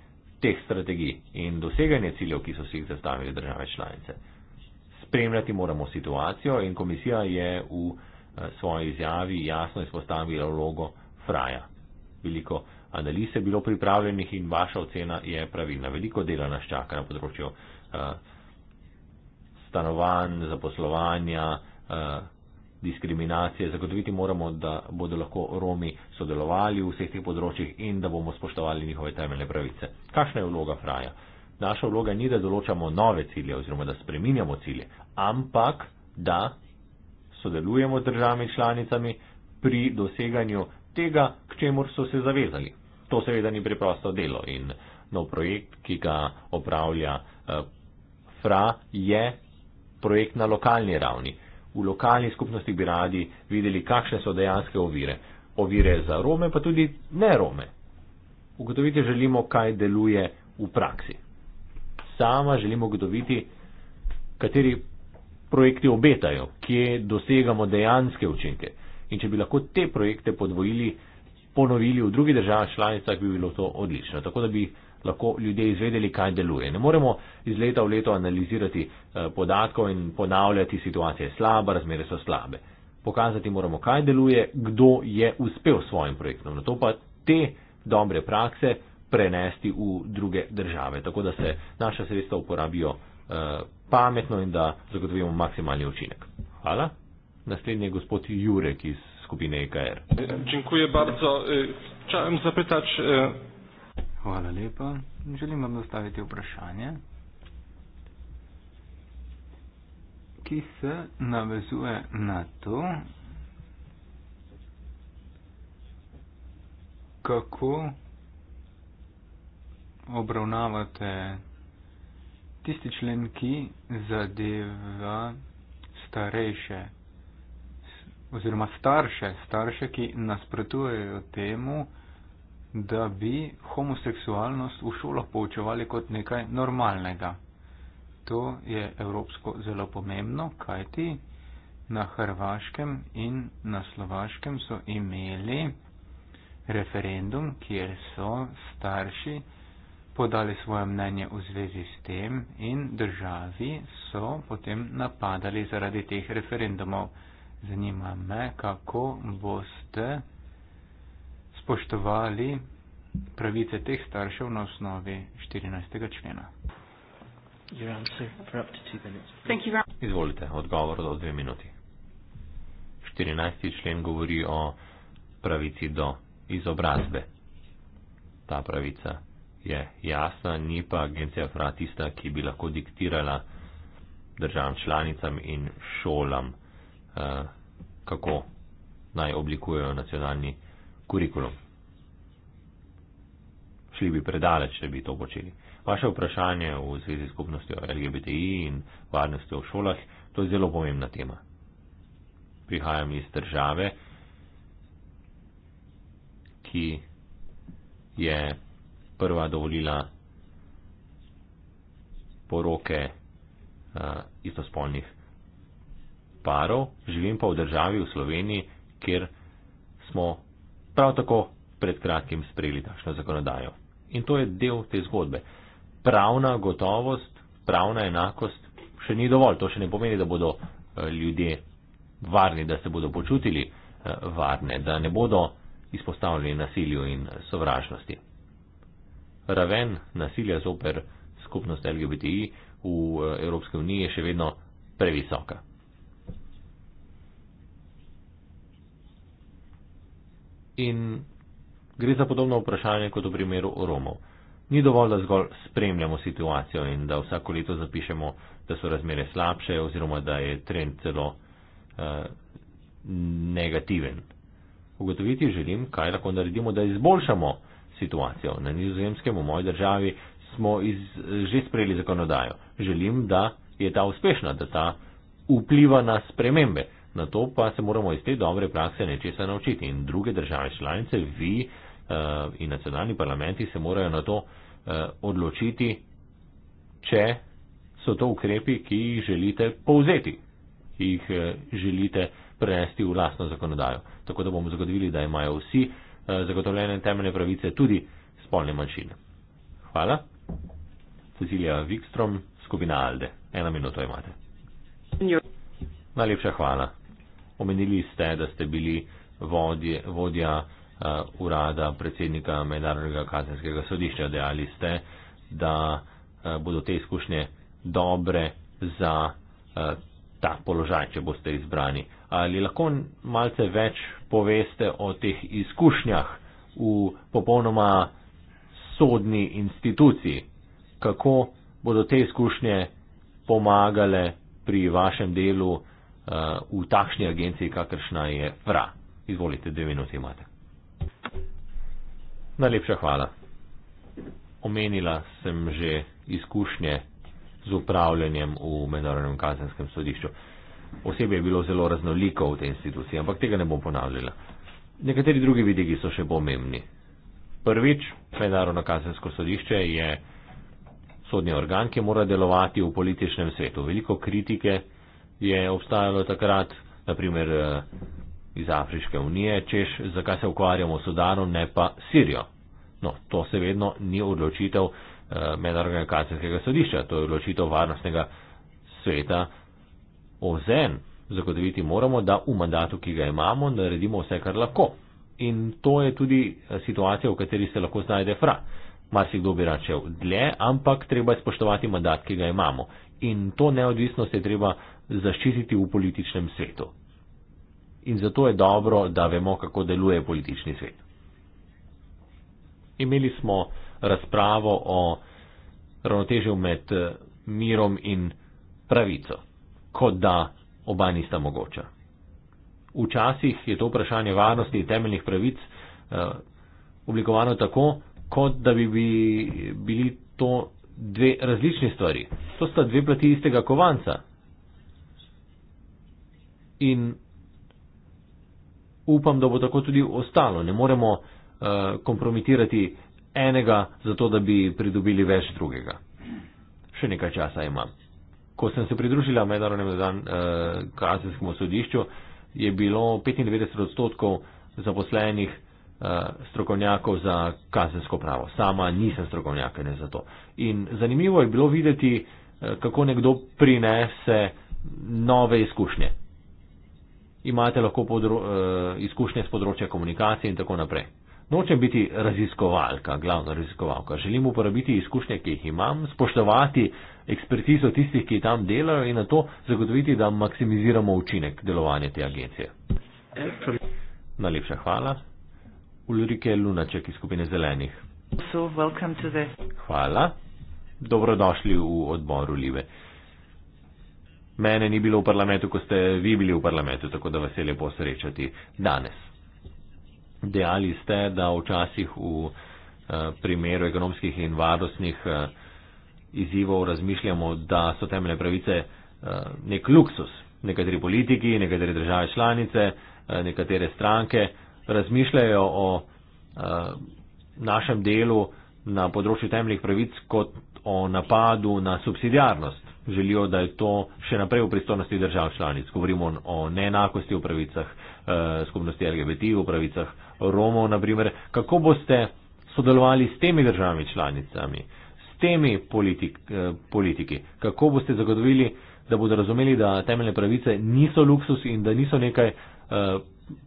teh strategij in doseganje ciljev, ki so si jih zastavili države članice. Spremljati moramo situacijo in komisija je v eh, svoji izjavi jasno izpostavila vlogo fraja. Veliko analiz je bilo pripravljenih in vaša ocena je pravilna. Veliko dela nas čaka na področju uh, stanovanj, zaposlovanja, uh, diskriminacije. Zagotoviti moramo, da bodo lahko Romi sodelovali v vseh teh področjih in da bomo spoštovali njihove temeljne pravice. Kakšna je vloga Fraja? Naša vloga ni, da določamo nove cilje oziroma da spreminjamo cilje, ampak da sodelujemo z državami članicami pri doseganju tega, k čemur so se zavezali. To seveda ni preprosto delo in nov projekt, ki ga opravlja eh, FRA, je projekt na lokalni ravni v lokalnih skupnostih bi radi videli, kakšne so dejanske ovire. Ovire za Rome, pa tudi ne Rome. Ugotoviti želimo, kaj deluje v praksi. Sama želimo ugotoviti, kateri projekti obetajo, kje dosegamo dejanske učinke. In če bi lahko te projekte podvojili, ponovili v drugih državah članicah, bi bilo to odlično. Tako da bi lahko ljudje izvedeli, kaj deluje. Ne moremo iz leta v leto analizirati eh, podatkov in ponavljati, situacija je slaba, razmere so slabe. Pokazati moramo, kaj deluje, kdo je uspel s svojim projektom. Na to pa te dobre prakse prenesti v druge države, tako da se naša sredstva uporabijo eh, pametno in da zagotovimo maksimalni učinek. Hvala. Naslednji je gospod Jurek iz skupine EKR. Dziękuję bardzo. Chciałem zapytać, Hvala lepa. Želim vam nastaviti vprašanje, ki se navezuje na to, kako obravnavate tisti člen, ki zadeva starejše oziroma starše, starše, ki nasprotujejo temu, da bi homoseksualnost v šolah poučevali kot nekaj normalnega. To je evropsko zelo pomembno, kajti na Hrvaškem in na Slovaškem so imeli referendum, kjer so starši podali svoje mnenje v zvezi s tem in državi so potem napadali zaradi teh referendumov. Zanima me, kako boste spoštovali pravice teh staršev na osnovi 14. člena. Izvolite, odgovor do dve minuti. 14. člen govori o pravici do izobrazbe. Ta pravica je jasna, ni pa agencija FRA tista, ki bi lahko diktirala državam članicam in šolam, eh, kako naj oblikujejo nacionalni kurikulum. Šli bi predaleč, če bi to počeli. Vaše vprašanje v zvezi s skupnostjo LGBTI in varnostjo v šolah, to je zelo pomembna tema. Prihajam iz države, ki je prva dovolila poroke uh, istospolnih parov, živim pa v državi v Sloveniji, kjer smo Prav tako pred kratkim sprejeli takšno zakonodajo. In to je del te zgodbe. Pravna gotovost, pravna enakost še ni dovolj. To še ne pomeni, da bodo eh, ljudje varni, da se bodo počutili eh, varne, da ne bodo izpostavljeni nasilju in eh, sovražnosti. Raven nasilja zoper skupnost LGBTI v Evropski uniji je še vedno previsoka. in gre za podobno vprašanje kot v primeru Romov. Ni dovolj, da zgolj spremljamo situacijo in da vsako leto zapišemo, da so razmere slabše oziroma da je trend celo uh, negativen. Ugotoviti želim, kaj lahko naredimo, da izboljšamo situacijo. Na nizozemskem, v moji državi, smo iz, že sprejeli zakonodajo. Želim, da je ta uspešna, da ta vpliva na spremembe na to pa se moramo iz te dobre prakse nečesa naučiti in druge države članice, vi eh, in nacionalni parlamenti se morajo na to eh, odločiti, če so to ukrepi, ki jih želite povzeti, ki jih eh, želite prenesti v lastno zakonodajo. Tako da bomo zagotovili, da imajo vsi zagotovljene temeljne pravice tudi spolne manjšine. Hvala. Cecilija Wikstrom, skupina Alde. Ena minuta imate. Najlepša hvala. Omenili ste, da ste bili vodje, vodja uh, urada predsednika Mednarodnega kazenskega sodišča. Dejali ste, da uh, bodo te izkušnje dobre za uh, ta položaj, če boste izbrani. Ali lahko malce več poveste o teh izkušnjah v popolnoma sodni instituciji? Kako bodo te izkušnje pomagale pri vašem delu? v takšni agenciji, kakršna je FRA. Izvolite, dve minuti imate. Najlepša hvala. Omenila sem že izkušnje z upravljanjem v mednarodnem kazenskem sodišču. Osebje je bilo zelo raznoliko v tej instituciji, ampak tega ne bom ponavljala. Nekateri drugi vidiki so še pomembni. Prvič, mednarodno kazensko sodišče je sodni organ, ki mora delovati v političnem svetu. Veliko kritike je obstajalo takrat, naprimer eh, iz Afriške unije, češ, zakaj se ukvarjamo s Sudanom, ne pa Sirijo. No, to se vedno ni odločitev eh, mednarodnega kazenskega sodišča, to je odločitev varnostnega sveta. Ozen zagotoviti moramo, da v mandatu, ki ga imamo, naredimo vse, kar lahko. In to je tudi eh, situacija, v kateri se lahko znajde fra. Marsikdo bi račel dlje, ampak treba je spoštovati mandat, ki ga imamo. In to neodvisnost je treba zaščititi v političnem svetu. In zato je dobro, da vemo, kako deluje politični svet. Imeli smo razpravo o ravnotežju med eh, mirom in pravico, kot da oba nista mogoča. Včasih je to vprašanje varnosti in temeljnih pravic eh, oblikovano tako, kot da bi bili to dve različni stvari. To sta dve plati istega kovanca, in upam, da bo tako tudi ostalo. Ne moremo uh, kompromitirati enega, zato da bi pridobili več drugega. Še nekaj časa imam. Ko sem se pridružila mednarodnemu uh, eh, kazenskemu sodišču, je bilo 95 odstotkov zaposlenih uh, strokovnjakov za kazensko pravo. Sama nisem strokovnjaka ne za to. In zanimivo je bilo videti, uh, kako nekdo prinese nove izkušnje imate lahko podro, eh, izkušnje z področja komunikacije in tako naprej. Nočem biti raziskovalka, glavna raziskovalka. Želim uporabiti izkušnje, ki jih imam, spoštovati ekspertizo tistih, ki tam delajo in na to zagotoviti, da maksimiziramo učinek delovanja te agencije. Najlepša hvala. Ulrike Lunaček iz skupine Zelenih. So, hvala. Dobrodošli v odboru Live. Mene ni bilo v parlamentu, ko ste vi bili v parlamentu, tako da vas je lepo srečati danes. Dejali ste, da včasih v eh, primeru ekonomskih in varnostnih eh, izzivov razmišljamo, da so temeljne pravice eh, nek luksus. Nekateri politiki, nekatere države članice, nekatere stranke razmišljajo o našem delu na področju temeljnih pravic kot o napadu na subsidijarnost želijo, da je to še naprej v pristojnosti držav članic. Govorimo o neenakosti v pravicah eh, skupnosti LGBT, v pravicah Romov, naprimer. Kako boste sodelovali s temi državami članicami, s temi politik, eh, politiki? Kako boste zagotovili, da bodo razumeli, da temeljne pravice niso luksus in da niso nekaj, eh,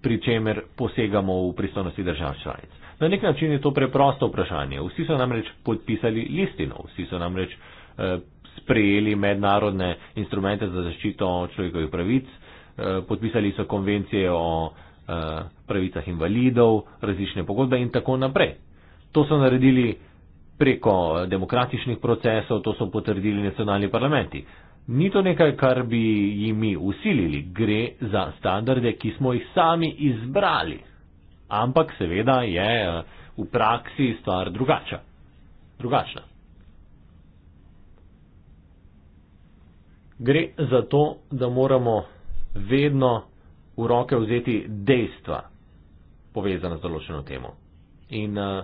pri čemer posegamo v pristojnosti držav članic? Na nek način je to preprosto vprašanje. Vsi so namreč podpisali listino, vsi so namreč eh, sprejeli mednarodne instrumente za zaščito človekovih pravic, eh, podpisali so konvencije o eh, pravicah invalidov, različne pogodbe in tako naprej. To so naredili preko demokratičnih procesov, to so potrdili nacionalni parlamenti. Ni to nekaj, kar bi jim mi usilili, gre za standarde, ki smo jih sami izbrali. Ampak seveda je eh, v praksi stvar drugača. drugačna. Gre za to, da moramo vedno v roke vzeti dejstva, povezana z določeno temo. In uh,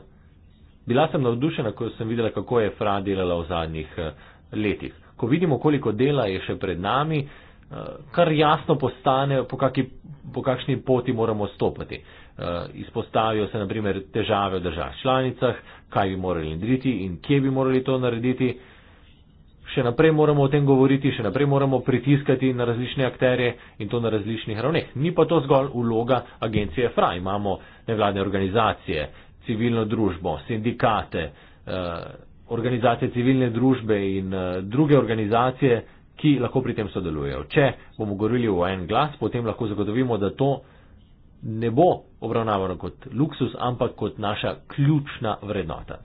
bila sem navdušena, ko sem videla, kako je Fra delala v zadnjih uh, letih. Ko vidimo, koliko dela je še pred nami, uh, kar jasno postane, po, kaki, po kakšni poti moramo stopiti. Uh, izpostavijo se, na primer, težave v državah članicah, kaj bi morali narediti in kje bi morali to narediti. Uh, še naprej moramo o tem govoriti, še naprej moramo pritiskati na različne akterje in to na različnih ravneh. Ni pa to zgolj uloga agencije FRA. Imamo nevladne organizacije, civilno družbo, sindikate, eh, organizacije civilne družbe in eh, druge organizacije, ki lahko pri tem sodelujejo. Če bomo govorili o en glas, potem lahko zagotovimo, da to ne bo obravnavano kot luksus, ampak kot naša ključna vrednota.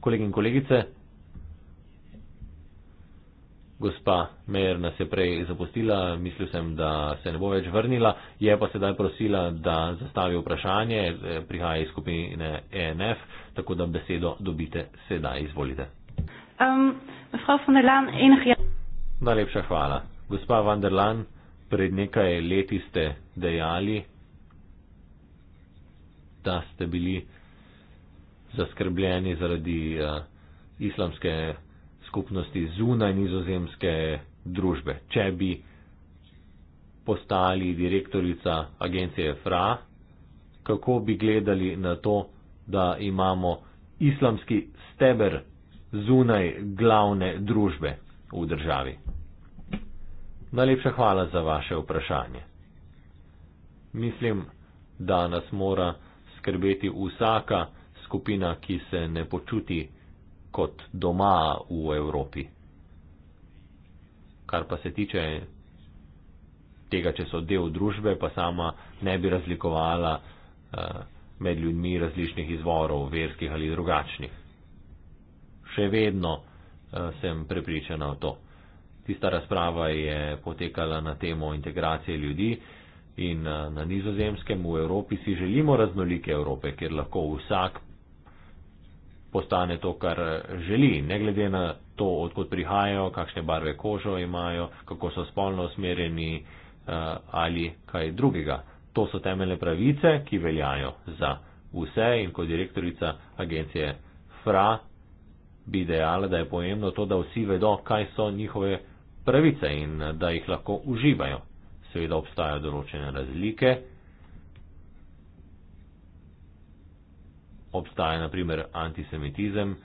Kolegi in kolegice, Gospa Mejer nas je prej zapustila, mislil sem, da se ne bo več vrnila, je pa sedaj prosila, da zastavi vprašanje, eh, prihaja iz skupine ENF, tako da besedo dobite sedaj, izvolite. Um, Najlepša hvala. Gospa van der Lan, pred nekaj leti ste dejali, da ste bili zaskrbljeni zaradi uh, islamske skupnosti zunaj nizozemske družbe. Če bi postali direktorica agencije FRA, kako bi gledali na to, da imamo islamski steber zunaj glavne družbe v državi? Najlepša hvala za vaše vprašanje. Mislim, da nas mora skrbeti vsaka skupina, ki se ne počuti kot doma v Evropi. Kar pa se tiče tega, če so del družbe, pa sama ne bi razlikovala eh, med ljudmi različnih izvorov, verskih ali drugačnih. Še vedno eh, sem prepričana o to. Tista razprava je potekala na temo integracije ljudi in eh, na nizozemskem v Evropi si želimo raznolike Evrope, kjer lahko vsak postane to, kar eh, želi, ne glede na to, odkud prihajajo, kakšne barve kožo imajo, kako so spolno usmerjeni eh, ali kaj drugega. To so temeljne pravice, ki veljajo za vse in kot direktorica agencije FRA bi dejala, da je pomembno to, da vsi vedo, kaj so njihove pravice in eh, da jih lahko uživajo. Seveda obstajajo določene razlike. obstaja naprimer antisemitizem,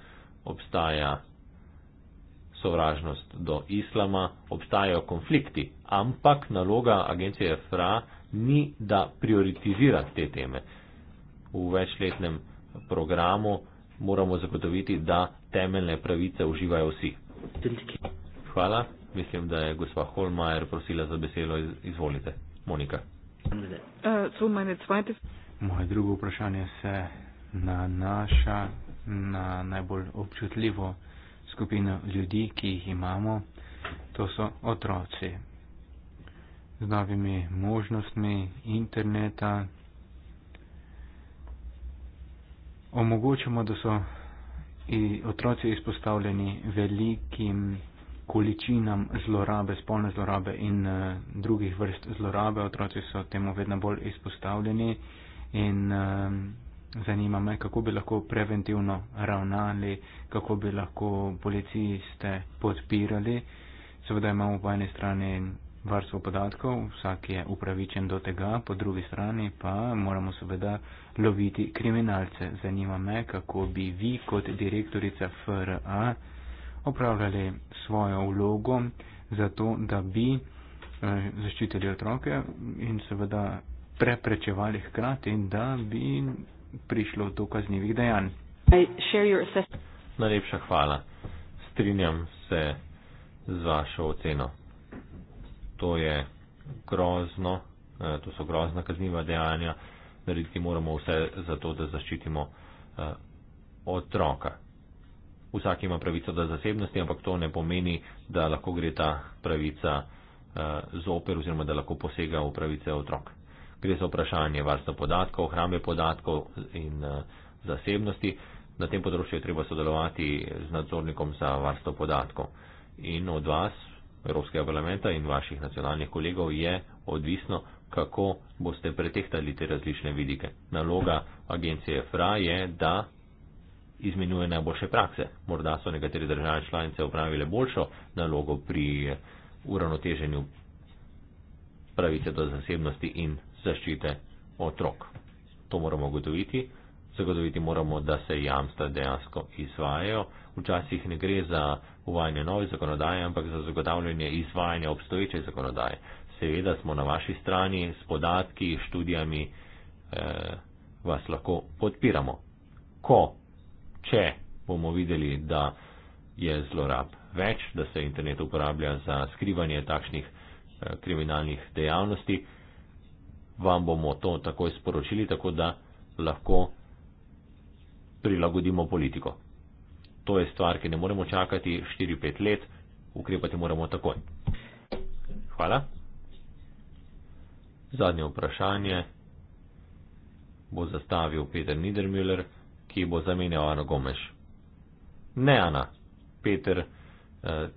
obstaja sovražnost do islama, obstajajo konflikti, ampak naloga agencije FRA ni, da prioritizira te teme. V večletnem programu moramo zagotoviti, da temeljne pravice uživajo vsi. Hvala. Mislim, da je gospa Holmajer prosila za besedo. Izvolite. Monika. Eh, Moje drugo vprašanje se nanaša na najbolj občutljivo skupino ljudi, ki jih imamo, to so otroci. Z novimi možnostmi interneta omogočamo, da so otroci izpostavljeni velikim količinam zlorabe, spolne zlorabe in uh, drugih vrst zlorabe. Otroci so temu vedno bolj izpostavljeni in uh, Zanima me, kako bi lahko preventivno ravnali, kako bi lahko policiste podpirali. Seveda imamo po eni strani varstvo podatkov, vsak je upravičen do tega, po drugi strani pa moramo seveda loviti kriminalce. Zanima me, kako bi vi kot direktorica FRA opravljali svojo vlogo za to, da bi eh, zaščitili otroke in seveda preprečevali hkrati, da bi prišlo do kaznjivih dejanj. Najlepša hvala. Strinjam se z vašo oceno. To je grozno, eh, to so grozna kazniva dejanja. Narediti moramo vse za to, da zaščitimo eh, otroka. Vsak ima pravico do zasebnosti, ampak to ne pomeni, da lahko gre ta pravica eh, zoper oziroma da lahko posega v pravice otroka gre za vprašanje varstva podatkov, hrame podatkov in eh, zasebnosti. Na tem področju je treba sodelovati z nadzornikom za varstvo podatkov. In od vas, Evropskega parlamenta in vaših nacionalnih kolegov je odvisno, kako boste pretehtali te različne vidike. Naloga agencije FRA je, da izmenjuje najboljše prakse. Morda so nekatere države članice upravile boljšo nalogo pri eh, uravnoteženju pravice do zasebnosti in zaščite otrok. To moramo ugotoviti, zagotoviti moramo, da se jamstva dejansko izvajajo. Včasih ne gre za uvajanje nove zakonodaje, ampak za zagotavljanje izvajanja obstoječe zakonodaje. Seveda smo na vaši strani s podatki, študijami, eh, vas lahko podpiramo. Ko, če bomo videli, da je zlorab več, da se internet uporablja za skrivanje takšnih eh, kriminalnih dejavnosti, vam bomo to takoj sporočili, tako da lahko prilagodimo politiko. To je stvar, ki ne moremo čakati 4-5 let, ukrepati moramo takoj. Hvala. Zadnje vprašanje bo zastavil Peter Niedermüller, ki bo zamenjal Ano Gomeš. Ne, Ana, Peter eh,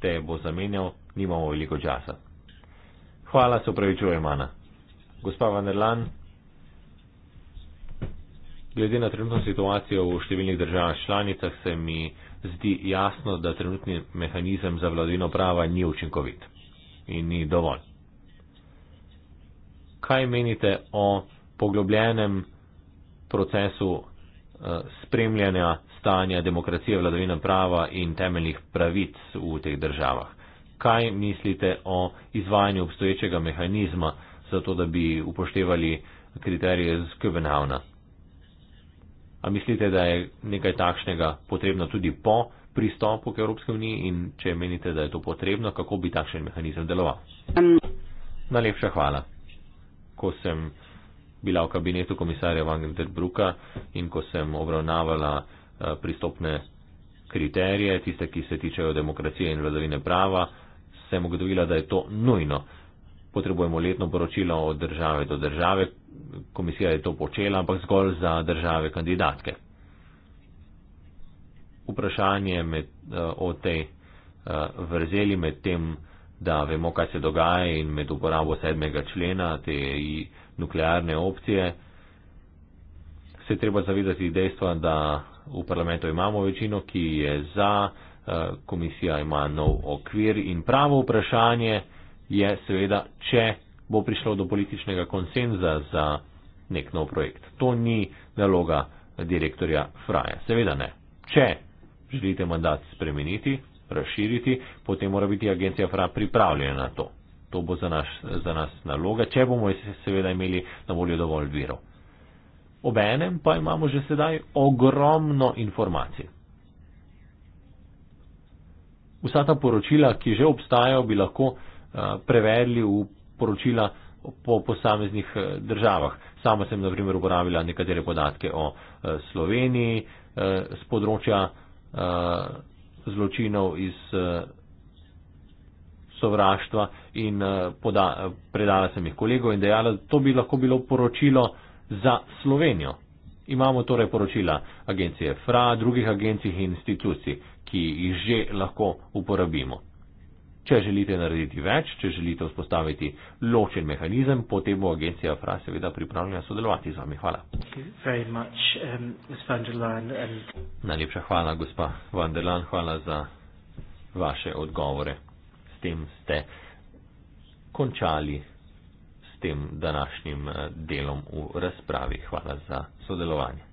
te bo zamenjal, nimamo veliko časa. Hvala, se upravičujem, Ana gospa Van der Lan, glede na trenutno situacijo v številnih državah članicah se mi zdi jasno, da trenutni mehanizem za vladino prava ni učinkovit in ni dovolj. Kaj menite o poglobljenem procesu eh, spremljanja stanja demokracije, vladavine prava in temeljnih pravic v teh državah? Kaj mislite o izvajanju obstoječega mehanizma? zato da bi upoštevali kriterije z Kvenhavna. A mislite, da je nekaj takšnega potrebno tudi po pristopu k Evropske unije in če menite, da je to potrebno, kako bi takšen mehanizem deloval? Najlepša hvala. Ko sem bila v kabinetu komisarja Van Gerdbruka in ko sem obravnavala eh, pristopne kriterije, tiste, ki se tičejo demokracije in vladavine prava, sem ugotovila, da je to nujno potrebujemo letno poročilo od države do države. Komisija je to počela, ampak zgolj za države kandidatke. Vprašanje med, eh, o tej eh, vrzeli med tem, da vemo, kaj se dogaja in med uporabo sedmega člena te nuklearne opcije, se treba zavedati dejstva, da v parlamentu imamo večino, ki je za, eh, komisija ima nov okvir in pravo vprašanje, je seveda, če bo prišlo do političnega konsenza za nek nov projekt. To ni naloga direktorja Fraja. Seveda ne. Če želite mandat spremeniti, razširiti, potem mora biti agencija Fra pripravljena na to. To bo za, naš, za nas naloga, če bomo seveda imeli na voljo dovolj virov. Obenem pa imamo že sedaj ogromno informacij. Vsa ta poročila, ki že obstajajo, bi lahko Eh, prevedli v poročila po posameznih eh, državah. Sama sem, na primer, uporabila nekatere podatke o eh, Sloveniji z področja zločinov iz sovraštva in poda, predala sem jih kolego in dejala, da to bi lahko bilo poročilo za Slovenijo. Imamo torej poročila agencije FRA, drugih agencij in institucij, ki jih že lahko uporabimo. Če želite narediti več, če želite vzpostaviti ločen mehanizem, potem bo agencija FRA seveda pripravljena sodelovati z vami. Hvala. Much, um, and... Najlepša hvala, gospa Van der Laan, hvala za vaše odgovore. S tem ste končali s tem današnjim eh, delom v razpravi. Hvala za sodelovanje.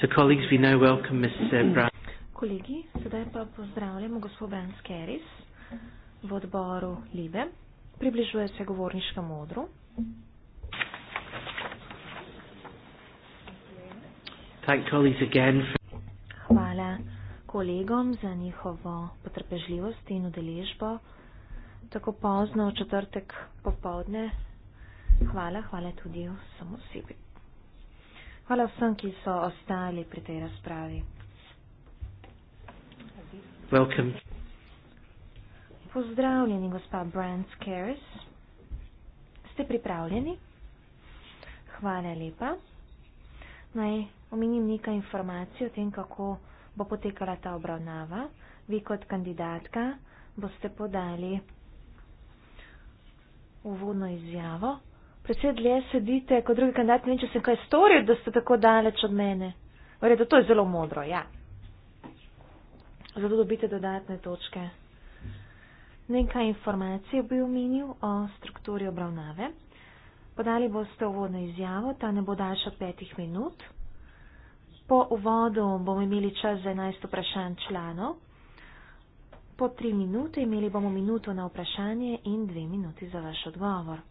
So colleagues, we now welcome Ms. Uh, Brown. Kolegi, sedaj pa pozdravljamo gospod Brown Skeris v odboru Libe. Približuje se govorniška modru. Thank colleagues again for Hvala kolegom za njihovo potrpežljivost in udeležbo. Tako pozno, v četrtek popovdne. Hvala, hvala tudi samo sebi. Hvala vsem, ki so ostali pri tej razpravi. Welcome. Pozdravljeni, gospa Brand Scares. Ste pripravljeni? Hvala lepa. Naj omenim nekaj informacij o tem, kako bo potekala ta obravnava. Vi kot kandidatka boste podali uvodno izjavo, precej dlje sedite kot drugi kandidati, ne vem, če sem kaj storil, da ste tako daleč od mene. Vredo, to je zelo modro, ja. Zato dobite dodatne točke. Nekaj informacij bi omenil o strukturi obravnave. Podali boste uvodno izjavo, ta ne bo daljša od petih minut. Po uvodu bomo imeli čas za 11 vprašanj članov. Po tri minute imeli bomo minuto na vprašanje in dve minuti za vaš odgovor.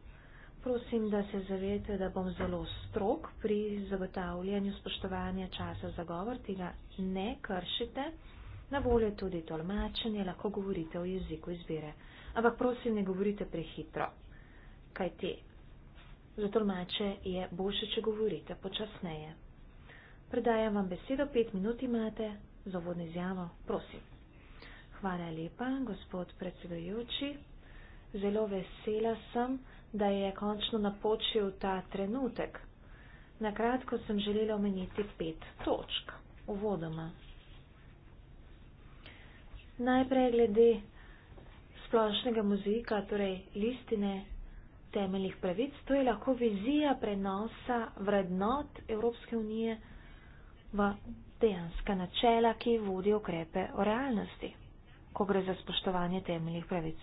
Prosim, da se zavete, da bom zelo strok pri zagotavljanju spoštovanja časa za govor, tega ne kršite. Na voljo tudi tolmačenje, lahko govorite o jeziku izbire. Ampak prosim, ne govorite prehitro, kaj te. Za tolmače je boljše, če govorite počasneje. Predajam vam besedo, pet minut imate za vodno izjavo, prosim. Hvala lepa, gospod predsedujoči. Zelo vesela sem da je končno napočil ta trenutek. Na kratko sem želela omeniti pet točk uvodoma. Najprej glede splošnega muzika, torej listine temeljih pravic, to je lahko vizija prenosa vrednot Evropske unije v dejanska načela, ki vodijo ukrepe o realnosti, ko gre za spoštovanje temeljih pravic.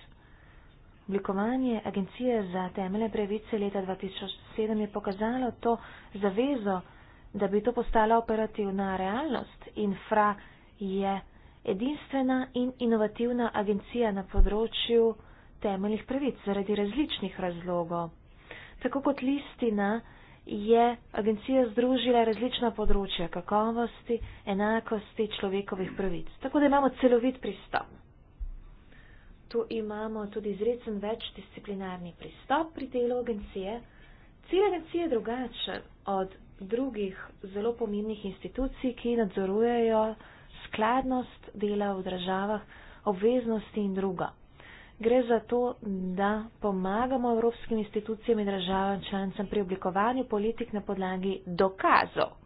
Oblikovanje Agencije za temeljne pravice leta 2007 je pokazalo to zavezo, da bi to postala operativna realnost in FRA je edinstvena in inovativna agencija na področju temeljnih pravic zaradi različnih razlogov. Tako kot listina je agencija združila različna področja kakovosti, enakosti človekovih pravic, tako da imamo celovit pristop zato imamo tudi izrecen večdisciplinarni pristop pri delu agencije. Cilj agencije je drugačen od drugih zelo pomembnih institucij, ki nadzorujejo skladnost dela v državah, obveznosti in druga. Gre za to, da pomagamo evropskim institucijam in državam članicam pri oblikovanju politik na podlagi dokazov.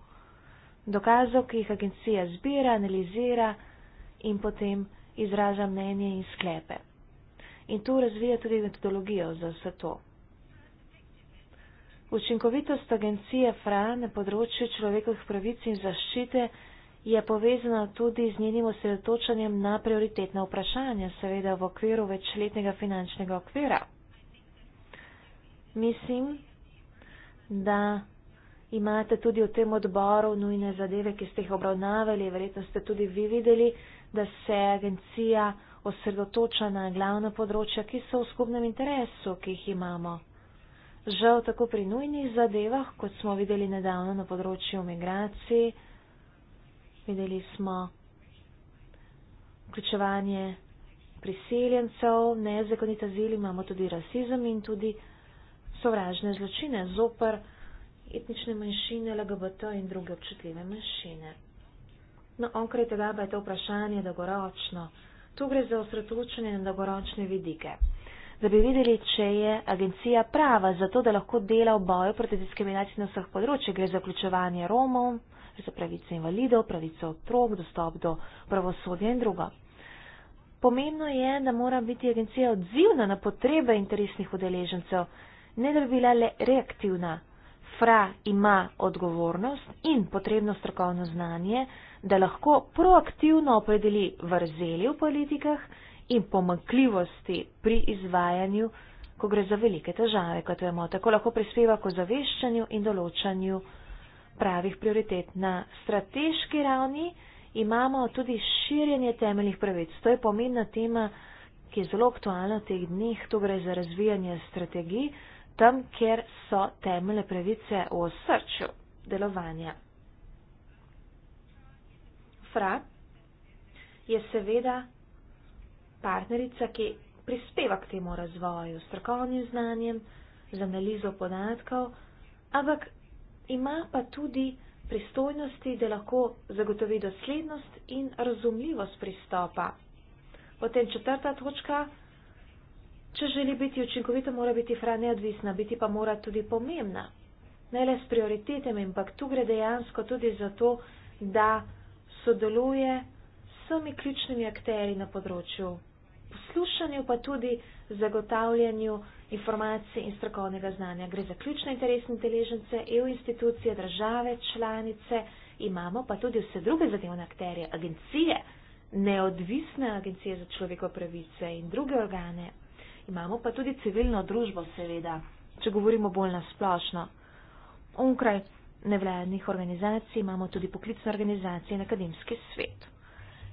Dokazov, ki jih agencija zbira, analizira in potem izraža mnenje in sklepe in tu razvija tudi metodologijo za vse to. Učinkovitost agencije FRA na področju človekovih pravic in zaščite je povezana tudi z njenim osredotočanjem na prioritetna vprašanja, seveda v okviru večletnega finančnega okvira. Mislim, da imate tudi v tem odboru nujne zadeve, ki ste jih obravnavali, verjetno ste tudi vi videli, da se agencija osredotoča na glavna področja, ki so v skupnem interesu, ki jih imamo. Žal tako pri nujnih zadevah, kot smo videli nedavno na področju migracij, videli smo vključevanje priseljencev, nezakonita zil, imamo tudi rasizem in tudi sovražne zločine zoper etnične manjšine, LGBT in druge občutljive manjšine. No, onkraj tega pa je to vprašanje dolgoročno. Tu gre za osredotočenje na dolgoročne vidike. Da bi videli, če je agencija prava za to, da lahko dela v boju proti diskriminaciji na vseh področjih, gre za vključevanje Romov, za pravice invalidov, pravice otrok, dostop do pravosodja in drugo. Pomembno je, da mora biti agencija odzivna na potrebe interesnih udeležencev, ne da bi bila le reaktivna. Fra ima odgovornost in potrebno strokovno znanje, da lahko proaktivno opredeli vrzeli v politikah in pomankljivosti pri izvajanju, ko gre za velike težave, kot vemo. Tako lahko prispeva k zaveščanju in določanju pravih prioritet. Na strateški ravni imamo tudi širjenje temeljnih pravic. To je pomembna tema, ki je zelo aktualna v teh dneh. Tu gre za razvijanje strategij, tam, kjer so temeljne pravice v srču delovanja frat je seveda partnerica, ki prispeva k temu razvoju s strokovnim znanjem, z analizo podatkov, ampak ima pa tudi pristojnosti, da lahko zagotovi doslednost in razumljivost pristopa. Potem četrta točka, če želi biti učinkovita, mora biti fra neodvisna, biti pa mora tudi pomembna. Ne le s prioritetem, ampak tu gre dejansko tudi za to, da sodeluje s vsemi ključnimi akteri na področju poslušanja, pa tudi zagotavljanju informacij in strokovnega znanja. Gre za ključne interesne deležence, EU institucije, države, članice, imamo pa tudi vse druge zadevne akterje, agencije, neodvisne agencije za človekove pravice in druge organe. Imamo pa tudi civilno družbo, seveda, če govorimo bolj nasplošno. Onkraj nevladnih organizacij imamo tudi poklicne organizacije in akademski svet.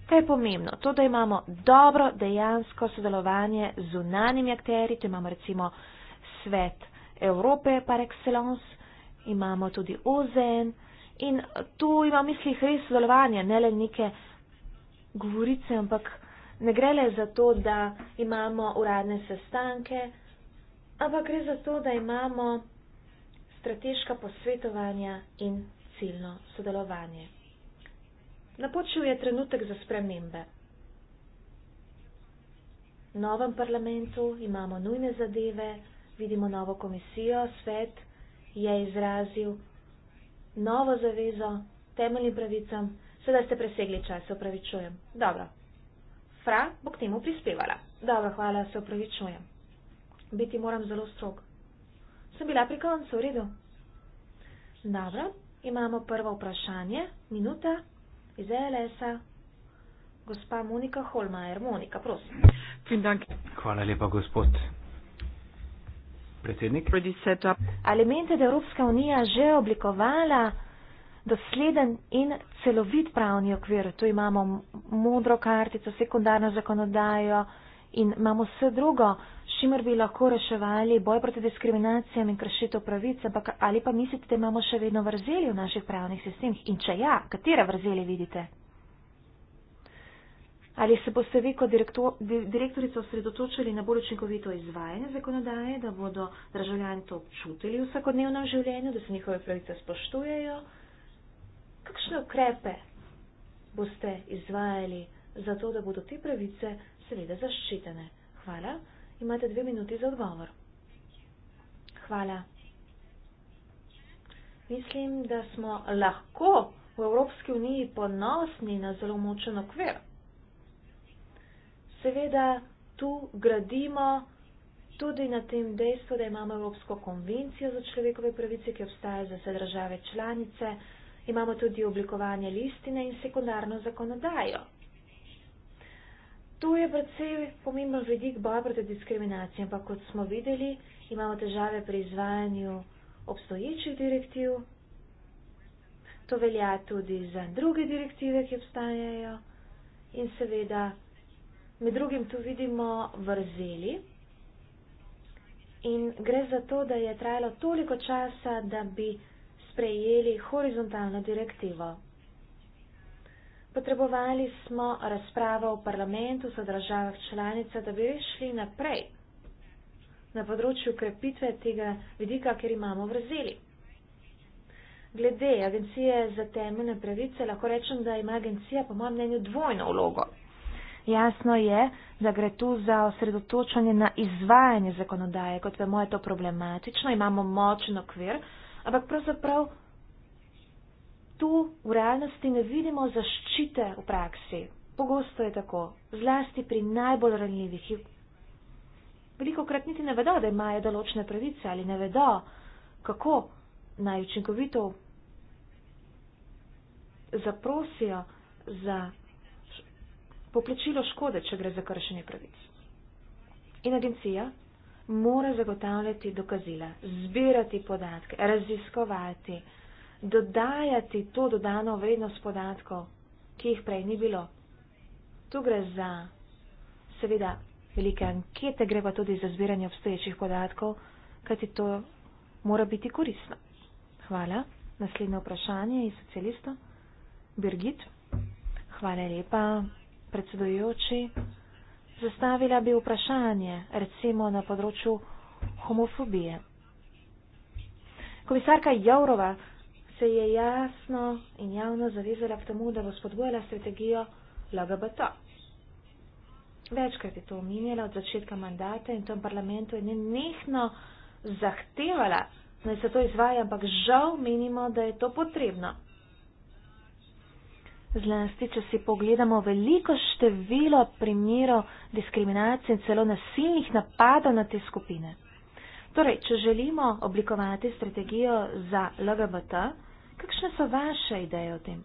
Kaj je pomembno? To, da imamo dobro dejansko sodelovanje z unanimi akteri, tu imamo recimo svet Evrope par excellence, imamo tudi OZN in tu imam mislih res sodelovanje, ne le neke govorice, ampak ne gre le za to, da imamo uradne sestanke, ampak gre za to, da imamo strateška posvetovanja in ciljno sodelovanje. Napočil je trenutek za spremembe. V novem parlamentu imamo nujne zadeve, vidimo novo komisijo, svet je izrazil novo zavezo temeljnim pravicam, sedaj ste presegli čas, se upravičujem. Dobro. Fra bo k temu prispevala. Dobro, hvala, se upravičujem. Biti moram zelo strog sem bila pri koncu, v redu. Dobro, imamo prvo vprašanje, minuta iz LS-a. Gospa Monika Holmajer, Monika, prosim. Hvala lepa, gospod predsednik. Ali menite, da je Evropska unija že oblikovala dosleden in celovit pravni okvir? Tu imamo modro kartico, sekundarno zakonodajo, in imamo vse drugo, s čimer bi lahko reševali boj proti diskriminacijam in kršitev pravic, ampak ali pa mislite, da imamo še vedno vrzeli v naših pravnih sistemih in če ja, katere vrzeli vidite? Ali se boste vi kot direktorica osredotočili na bolj učinkovito izvajanje zakonodaje, da bodo državljani to občutili v vsakodnevnem življenju, da se njihove pravice spoštujejo? Kakšne ukrepe boste izvajali za to, da bodo te pravice seveda zaščitene. Hvala, imate dve minuti za odgovor. Hvala. Mislim, da smo lahko v Evropski uniji ponosni na zelo močen okvir. Seveda tu gradimo tudi na tem dejstvu, da imamo Evropsko konvencijo za človekove pravice, ki obstaja za vse države članice, imamo tudi oblikovanje listine in sekundarno zakonodajo. To je predvsej pomemben vidik boja proti diskriminaciji, ampak kot smo videli, imamo težave pri izvajanju obstoječih direktiv. To velja tudi za druge direktive, ki obstajajo in seveda med drugim tu vidimo vrzeli. In gre za to, da je trajalo toliko časa, da bi sprejeli horizontalno direktivo. Potrebovali smo razpravo v parlamentu za državah članica, da bi šli naprej na področju ukrepitve tega vidika, ker imamo vrzeli. Glede Agencije za temeljne pravice lahko rečem, da ima agencija po mojem mnenju dvojno vlogo. Jasno je, da gre tu za osredotočanje na izvajanje zakonodaje, kot vemo je to problematično, imamo močen okvir, ampak pravzaprav tu v realnosti ne vidimo zaščite v praksi. Pogosto je tako, zlasti pri najbolj ranljivih. Veliko krat niti ne vedo, da imajo določene pravice ali ne vedo, kako najučinkovito zaprosijo za poplačilo škode, če gre za kršenje pravic. In agencija mora zagotavljati dokazila, zbirati podatke, raziskovati dodajati to dodano vrednost podatkov, ki jih prej ni bilo. Tu gre za, seveda, velike ankete, gre pa tudi za zbiranje obstoječih podatkov, kajti to mora biti korisno. Hvala. Naslednje vprašanje iz socialista. Birgit. Hvala lepa, predsedojoči. Zastavila bi vprašanje, recimo na področju homofobije. Komisarka Jaurova se je jasno in javno zavezala k temu, da bo spodbujala strategijo LGBT. Večkrat je to omenjala od začetka mandata in v tem parlamentu je nenehno zahtevala, da se to izvaja, ampak žal menimo, da je to potrebno. Zlasti, če si pogledamo veliko število primerov diskriminacije in celo nasilnih napadov na te skupine. Torej, če želimo oblikovati strategijo za LGBT, kakšne so vaše ideje o tem,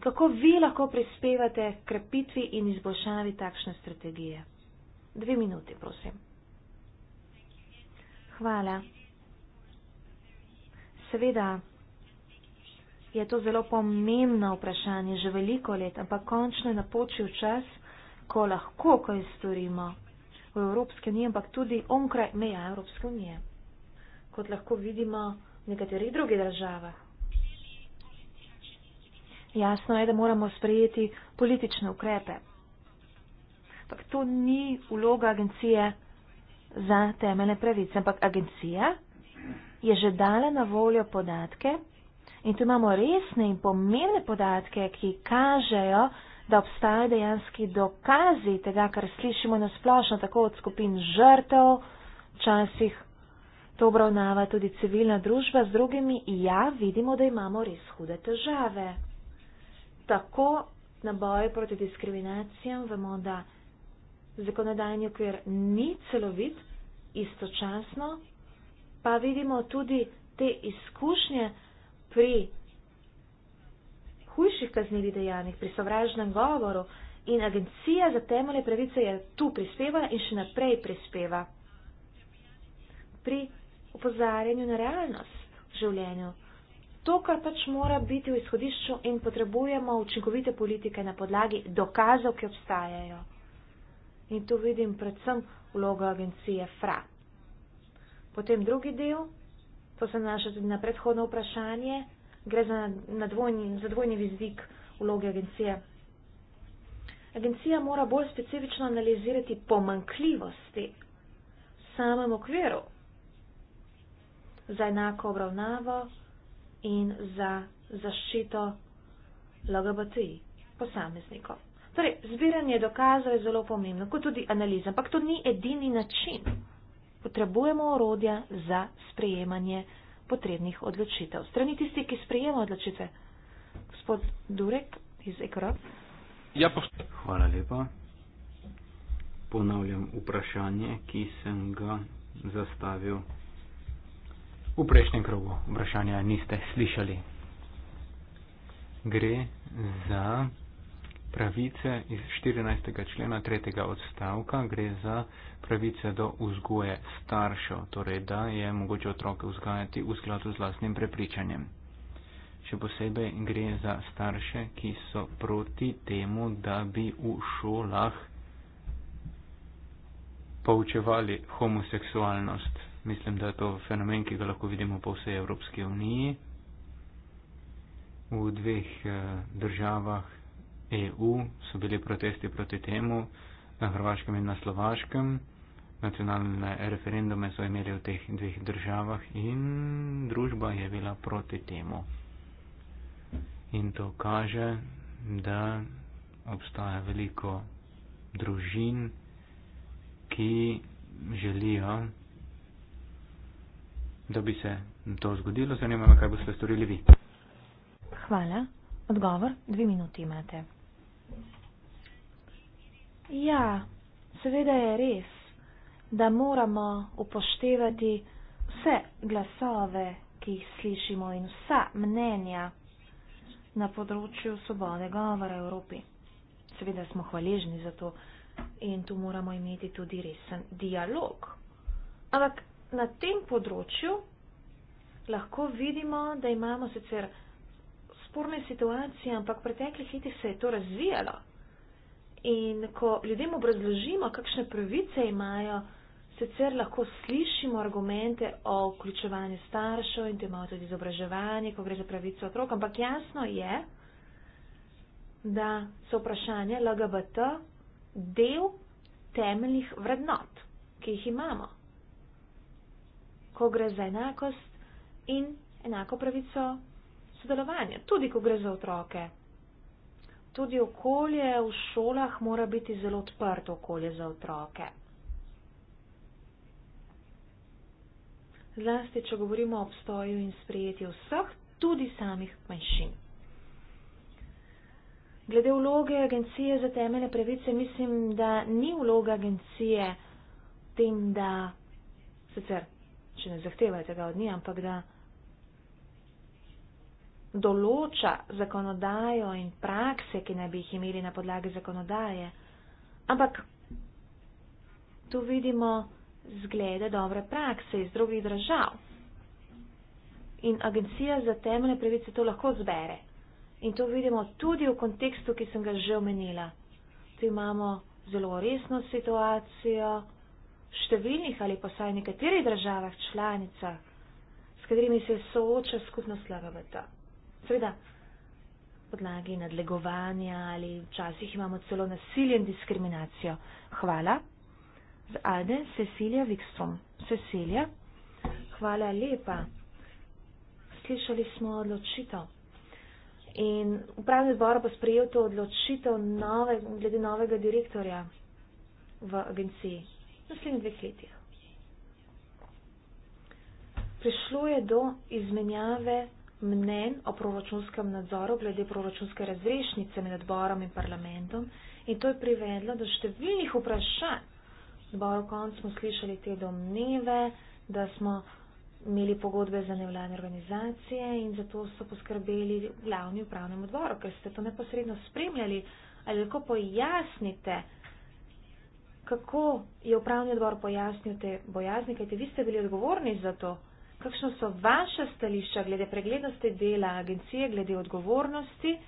kako vi lahko prispevate k krepitvi in izboljšavi takšne strategije. Dve minuti, prosim. Hvala. Seveda je to zelo pomembno vprašanje, že veliko let, ampak končno je napočil čas, ko lahko kaj storimo v Evropski uniji, ampak tudi onkraj meja Evropske unije, kot lahko vidimo v nekaterih drugih državah. Jasno je, da moramo sprejeti politične ukrepe. Ampak to ni vloga agencije za temeljne pravice. Ampak agencija je že dala na voljo podatke in tu imamo resne in pomembne podatke, ki kažejo, da obstajajo dejanski dokazi tega, kar slišimo na splošno, tako od skupin žrtev, časih to obravnava tudi civilna družba z drugimi. Ja, vidimo, da imamo res hude težave tako na boju proti diskriminacijam, vemo, da zakonodajni okvir ni celovit, istočasno pa vidimo tudi te izkušnje pri hujših kaznivih dejanjih, pri sovražnem govoru in Agencija za temelje pravice je tu prispevala in še naprej prispevala pri opozarjanju na realnost življenju to, kar pač mora biti v izhodišču in potrebujemo učinkovite politike na podlagi dokazov, ki obstajajo. In tu vidim predvsem vlogo agencije FRA. Potem drugi del, to se nanaša tudi na predhodno vprašanje, gre za, na dvojni, za dvojni vizik vloge agencije. Agencija mora bolj specifično analizirati pomankljivosti v samem okviru za enako obravnavo in za zaščito LGBTI posameznikov. Torej, zbiranje dokazov je zelo pomembno, kot tudi analiza, ampak to ni edini način. Potrebujemo orodja za sprejemanje potrebnih odločitev. Strani tisti, ki sprejema odločitve. Gospod Durek iz Ekro. Ja, Hvala lepa. Ponavljam vprašanje, ki sem ga zastavil V prejšnjem krogu vprašanja niste slišali. Gre za pravice iz 14. člena tretjega odstavka, gre za pravice do vzgoje staršev, torej da je mogoče otroke vzgajati v skladu z vlastnim prepričanjem. Še posebej gre za starše, ki so proti temu, da bi v šolah poučevali homoseksualnost. Mislim, da je to fenomen, ki ga lahko vidimo po vsej Evropski uniji. V dveh eh, državah EU so bili protesti proti temu, na Hrvaškem in na Slovaškem. Nacionalne referendume so imeli v teh dveh državah in družba je bila proti temu. In to kaže, da obstaja veliko družin, ki želijo da bi se to zgodilo. Zanima me, kaj boste storili vi. Hvala. Odgovor, dve minuti imate. Ja, seveda je res, da moramo upoštevati vse glasove, ki jih slišimo in vsa mnenja na področju svobode govora v Evropi. Seveda smo hvaležni za to in tu moramo imeti tudi resen dialog. Ampak na tem področju lahko vidimo, da imamo sicer sporne situacije, ampak v preteklih letih se je to razvijalo. In ko ljudem obrazložimo, kakšne pravice imajo, sicer lahko slišimo argumente o vključevanju staršev in temo tudi izobraževanje, ko gre za pravico otrok, ampak jasno je, da so vprašanja LGBT del temeljnih vrednot, ki jih imamo ko gre za enakost in enako pravico sodelovanja, tudi ko gre za otroke. Tudi okolje v šolah mora biti zelo odprto okolje za otroke. Zlasti, če govorimo o obstoju in sprejetju vseh, tudi samih manjšin. Glede vloge Agencije za temeljne pravice, mislim, da ni vloga Agencije v tem, da sicer če ne zahtevajo tega od njih, ampak da določa zakonodajo in prakse, ki naj bi jih imeli na podlagi zakonodaje. Ampak tu vidimo zglede dobre prakse iz drugih držav. In agencija za temeljne pravice to lahko zbere. In to vidimo tudi v kontekstu, ki sem ga že omenila. Tu imamo zelo resno situacijo številnih ali pa vsaj nekaterih državah članicah, s katerimi se sooča skupnost LGBT. Sveda, podlagi nadlegovanja ali včasih imamo celo nasilje in diskriminacijo. Hvala. Z Ade Cecilia Wikstrom. Cecilia, hvala lepa. Slišali smo odločitev. In upravni zbor bo sprejel to odločitev nove, glede novega direktorja v agenciji naslednjih dveh letih. Prišlo je do izmenjave mnen o proračunskem nadzoru glede proračunske razrešnice med odborom in parlamentom in to je privedlo do številnih vprašanj. Zbor koncu smo slišali te domneve, da smo imeli pogodbe za nevladne organizacije in zato so poskrbeli glavni upravnem odboru, ker ste to neposredno spremljali. Ali lahko pojasnite, kako je upravni odbor pojasnil te bojazni, kajte vi ste bili odgovorni za to, kakšno so vaše stališča glede preglednosti dela agencije, glede odgovornosti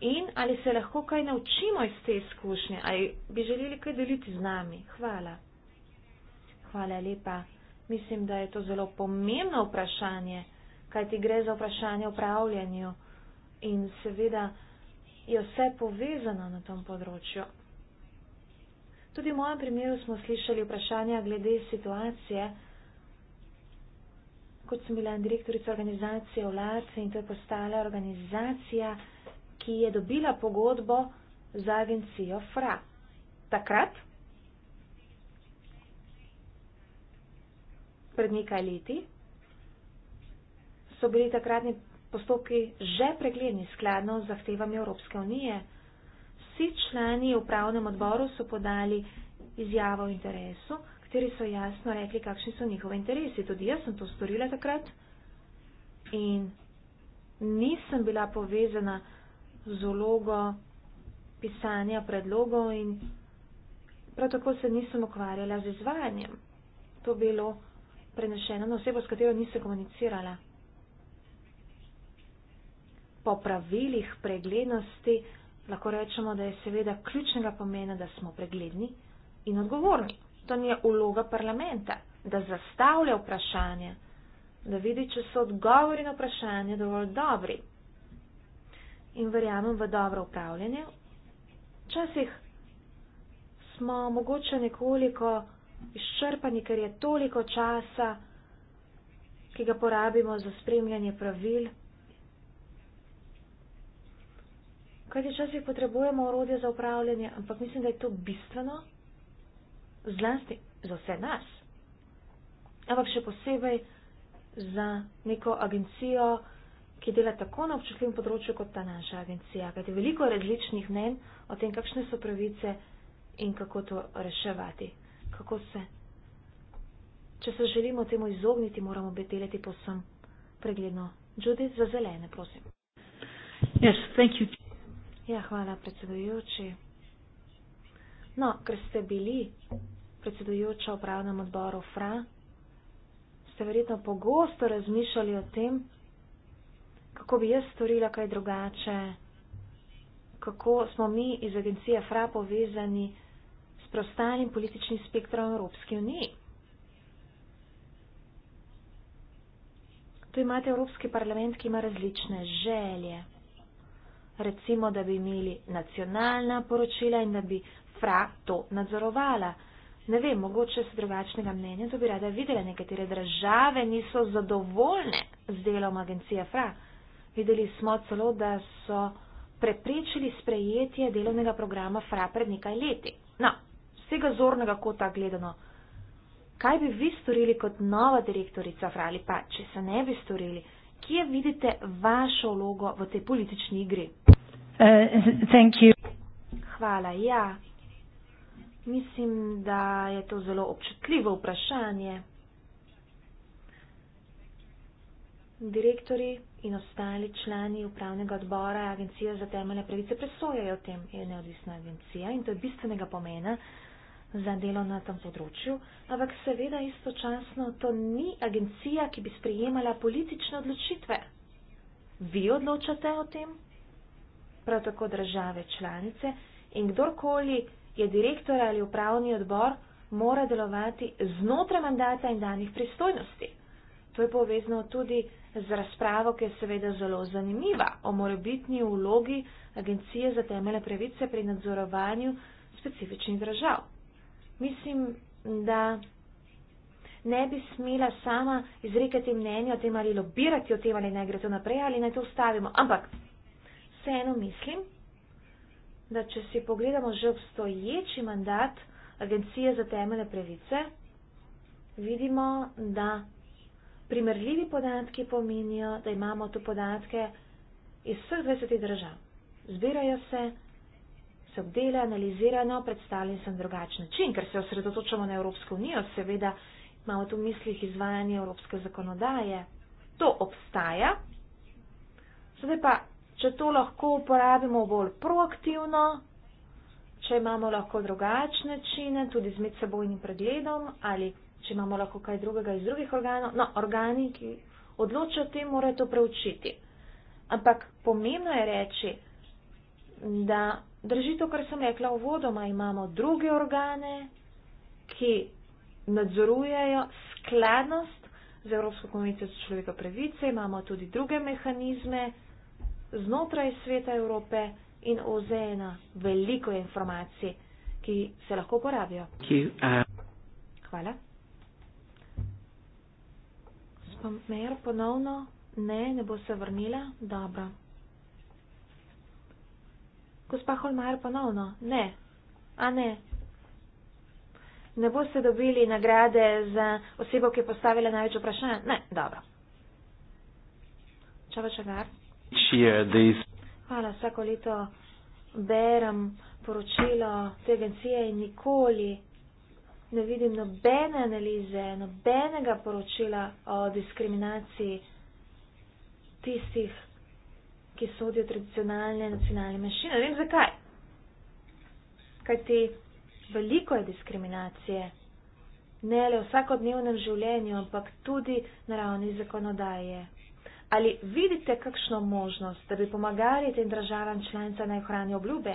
in ali se lahko kaj naučimo iz te izkušnje, ali bi želeli kaj deliti z nami. Hvala. Hvala lepa. Mislim, da je to zelo pomembno vprašanje, kajte gre za vprašanje o upravljanju in seveda je vse povezano na tom področju. Tudi v mojem primeru smo slišali vprašanja glede situacije, kot sem bila direktorica organizacije OLAC in to je postala organizacija, ki je dobila pogodbo za agencijo FRA. Takrat, pred nekaj leti, so bili takratni postopki že pregledni skladno z zahtevami Evropske unije vsi člani v pravnem odboru so podali izjavo o interesu, kateri so jasno rekli, kakšni so njihovi interesi. Tudi jaz sem to storila takrat in nisem bila povezana z ulogo pisanja predlogov in prav tako se nisem ukvarjala z izvajanjem. To je bilo prenešeno na osebo, s katero nisem komunicirala. Po pravilih preglednosti lahko rečemo, da je seveda ključnega pomena, da smo pregledni in odgovorni. To ni uloga parlamenta, da zastavlja vprašanje, da vidi, če so odgovori na vprašanje dovolj dobri. In verjamem v dobro upravljanje. Včasih smo mogoče nekoliko izčrpani, ker je toliko časa, ki ga porabimo za spremljanje pravil. Kajti časih potrebujemo orodje za upravljanje, ampak mislim, da je to bistveno, zlasti za vse nas, ampak še posebej za neko agencijo, ki dela tako na občutljivem področju kot ta naša agencija. Kajti veliko je različnih mnen o tem, kakšne so pravice in kako to reševati. Kako se, če se želimo temu izogniti, moramo biti delati posem pregledno. Judith, za zelene, prosim. Yes, thank you. Ja, hvala, predsedujoči. No, ker ste bili predsedujoča v pravnem odboru FRA, ste verjetno pogosto razmišljali o tem, kako bi jaz storila kaj drugače, kako smo mi iz agencije FRA povezani s prostanim političnim spektrom Evropske unije. Tu imate Evropski parlament, ki ima različne želje recimo, da bi imeli nacionalna poročila in da bi fra to nadzorovala. Ne vem, mogoče so drugačnega mnenja, to bi rada videla. Nekatere države niso zadovoljne z delom agencije fra. Videli smo celo, da so preprečili sprejetje delovnega programa fra pred nekaj leti. No, vsega zornega kota gledano. Kaj bi vi storili kot nova direktorica fra ali pa, če se ne bi storili? Kje vidite vašo vlogo v tej politični igri? Uh, Hvala. Ja. Mislim, da je to zelo občutljivo vprašanje. Direktori in ostali člani upravnega odbora Agencije za temeljne pravice presojajo o tem, je neodvisna agencija in to je bistvenega pomena, za delo na tem področju, ampak seveda istočasno to ni agencija, ki bi sprejemala politične odločitve. Vi odločate o tem, prav tako države članice in kdorkoli je direktor ali upravni odbor, mora delovati znotraj mandata in danih pristojnosti. To je povezano tudi z razpravo, ki je seveda zelo zanimiva o morebitni vlogi Agencije za temele pravice pri nadzorovanju specifičnih držav mislim, da ne bi smela sama izrekati mnenja o tem ali lobirati o tem ali naj gre to naprej ali naj to ustavimo. Ampak vseeno mislim, da če si pogledamo že obstoječi mandat Agencije za temeljne pravice, vidimo, da primerljivi podatki pomenijo, da imamo tu podatke iz vseh 20 držav. Zbirajo se se obdela, analizira, no, predstavljen sem drugačen način, ker se osredotočamo na Evropsko unijo, seveda imamo tu v mislih izvajanje evropske zakonodaje. To obstaja. Zdaj pa, če to lahko uporabimo bolj proaktivno, če imamo lahko drugačne načine, tudi z medsebojnim pregledom ali če imamo lahko kaj drugega iz drugih organov, no, organi, ki odločajo o tem, morajo to preučiti. Ampak pomembno je reči, da drži to, kar sem rekla, uvodoma imamo druge organe, ki nadzorujejo skladnost z Evropsko konvencijo za človeka pravice, imamo tudi druge mehanizme znotraj sveta Evrope in ozena veliko informacij, ki se lahko uporabijo. Uh, Hvala. Spomnil ponovno, ne, ne bo se vrnila, dobro. Gospa Holmajer ponovno, ne, a ne. Ne boste dobili nagrade za osebo, ki je postavila največ vprašanj? Ne, dobro. Čava Čagar. Hvala, vsako leto berem poročilo te agencije in nikoli ne vidim nobene analize, nobenega poročila o diskriminaciji tistih, ki sodijo tradicionalne nacionalne manjšine. Ne vem zakaj. Kajti veliko je diskriminacije, ne le v vsakodnevnem življenju, ampak tudi na ravni zakonodaje. Ali vidite kakšno možnost, da bi pomagali tem državam članicam naj ohranijo obljube?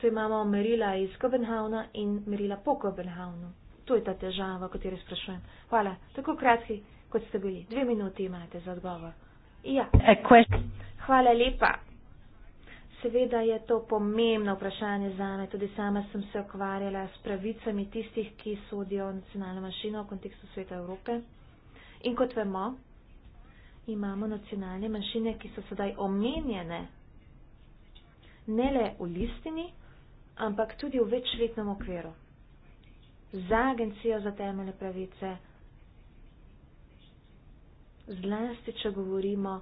Tu imamo merila iz Kopenhavna in merila po Kopenhavnu. To je ta težava, o kateri sprašujem. Hvala, tako kratki, kot ste bili. Dve minuti imate za odgovor. Ja. Hvala lepa. Seveda je to pomembno vprašanje za me. Tudi sama sem se ukvarjala s pravicami tistih, ki sodijo nacionalno manjšino v kontekstu sveta Evrope. In kot vemo, imamo nacionalne manjšine, ki so sedaj omenjene ne le v listini, ampak tudi v večletnem okviru. Za agencijo za temeljne pravice zlasti, če govorimo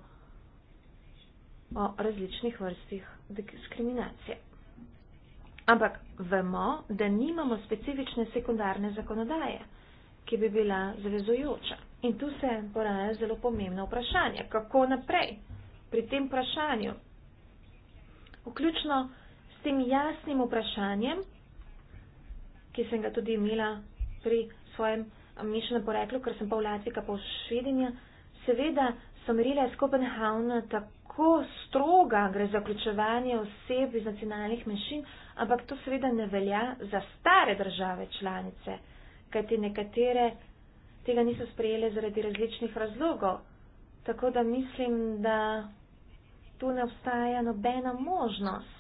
o različnih vrstih diskriminacije. Ampak vemo, da nimamo specifične sekundarne zakonodaje, ki bi bila zavezujoča. In tu se poraja zelo pomembno vprašanje, kako naprej pri tem vprašanju. Vključno s tem jasnim vprašanjem, ki sem ga tudi imela pri svojem mišljenem poreklu, ker sem pa v Latvika pa v Švedinja, Seveda so merila iz Kopenhavna tako stroga, gre za vključevanje oseb iz nacionalnih menšin, ampak to seveda ne velja za stare države članice, kajti nekatere tega niso sprejele zaradi različnih razlogov. Tako da mislim, da tu ne obstaja nobena možnost.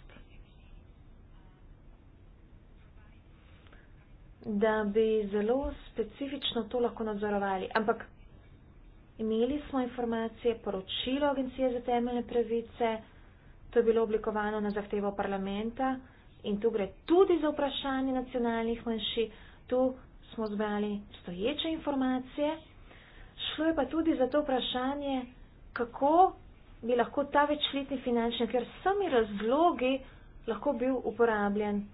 da bi zelo specifično to lahko nadzorovali. Ampak imeli smo informacije, poročilo Agencije za temeljne pravice, to je bilo oblikovano na zahtevo parlamenta in tu gre tudi za vprašanje nacionalnih manjši, tu smo zbrali stoječe informacije, šlo je pa tudi za to vprašanje, kako bi lahko ta večletni finančni, ker sami razlogi lahko bil uporabljen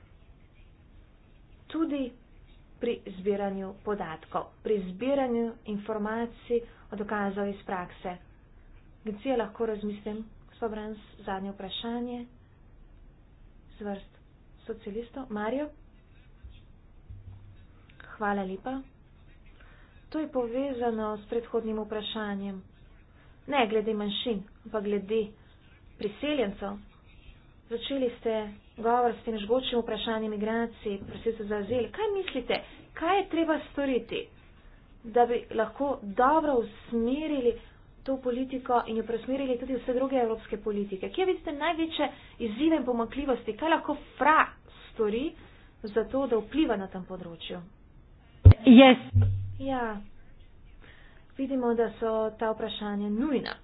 tudi pri zbiranju podatkov, pri zbiranju informacij o dokazov iz prakse. Gdje lahko razmislim, gospod Brans, zadnje vprašanje z vrst socialistov? Mario? Hvala lepa. To je povezano s predhodnim vprašanjem. Ne glede manjšin, pa glede priseljencev, začeli ste govor s tem žgočim vprašanjem migracij, prosilce za azil. Kaj mislite, kaj je treba storiti, da bi lahko dobro usmerili to politiko in jo preusmerili tudi vse druge evropske politike? Kje vidite največje izzive in pomakljivosti? Kaj lahko fra stori za to, da vpliva na tem področju? Yes. Ja, vidimo, da so ta vprašanja nujna.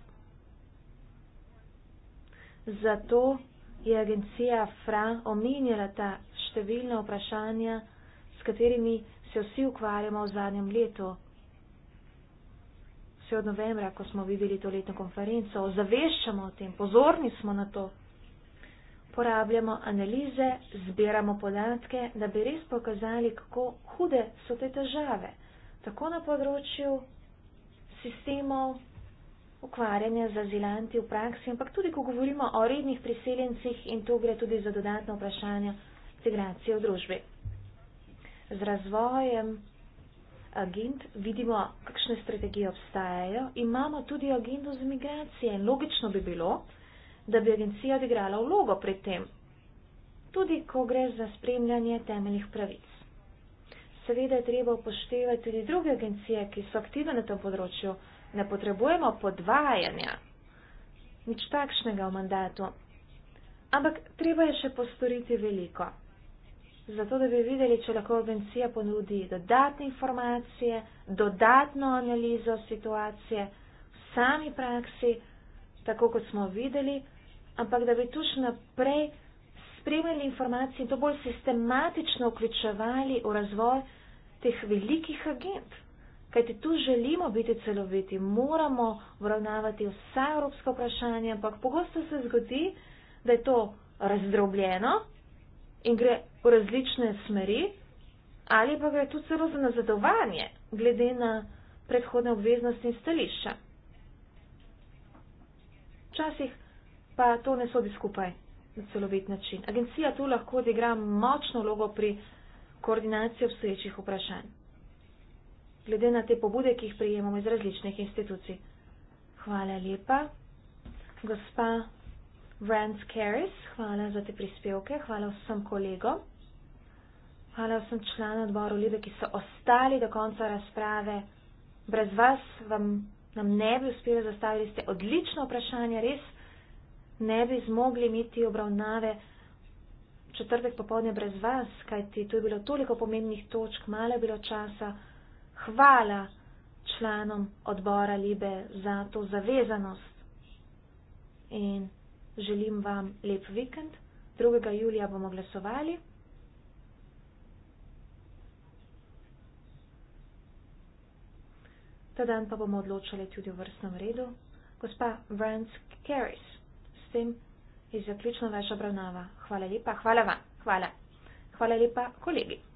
Zato je agencija FRA omenjala ta številna vprašanja, s katerimi se vsi ukvarjamo v zadnjem letu. Vse od novembra, ko smo videli to letno konferenco, ozaveščamo o tem, pozorni smo na to. Porabljamo analize, zbiramo podatke, da bi res pokazali, kako hude so te težave, tako na področju sistemov, ukvarjanja z azilanti v praksi, ampak tudi, ko govorimo o rednih priseljencih in to gre tudi za dodatno vprašanje integracije v družbi. Z razvojem eh, agent vidimo, kakšne strategije obstajajo. Imamo tudi agendo za migracije in logično bi bilo, da bi agencija odigrala vlogo pri tem, tudi ko gre za spremljanje temeljnih pravic. Seveda je treba upoštevati tudi druge agencije, ki so aktive na tem področju ne potrebujemo podvajanja, nič takšnega v mandatu. Ampak treba je še postoriti veliko, zato da bi videli, če lahko agencija ponudi dodatne informacije, dodatno analizo situacije v sami praksi, tako kot smo videli, ampak da bi tuš naprej spremljali informacije in to bolj sistematično vključevali v razvoj teh velikih agentov kajti tu želimo biti celoviti, moramo obravnavati vsa evropska vprašanja, ampak pogosto se zgodi, da je to razdrobljeno in gre v različne smeri, ali pa gre tudi celo za nazadovanje glede na predhodne obveznosti in stališča. Včasih pa to ne sodi skupaj na celovit način. Agencija tu lahko odigra močno vlogo pri koordinaciji obstoječih vprašanj glede na te pobude, ki jih prijemamo iz različnih institucij. Hvala lepa. Gospa Rance Karis, hvala za te prispevke, hvala vsem kolegom. Hvala vsem članom odboru Libe, ki so ostali do konca razprave. Brez vas vam, nam ne bi uspelo zastaviti ste odlično vprašanje, res ne bi zmogli imeti obravnave četrtek popovdne brez vas, kajti tu je bilo toliko pomembnih točk, malo je bilo časa hvala članom odbora Libe za to zavezanost in želim vam lep vikend. 2. julija bomo glasovali. Ta dan pa bomo odločali tudi v vrstnem redu. Gospa Vrenc Karis, s tem je zaključna vaša obravnava. Hvala lepa, hvala vam, hvala. Hvala lepa kolegi.